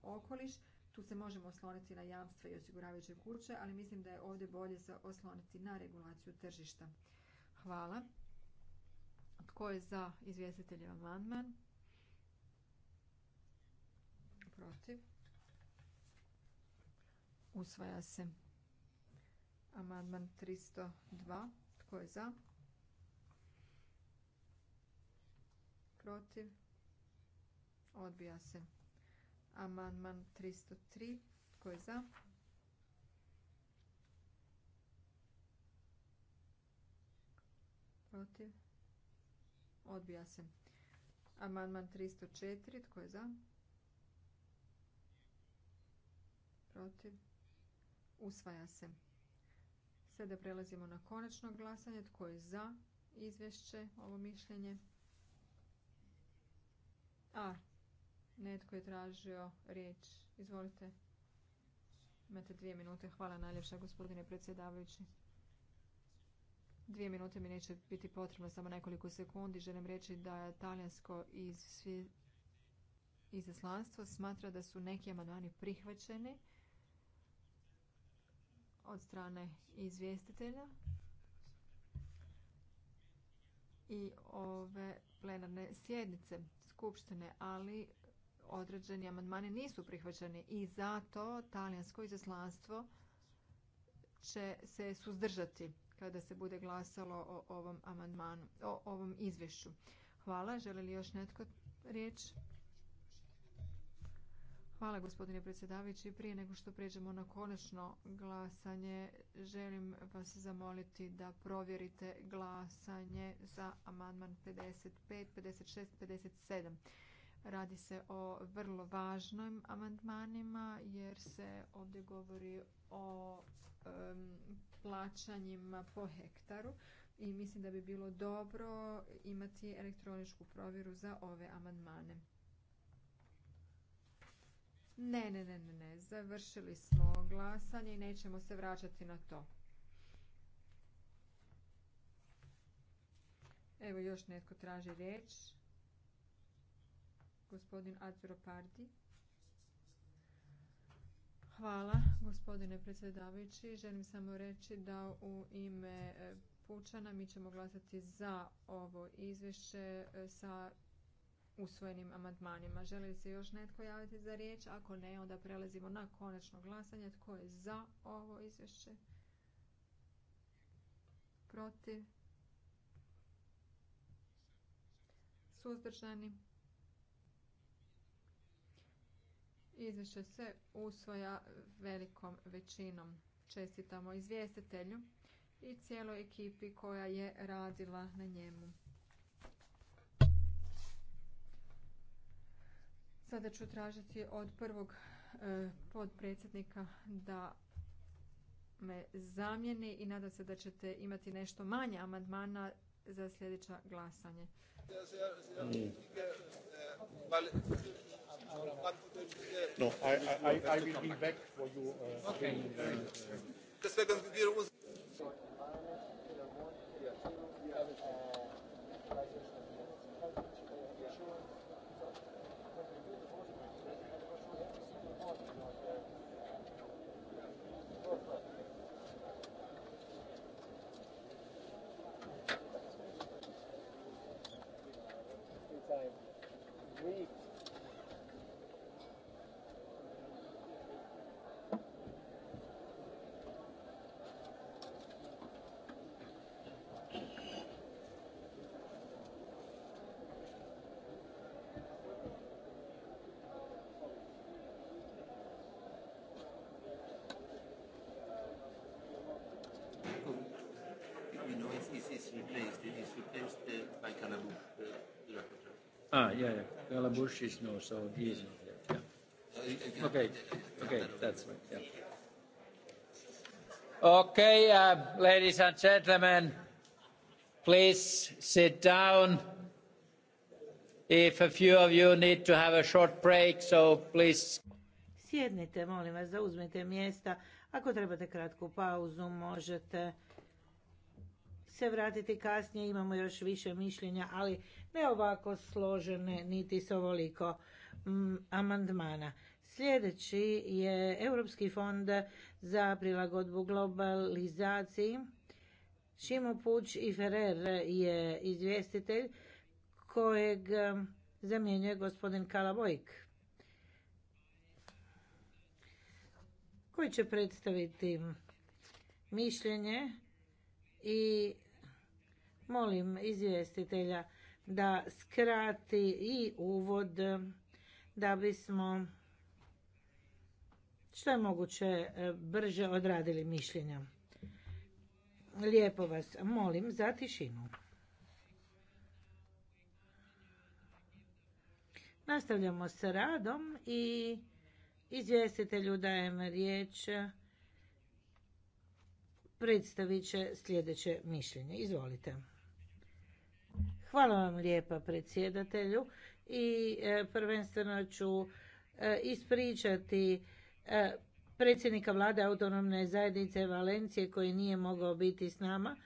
okoliš. Tu se možemo osloniti na jamstva i osiguravajuće kuće, ali mislim da je ovdje bolje osloniti na regulaciju tržišta. Hvala. Tko je za izvjestiteljev amandman? Protiv. Usvaja se. Amandman 302. Tko je za? Protiv. Odbija se. Amandman 303. Tko je za? Protiv? Odbija se. Amandman 304. Tko je za? Protiv? Usvaja se. Sada prelazimo na konačno glasanje. Tko je za izvješće, ovo mišljenje? A, Netko je tražio riječ. Izvolite. Imate dvije minute. Hvala najljepša gospodine predsjedavajući. Dvije minute mi neće biti potrebno, samo nekoliko sekundi. Želim reći da talijansko iz izaslanstvo smatra da su neki amandmani prihvaćeni od strane izvjestitelja i ove plenarne sjednice skupštine, ali određeni amandmani nisu prihvaćeni i zato talijansko izaslanstvo će se suzdržati kada se bude glasalo o ovom amandmanu, o ovom izvješću. Hvala. Želi li još netko riječ? Hvala gospodine predsjedavajući. Prije nego što pređemo na konačno glasanje, želim vas zamoliti da provjerite glasanje za amandman 55, 56, 57. Radi se o vrlo važnim amandmanima jer se ovdje govori o plaćanjima po hektaru i mislim da bi bilo dobro imati elektroničku provjeru za ove amandmane. Ne, ne, ne, ne, ne. Završili smo glasanje i nećemo se vraćati na to. Evo još netko traži riječ gospodin Acuropardi. Hvala, gospodine predsjedavajući. Želim samo reći da u ime e, Pučana mi ćemo glasati za ovo izvješće e, sa usvojenim amandmanima. Želi li se još netko javiti za riječ? Ako ne, onda prelazimo na konačno glasanje. Tko je za ovo izvješće? Protiv? Suzdržani? Izvješće se usvoja velikom većinom. Čestitamo izvjestitelju i cijeloj ekipi koja je radila na njemu. Sada ću tražiti od prvog e, podpredsjednika da me zamijeni i nadam se da ćete imati nešto manje amandmana za sljedeća glasanje. No, I, I, I will be back for you. Uh, okay. Deswegen wir uns Ah, yeah, yeah. Bella is no, so he is not Yeah. Okay, okay, that's right. Yeah. Okay, uh, ladies and gentlemen, please sit down. If a few of you need to have a short break, so please. Sjednite, molim vas, zauzmite mjesta. Ako trebate kratku pauzu, možete se vratiti kasnije, imamo još više mišljenja, ali ne ovako složene niti s ovoliko mm, amandmana. Sljedeći je Europski fond za prilagodbu globalizaciji. Šimo Puć i Ferrer je izvjestitelj kojeg mm, zamjenjuje gospodin Kalabojk. Koji će predstaviti mišljenje i Molim izvjestitelja da skrati i uvod da bismo što je moguće e, brže odradili mišljenja. Lijepo vas molim za tišinu. Nastavljamo s radom i izvjestitelju dajem riječ predstavit će sljedeće mišljenje. Izvolite. Hvala vam lijepa predsjedatelju i e, prvenstveno ću e, ispričati e, predsjednika vlade autonomne zajednice Valencije koji nije mogao biti s nama,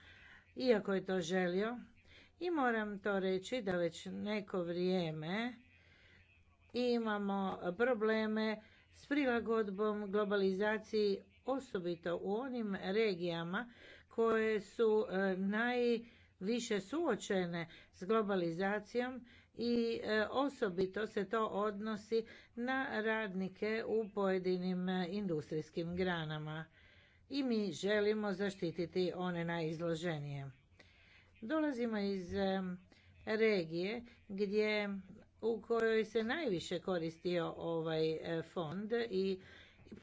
iako je to želio. I moram to reći da već neko vrijeme imamo probleme s prilagodbom globalizaciji osobito u onim regijama koje su naj više suočene s globalizacijom i e, osobito se to odnosi na radnike u pojedinim e, industrijskim granama i mi želimo zaštititi one najizloženije. Dolazimo iz e, regije gdje u kojoj se najviše koristio ovaj fond i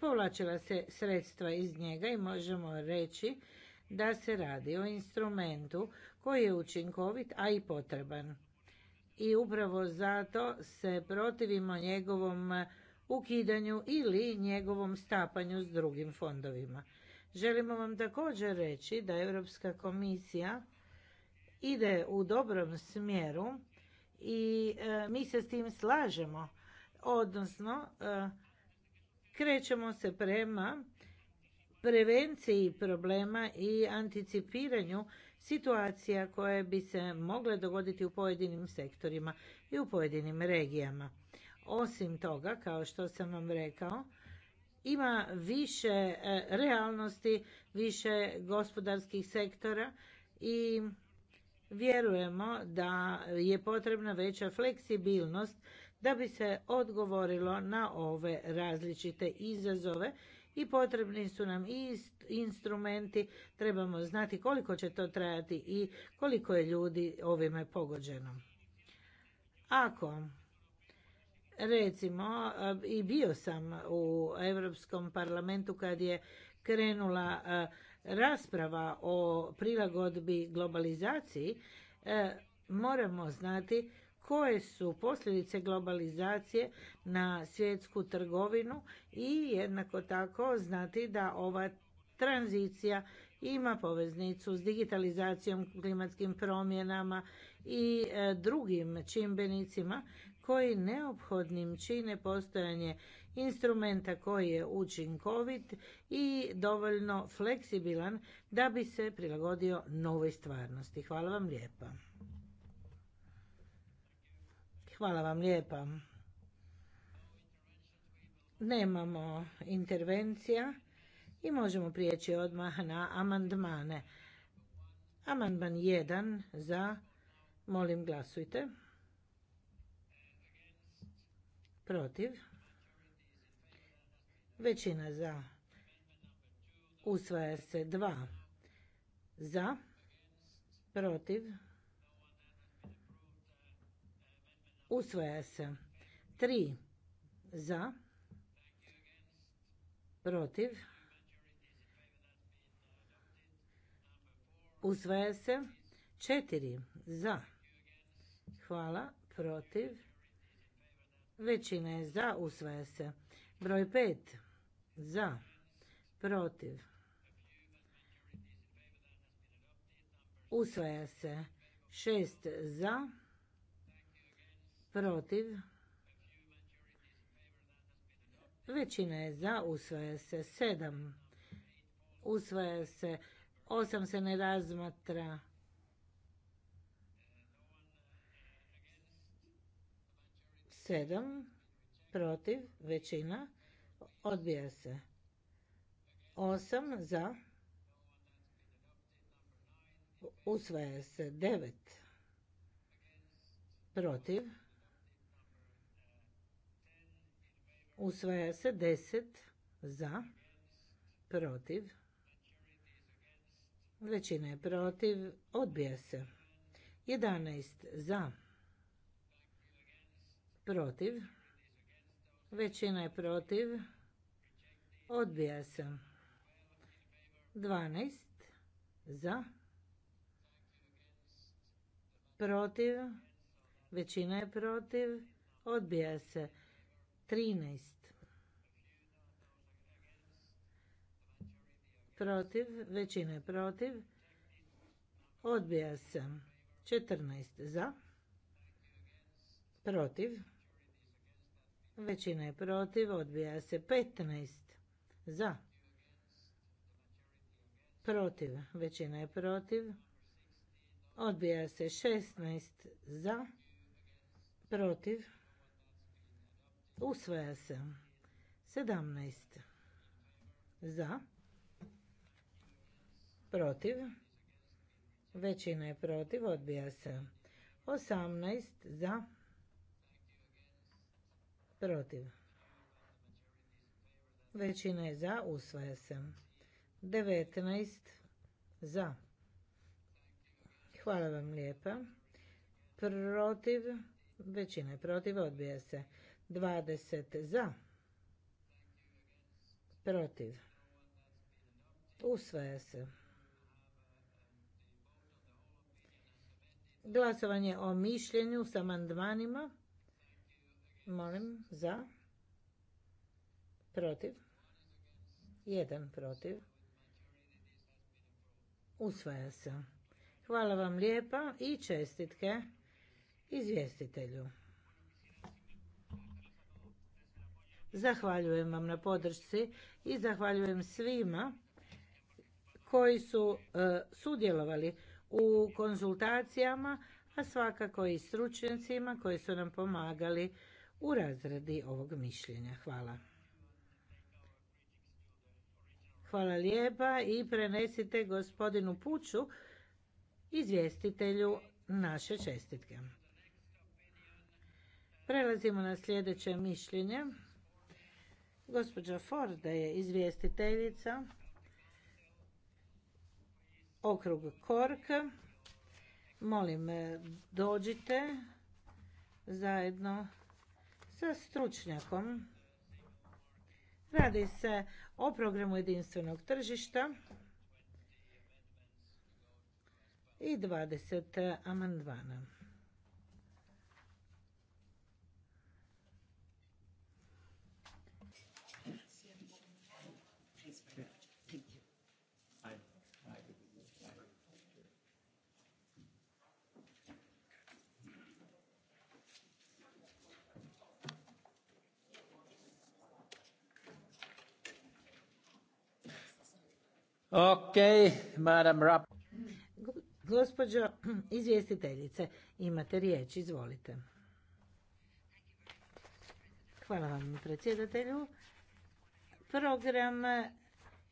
povlačila se sredstva iz njega i možemo reći da se radi o instrumentu koji je učinkovit, a i potreban. I upravo zato se protivimo njegovom ukidanju ili njegovom stapanju s drugim fondovima. Želimo vam također reći da Europska komisija ide u dobrom smjeru i e, mi se s tim slažemo, odnosno e, krećemo se prema prevenciji problema i anticipiranju situacija koje bi se mogle dogoditi u pojedinim sektorima i u pojedinim regijama. Osim toga, kao što sam vam rekao, ima više e, realnosti, više gospodarskih sektora i vjerujemo da je potrebna veća fleksibilnost da bi se odgovorilo na ove različite izazove i potrebni su nam i instrumenti, trebamo znati koliko će to trajati i koliko je ljudi ovime pogođeno. Ako recimo i bio sam u Europskom parlamentu kad je krenula e, rasprava o prilagodbi globalizaciji, e, moramo znati koje su posljedice globalizacije na svjetsku trgovinu i jednako tako znati da ova tranzicija ima poveznicu s digitalizacijom, klimatskim promjenama i e, drugim čimbenicima koji neophodnim čine postojanje instrumenta koji je učinkovit i dovoljno fleksibilan da bi se prilagodio novoj stvarnosti. Hvala vam lijepa. Hvala vam lijepa. Nemamo intervencija i možemo prijeći odmah na amandmane. Amandman 1 za, molim glasujte. Protiv. Većina za. Usvaja se 2 za, protiv Usvaja se. 3 za. Protiv. Usvaja se. 4 za. Hvala. Protiv. Većina je za. Usvaja se. Broj 5 za. Protiv. Usvaja se. 6 za protiv, većina je za, usvaja se sedam, usvaja se osam se ne razmatra, sedam, protiv, većina, odbija se. Osam za, usvaja se devet, protiv, Usvaja se 10 za, protiv. Većina je protiv, odbija se. 11 za, protiv. Većina je protiv, odbija se. 12 za, protiv. Većina je protiv, odbija se. 13 protiv, većina je protiv, odbija se 14 za, protiv, većina je protiv, odbija se 15 za, protiv, većina je protiv, odbija se 16 za, protiv, Usvaja se. 17. Za. Protiv. Većina je protiv. Odbija se. 18. Za. Protiv. Većina je za. Usvaja se. 19. Za. Hvala vam lijepa. Protiv. Većina je protiv. Odbija se. Dvadeset za, protiv, usvaja se. Glasovanje o mišljenju sa amandmanima. Molim, za. Protiv. Jedan protiv. Usvaja se. Hvala vam lijepa i čestitke izvjestitelju. Zahvaljujem vam na podršci i zahvaljujem svima koji su e, sudjelovali u konzultacijama, a svakako i stručnjacima koji su nam pomagali u razradi ovog mišljenja. Hvala. Hvala lijepa i prenesite gospodinu Puću, izvjestitelju, naše čestitke. Prelazimo na sljedeće mišljenje. Gospođa Forda je izvjestiteljica okrug Kork. Molim, e, dođite zajedno sa stručnjakom. Radi se o programu jedinstvenog tržišta i 20 amandmana. Okay, madam Rapp. Gospođo izvjestiteljice, imate riječ, izvolite. Hvala vam predsjedatelju. Program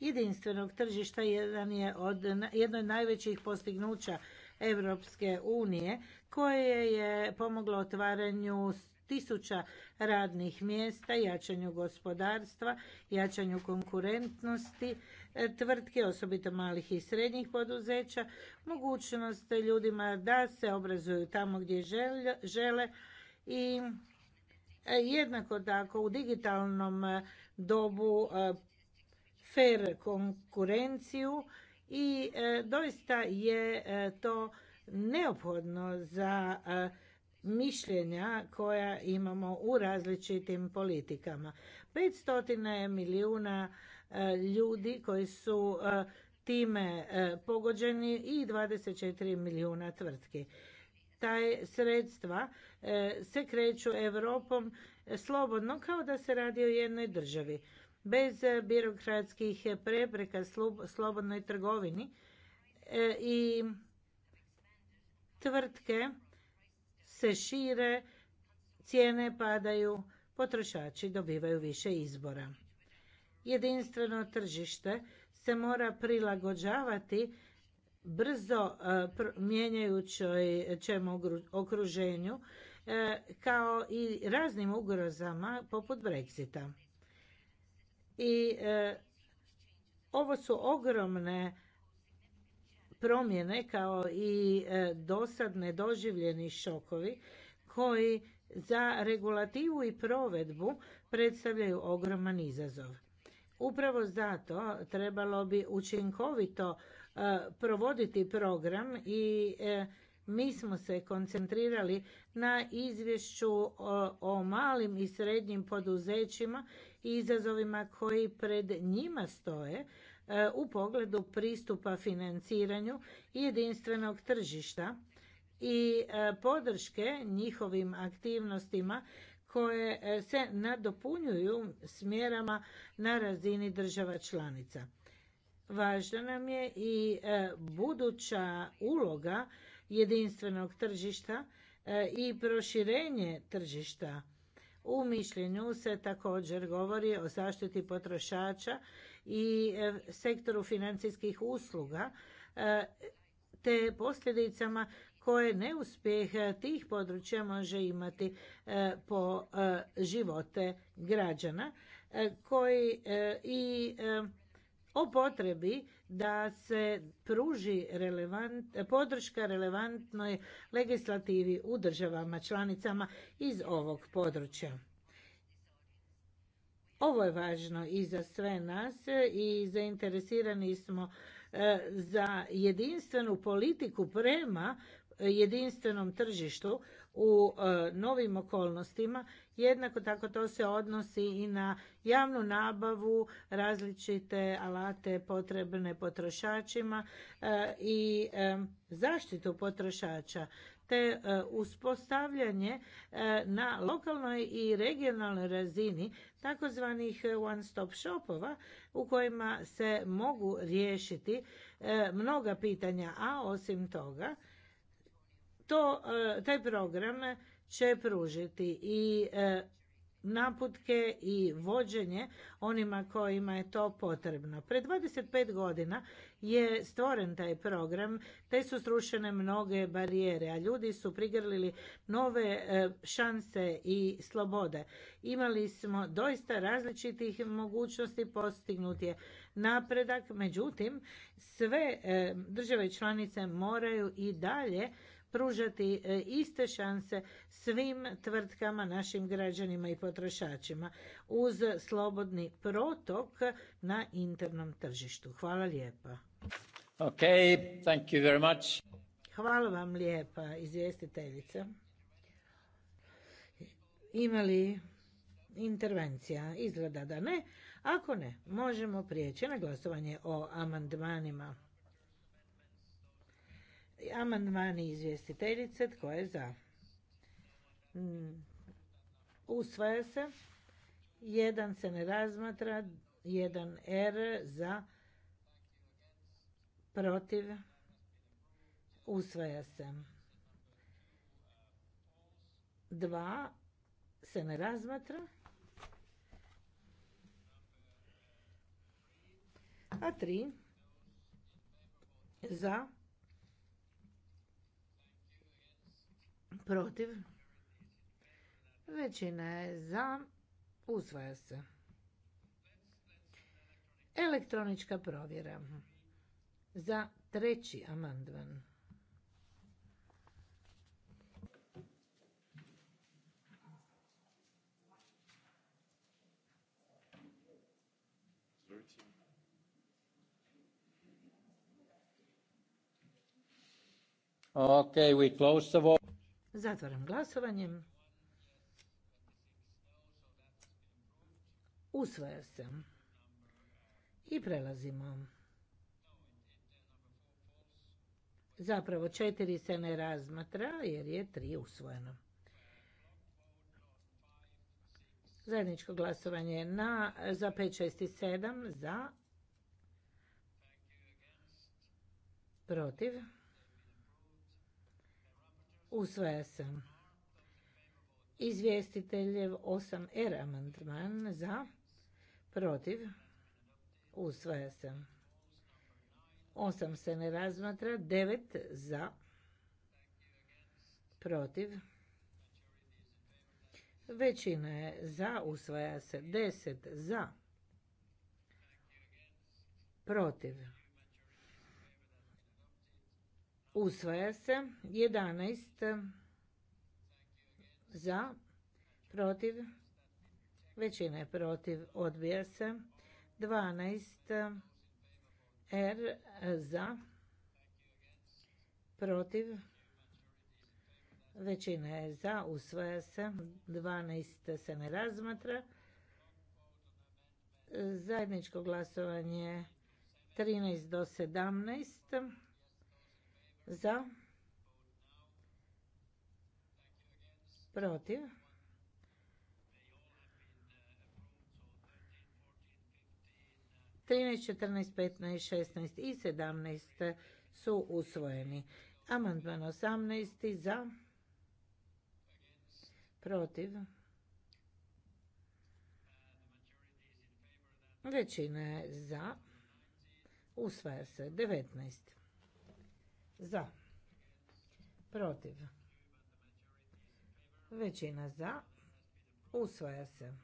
jedinstvenog tržišta jedan je od, jedno od najvećih postignuća Europske unije koje je pomoglo otvaranju tisuća radnih mjesta, jačanju gospodarstva, jačanju konkurentnosti e, tvrtke, osobito malih i srednjih poduzeća, mogućnost ljudima da se obrazuju tamo gdje žele i e, jednako tako u digitalnom e, dobu fer konkurenciju i doista je to neophodno za mišljenja koja imamo u različitim politikama. 500 milijuna e, ljudi koji su e, time e, pogođeni i 24 milijuna tvrtki. Taj sredstva se kreću Evropom slobodno kao da se radi o jednoj državi. Bez birokratskih prepreka slobodnoj trgovini i tvrtke se šire, cijene padaju, potrošači dobivaju više izbora. Jedinstveno tržište se mora prilagođavati brzo e, mijenjajućoj čemu okruženju e, kao i raznim ugrozama poput Brexita. I e, ovo su ogromne promjene kao i e, dosadne nedoživljeni šokovi koji za regulativu i provedbu predstavljaju ogroman izazov. Upravo zato trebalo bi učinkovito e, provoditi program i e, mi smo se koncentrirali na izvješću o malim i srednjim poduzećima i izazovima koji pred njima stoje, E, u pogledu pristupa financiranju jedinstvenog tržišta i e, podrške njihovim aktivnostima koje e, se nadopunjuju s mjerama na razini država članica. Važna nam je i buduća uloga jedinstvenog tržišta i proširenje tržišta. U mišljenju se također govori o zaštiti potrošača i e, sektoru financijskih usluga e, te posljedicama koje neuspjeh tih područja može imati e, po živote građana koji i o potrebi da se pruži relevant, podrška relevantnoj legislativi u državama članicama iz ovog područja. Ovo je važno i za sve nas i zainteresirani smo e, za jedinstvenu politiku prema jedinstvenom tržištu u e, novim okolnostima. Jednako tako to se odnosi i na javnu nabavu, različite alate potrebne potrošačima e, i zaštitu potrošača te uspostavljanje na lokalnoj i regionalnoj razini takozvanih eh, one-stop shopova u kojima se mogu riješiti eh, mnoga pitanja, a osim toga to, eh, taj program će pružiti i naputke i vođenje onima kojima je to potrebno. Pred 25 godina je stvoren taj program, te su srušene mnoge barijere, a ljudi su prigrlili nove e, šanse i slobode. Imali smo doista različitih mogućnosti, postignuti je napredak, međutim sve e, države članice moraju i dalje pružati e, iste šanse svim tvrtkama, našim građanima i potrošačima uz slobodni protok na internom tržištu. Hvala lijepa. Okay, thank you very much. Hvala vam lijepa, izvjestiteljica. Imali intervencija? Izgleda da ne. Ako ne, možemo prijeći na glasovanje o amandmanima. Amandmani izvjestiteljice, tko je za? Mm. Usvaja se. Jedan se ne razmatra, jedan R za, protiv, usvaja se. Dva se ne razmatra. A tri za, protiv, većina je za, usvaja se. Elektronička provjera za treći amandman. Okay, we close the Zatvaram glasovanje. Usvaja se. I prelazimo. Zapravo četiri se ne razmatra jer je tri usvojeno. Zajedničko glasovanje na, za 5, 6 i 7 za protiv. Usvaja se. Izvjestiteljev 8R amandman za, protiv, usvaja se. 8 se ne razmatra, 9 za, protiv, većina je za, usvaja se, 10 za, protiv, Usvaja se. 11 za, protiv, većina je protiv, odbija se. 12 R za, protiv, većina je za, usvaja se. 12 se ne razmatra. Zajedničko glasovanje 13 do 17. Za. Protiv. Trinaest, četrnaest, petnaest, šesnaest i sedamnaest su usvojeni. Amandman osamnaest za. Protiv. Većina je za. Usvaja se. devetnaest za protiv većina za usvaja se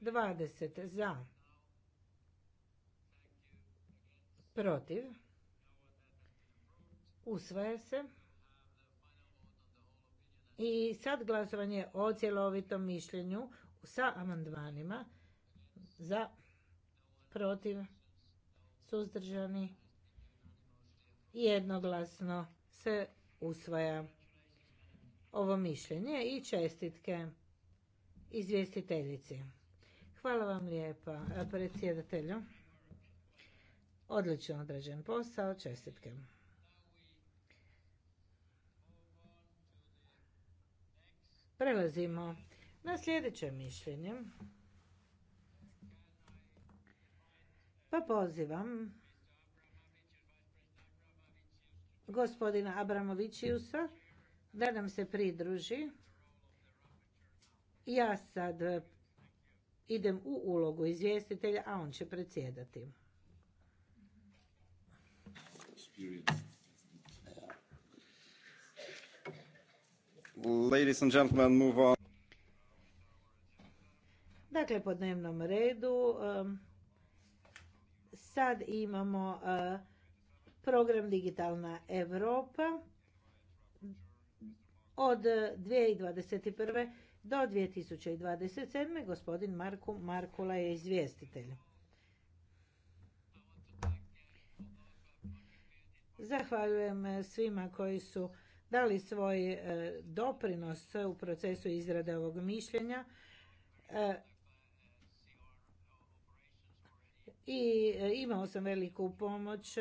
20 za protiv usvaja se i sad glasovanje o cjelovitom mišljenju sa amandmanima za protiv suzdržani jednoglasno se usvaja ovo mišljenje i čestitke izvjestiteljici. Hvala vam lijepa e, predsjedatelju. Odlično određen posao, čestitke. Prelazimo na sljedeće mišljenje. Pa pozivam gospodina Abramovićijusa, da nam se pridruži. Ja sad eh, idem u ulogu izvjestitelja, a on će predsjedati. Ladies and gentlemen, move on. Dakle, po dnevnom redu eh, sad imamo eh, program Digitalna Europa od 2021. do 2027. Gospodin Marku Markula je izvjestitelj. Zahvaljujem svima koji su dali svoj e, doprinos u procesu izrade ovog mišljenja. E, I e, imao sam veliku pomoć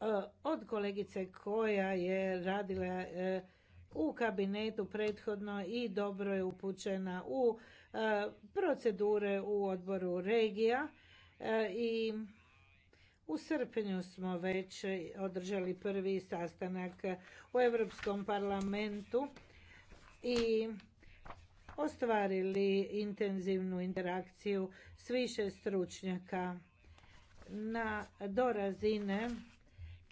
Eh, od kolegice koja je radila eh, u kabinetu prethodno i dobro je upućena u eh, procedure u odboru regija i u srpnju smo već održali prvi sastanak u Europskom parlamentu i ostvarili intenzivnu interakciju s više stručnjaka na do razine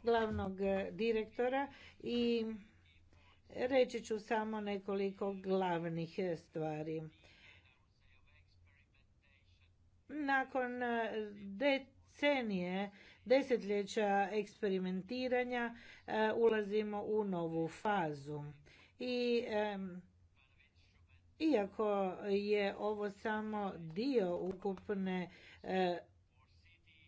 glavnog e, direktora i reći ću samo nekoliko glavnih e, stvari. Nakon e, decenije, desetljeća eksperimentiranja ulazimo u novu fazu. I iako je ovo samo dio ukupne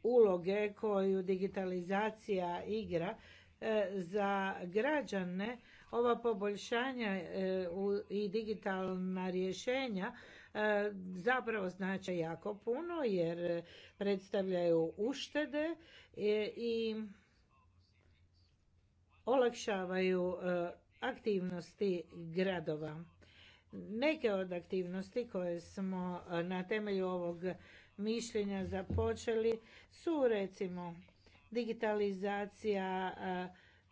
uloge koju digitalizacija igra e, za građane ova poboljšanja e, i digitalna rješenja e, zapravo znače jako puno jer predstavljaju uštede i olakšavaju aktivnosti gradova. Neke od aktivnosti koje smo na temelju ovog mišljenja započeli su recimo digitalizacija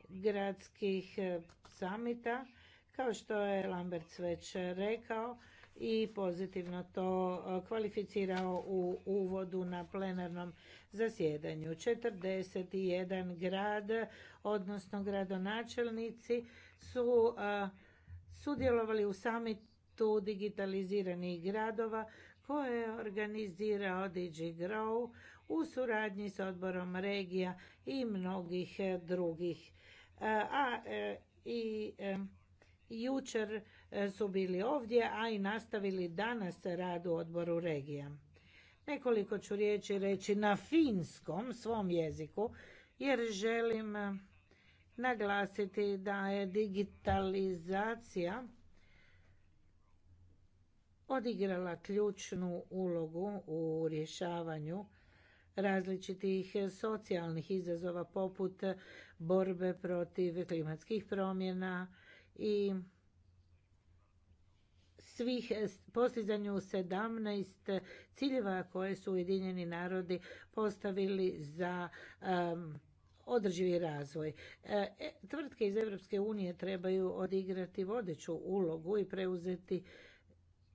gradskih e, samita kao što je Lambert već rekao i pozitivno to e, kvalificirao u uvodu na plenarnom zasjedanju. 41 grad, odnosno gradonačelnici, su e, sudjelovali u samitu digitaliziranih gradova koje je organizirao DJ Grow u suradnji s odborom regija i mnogih e, drugih. E, a e, i jučer su bili ovdje, a i nastavili danas rad u odboru regija. Nekoliko ću riječi reći na finskom svom jeziku, jer želim naglasiti da je digitalizacija odigrala ključnu ulogu u rješavanju različitih socijalnih izazova poput borbe protiv klimatskih promjena i svih postizanju 17 ciljeva koje su Ujedinjeni narodi postavili za održivi razvoj. E, e, tvrtke iz Europske unije trebaju odigrati vodeću ulogu i preuzeti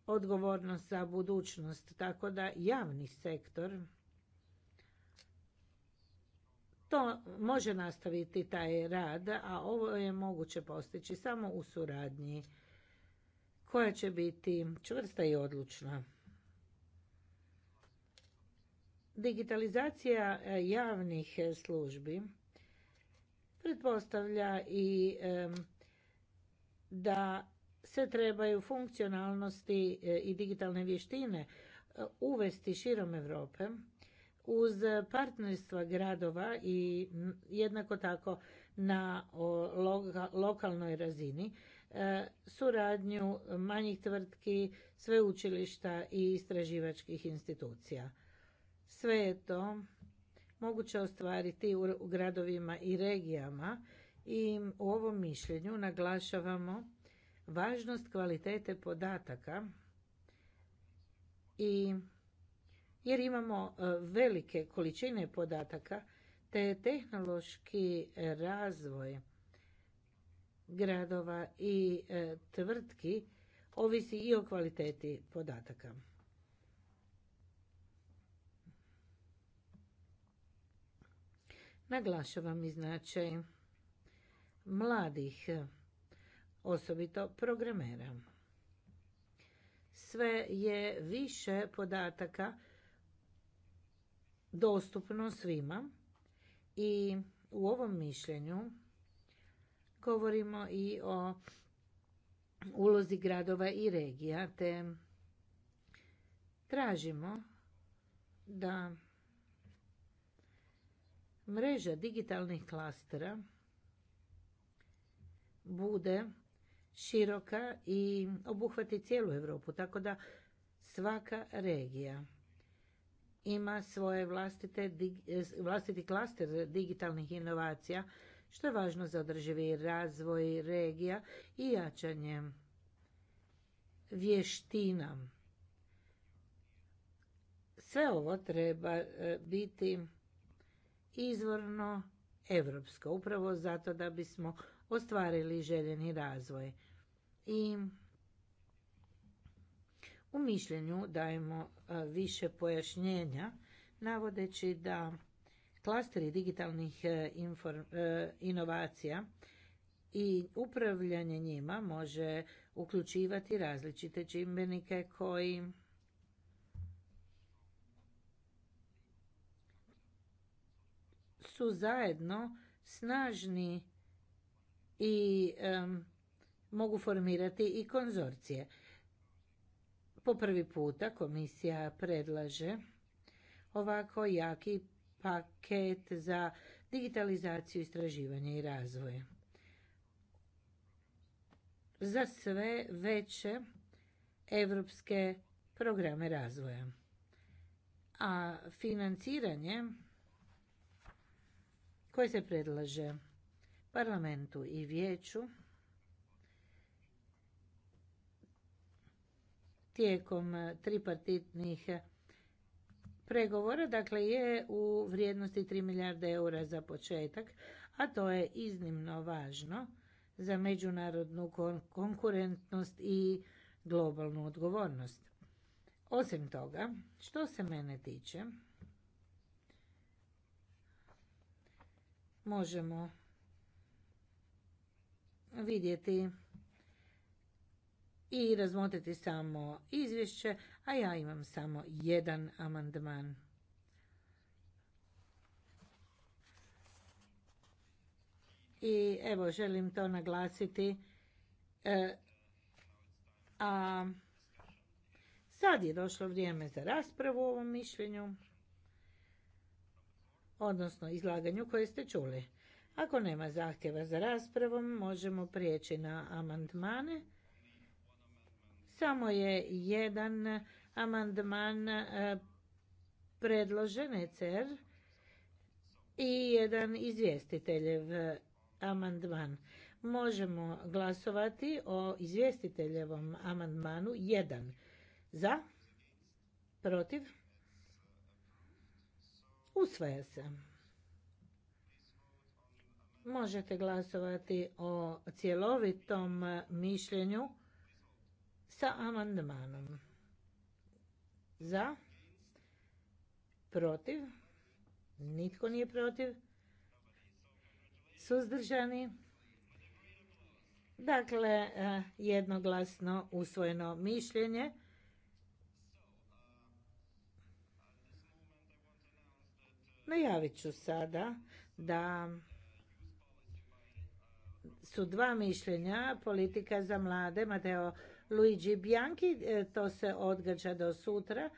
odgovornost za budućnost. Tako da javni sektor to može nastaviti taj rad, a ovo je moguće postići samo u suradnji koja će biti čvrsta i odlučna. Digitalizacija javnih službi pretpostavlja i da se trebaju funkcionalnosti e, i digitalne vještine e, uvesti širom Europe uz partnerstva gradova i jednako tako na lokalnoj razini e, suradnju manjih tvrtki, sveučilišta i istraživačkih institucija. Sve je to moguće ostvariti u gradovima i regijama i u ovom mišljenju naglašavamo važnost kvalitete podataka i jer imamo e, velike količine podataka te tehnološki razvoj gradova i e, tvrtki ovisi i o kvaliteti podataka. Naglašavam i značaj mladih osobito programera. Sve je više podataka dostupno svima i u ovom mišljenju govorimo i o ulozi gradova i regija te tražimo da mreža digitalnih klastera bude široka i obuhvati cijelu Europu, tako da svaka regija ima svoje vlastite, vlastiti klaster digitalnih inovacija, što je važno za održivi razvoj regija i jačanje vještina. Sve ovo treba e, biti izvorno evropsko, upravo zato da bismo ostvarili željeni razvoj. I u mišljenju dajemo e, više pojašnjenja navodeći da klasteri digitalnih e, e, inovacija i upravljanje njima može uključivati različite čimbenike koji su zajedno snažni i mogu formirati i konzorcije. Po prvi puta komisija predlaže ovako jaki paket za digitalizaciju, istraživanje i razvoje. Za sve veće evropske programe razvoja. A financiranje koje se predlaže parlamentu i vijeću tijekom tripartitnih pregovora, dakle je u vrijednosti 3 milijarde eura za početak, a to je iznimno važno za međunarodnu konkurentnost i globalnu odgovornost. Osim toga, što se mene tiče, možemo vidjeti i razmotriti samo izvješće, a ja imam samo jedan amandman. I evo, želim to naglasiti. E, a sad je došlo vrijeme za raspravu o ovom mišljenju, odnosno izlaganju koje ste čuli. Ako nema zahtjeva za raspravom, možemo prijeći na amandmane. Samo je jedan amandman e, predložen ECR i jedan izvjestiteljev e, amandman. Možemo glasovati o izvjestiteljevom amandmanu 1. Za? Protiv? Usvaja se možete glasovati o cjelovitom mišljenju sa amandmanom. Za? Protiv? Nitko nije protiv? Suzdržani? Dakle, e, jednoglasno usvojeno mišljenje. Najavit ću sada da su dva mišljenja, politika za mlade, Mateo Luigi Bianchi, e, to se odgađa do sutra,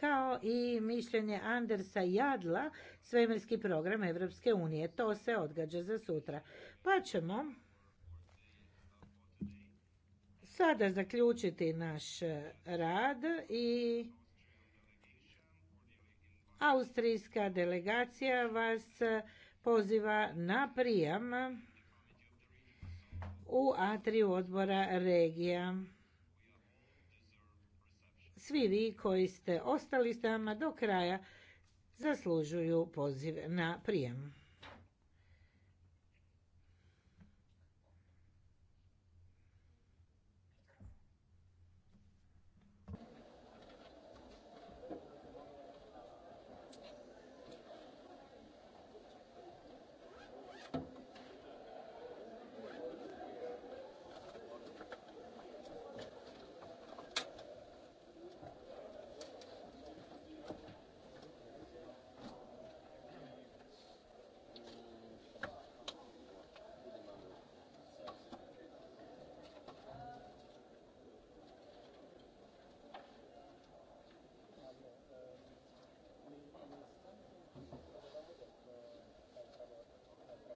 kao i mišljenje Andersa Jadla, svemirski program Evropske unije. To se odgađa za sutra. Pa ćemo sada zaključiti naš e, rad i austrijska delegacija vas poziva na prijam u atriju odbora regija. Svi vi koji ste ostali s nama do kraja zaslužuju poziv na prijem.